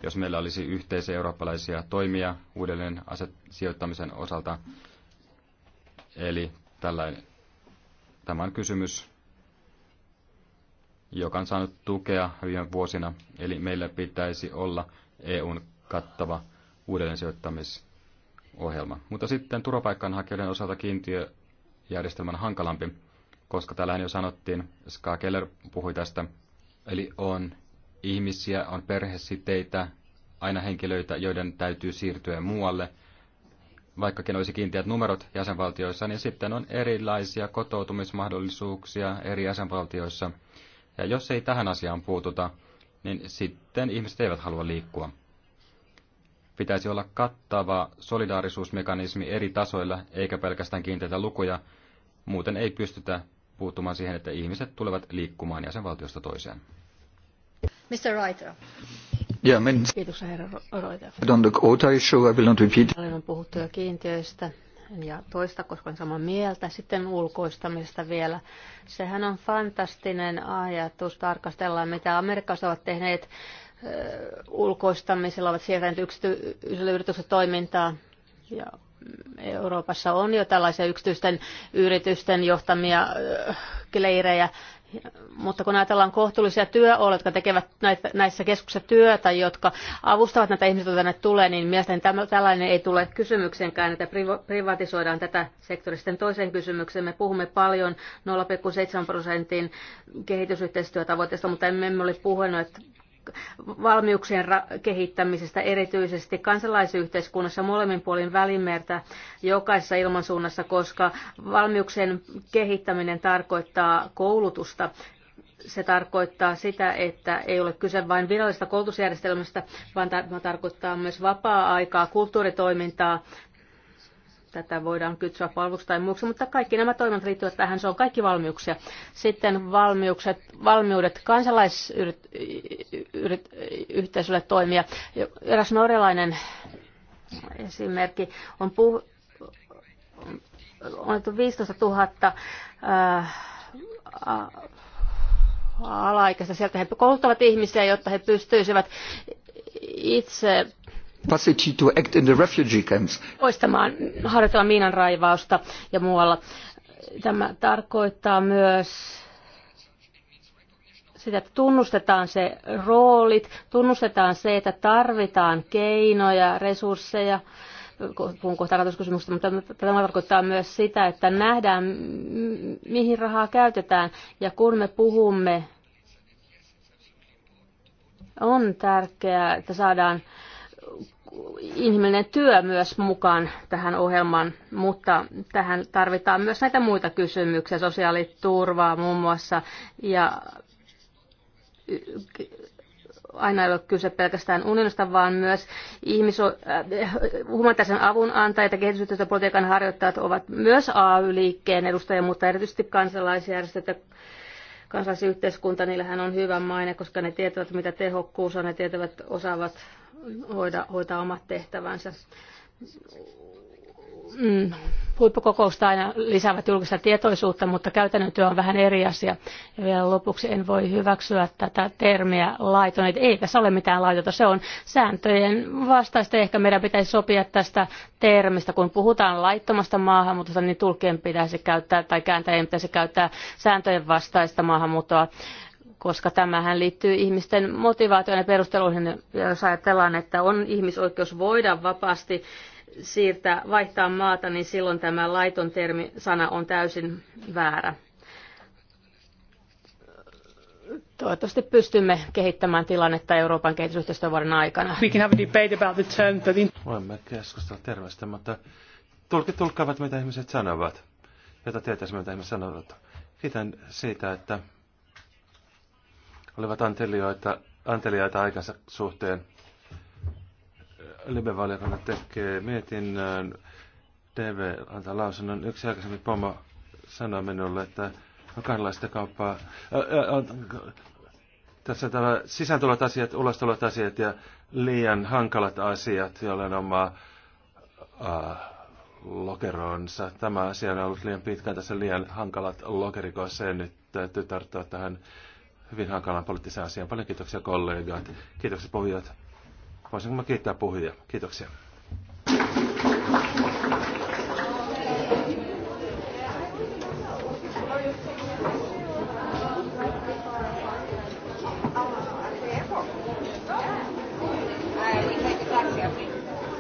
jos meillä olisi yhteisiä eurooppalaisia toimia uudelleen aset sijoittamisen osalta. Eli tällainen, tämä on kysymys, joka on saanut tukea viime vuosina. Eli meillä pitäisi olla EUn kattava uudelleen sijoittamisohjelma. Mutta sitten turvapaikanhakijoiden osalta kiintiöjärjestelmän hankalampi koska täällähän jo sanottiin, Ska Keller puhui tästä, eli on ihmisiä, on perhesiteitä, aina henkilöitä, joiden täytyy siirtyä muualle, vaikkakin olisi kiinteät numerot jäsenvaltioissa, niin sitten on erilaisia kotoutumismahdollisuuksia eri jäsenvaltioissa. Ja jos ei tähän asiaan puututa, niin sitten ihmiset eivät halua liikkua. Pitäisi olla kattava solidaarisuusmekanismi eri tasoilla, eikä pelkästään kiinteitä lukuja, muuten ei pystytä puuttumaan siihen, että ihmiset tulevat liikkumaan jäsenvaltiosta toiseen. Mr. Reiter. Yeah, men... Kiitos herra Reuter. issue, I will not repeat. on puhuttu jo kiintiöistä ja toista, koska on samaa mieltä. Sitten ulkoistamista vielä. Sehän on fantastinen ajatus. Tarkastellaan, mitä Amerikassa ovat tehneet ulkoistamisella, ovat siirtäneet yksityiselle yrityksen toimintaa ja Euroopassa on jo tällaisia yksityisten yritysten johtamia leirejä, mutta kun ajatellaan kohtuullisia työoloja, jotka tekevät näissä keskuksissa työtä, jotka avustavat näitä ihmisiä, joita tänne tulee, niin mielestäni tällainen ei tule kysymyksenkään, että privatisoidaan tätä sektoria. toiseen kysymykseen me puhumme paljon 0,7 prosentin kehitysyhteistyötavoitteesta, mutta emme ole puhuneet valmiuksien kehittämisestä erityisesti kansalaisyhteiskunnassa molemmin puolin välimertä jokaisessa ilmansuunnassa, koska valmiuksien kehittäminen tarkoittaa koulutusta se tarkoittaa sitä, että ei ole kyse vain virallisesta koulutusjärjestelmästä, vaan tämä tarkoittaa myös vapaa-aikaa, kulttuuritoimintaa, Tätä voidaan kytsyä palveluksi tai muuksi, mutta kaikki nämä toimet liittyvät tähän. Se on kaikki valmiuksia. Sitten valmiukset, valmiudet kansalaisyhteisölle toimia. Eräs norjalainen esimerkki on, puh- on 15 000 äh, alaikäistä. Sieltä he kouluttavat ihmisiä, jotta he pystyisivät itse Poistamaan harjoitella miinanraivausta ja muualla. Tämä tarkoittaa myös sitä, että tunnustetaan se roolit, tunnustetaan se, että tarvitaan keinoja, resursseja, puhun kohta rahoituskysymyksestä, mutta tämä tarkoittaa myös sitä, että nähdään, mihin rahaa käytetään. Ja kun me puhumme, on tärkeää, että saadaan inhimillinen työ myös mukaan tähän ohjelmaan, mutta tähän tarvitaan myös näitä muita kysymyksiä, sosiaaliturvaa muun muassa, ja aina ei ole kyse pelkästään unionista, vaan myös ihmiso- äh, humanitaarisen avun antajat ja kehitysyhteistyöpolitiikan harjoittajat ovat myös AY-liikkeen edustajia, mutta erityisesti kansalaisjärjestöt ja kansalaisyhteiskunta, niillähän on hyvä maine, koska ne tietävät, mitä tehokkuus on, ne tietävät, osaavat hoida, hoitaa omat tehtävänsä. Mm, huippukokousta aina lisäävät julkista tietoisuutta, mutta käytännön työ on vähän eri asia. Ja vielä lopuksi en voi hyväksyä tätä termiä laiton. Ei tässä ole mitään laitonta, se on sääntöjen vastaista. Ehkä meidän pitäisi sopia tästä termistä, kun puhutaan laittomasta maahanmuutosta, niin tulkien pitäisi käyttää tai kääntäjien pitäisi käyttää sääntöjen vastaista maahanmuuttoa koska tämähän liittyy ihmisten motivaatioon ja perusteluihin. Jos ajatellaan, että on ihmisoikeus voida vapaasti siirtää, vaihtaa maata, niin silloin tämä laiton termi sana on täysin väärä. Toivottavasti pystymme kehittämään tilannetta Euroopan kehitysyhteistyövuoden aikana. We can have a debate about the term, but in... Voimme keskustella terveistä, mutta tulkit tulkkaavat, mitä ihmiset sanovat, jota tietäisi, mitä ihmiset sanovat. Kiitän siitä, että olivat antelijoita, antelijoita aikansa suhteen. Libevaliokunta tekee mietinnön, TV antaa lausunnon. Yksi aikaisemmin pomo sanoi minulle, että on kahdenlaista kauppaa. tässä on tämä sisääntulot asiat, ulostulot asiat ja liian hankalat asiat, joilla oma äh, lokeronsa. Tämä asia on ollut liian pitkään tässä liian hankalat lokerikoissa ja nyt täytyy tarttua tähän äh, hyvin hankalaan poliittiseen asian. Paljon kiitoksia kollegat. Kiitoksia puhujat. Voisinko mä kiittää puhujia? Kiitoksia.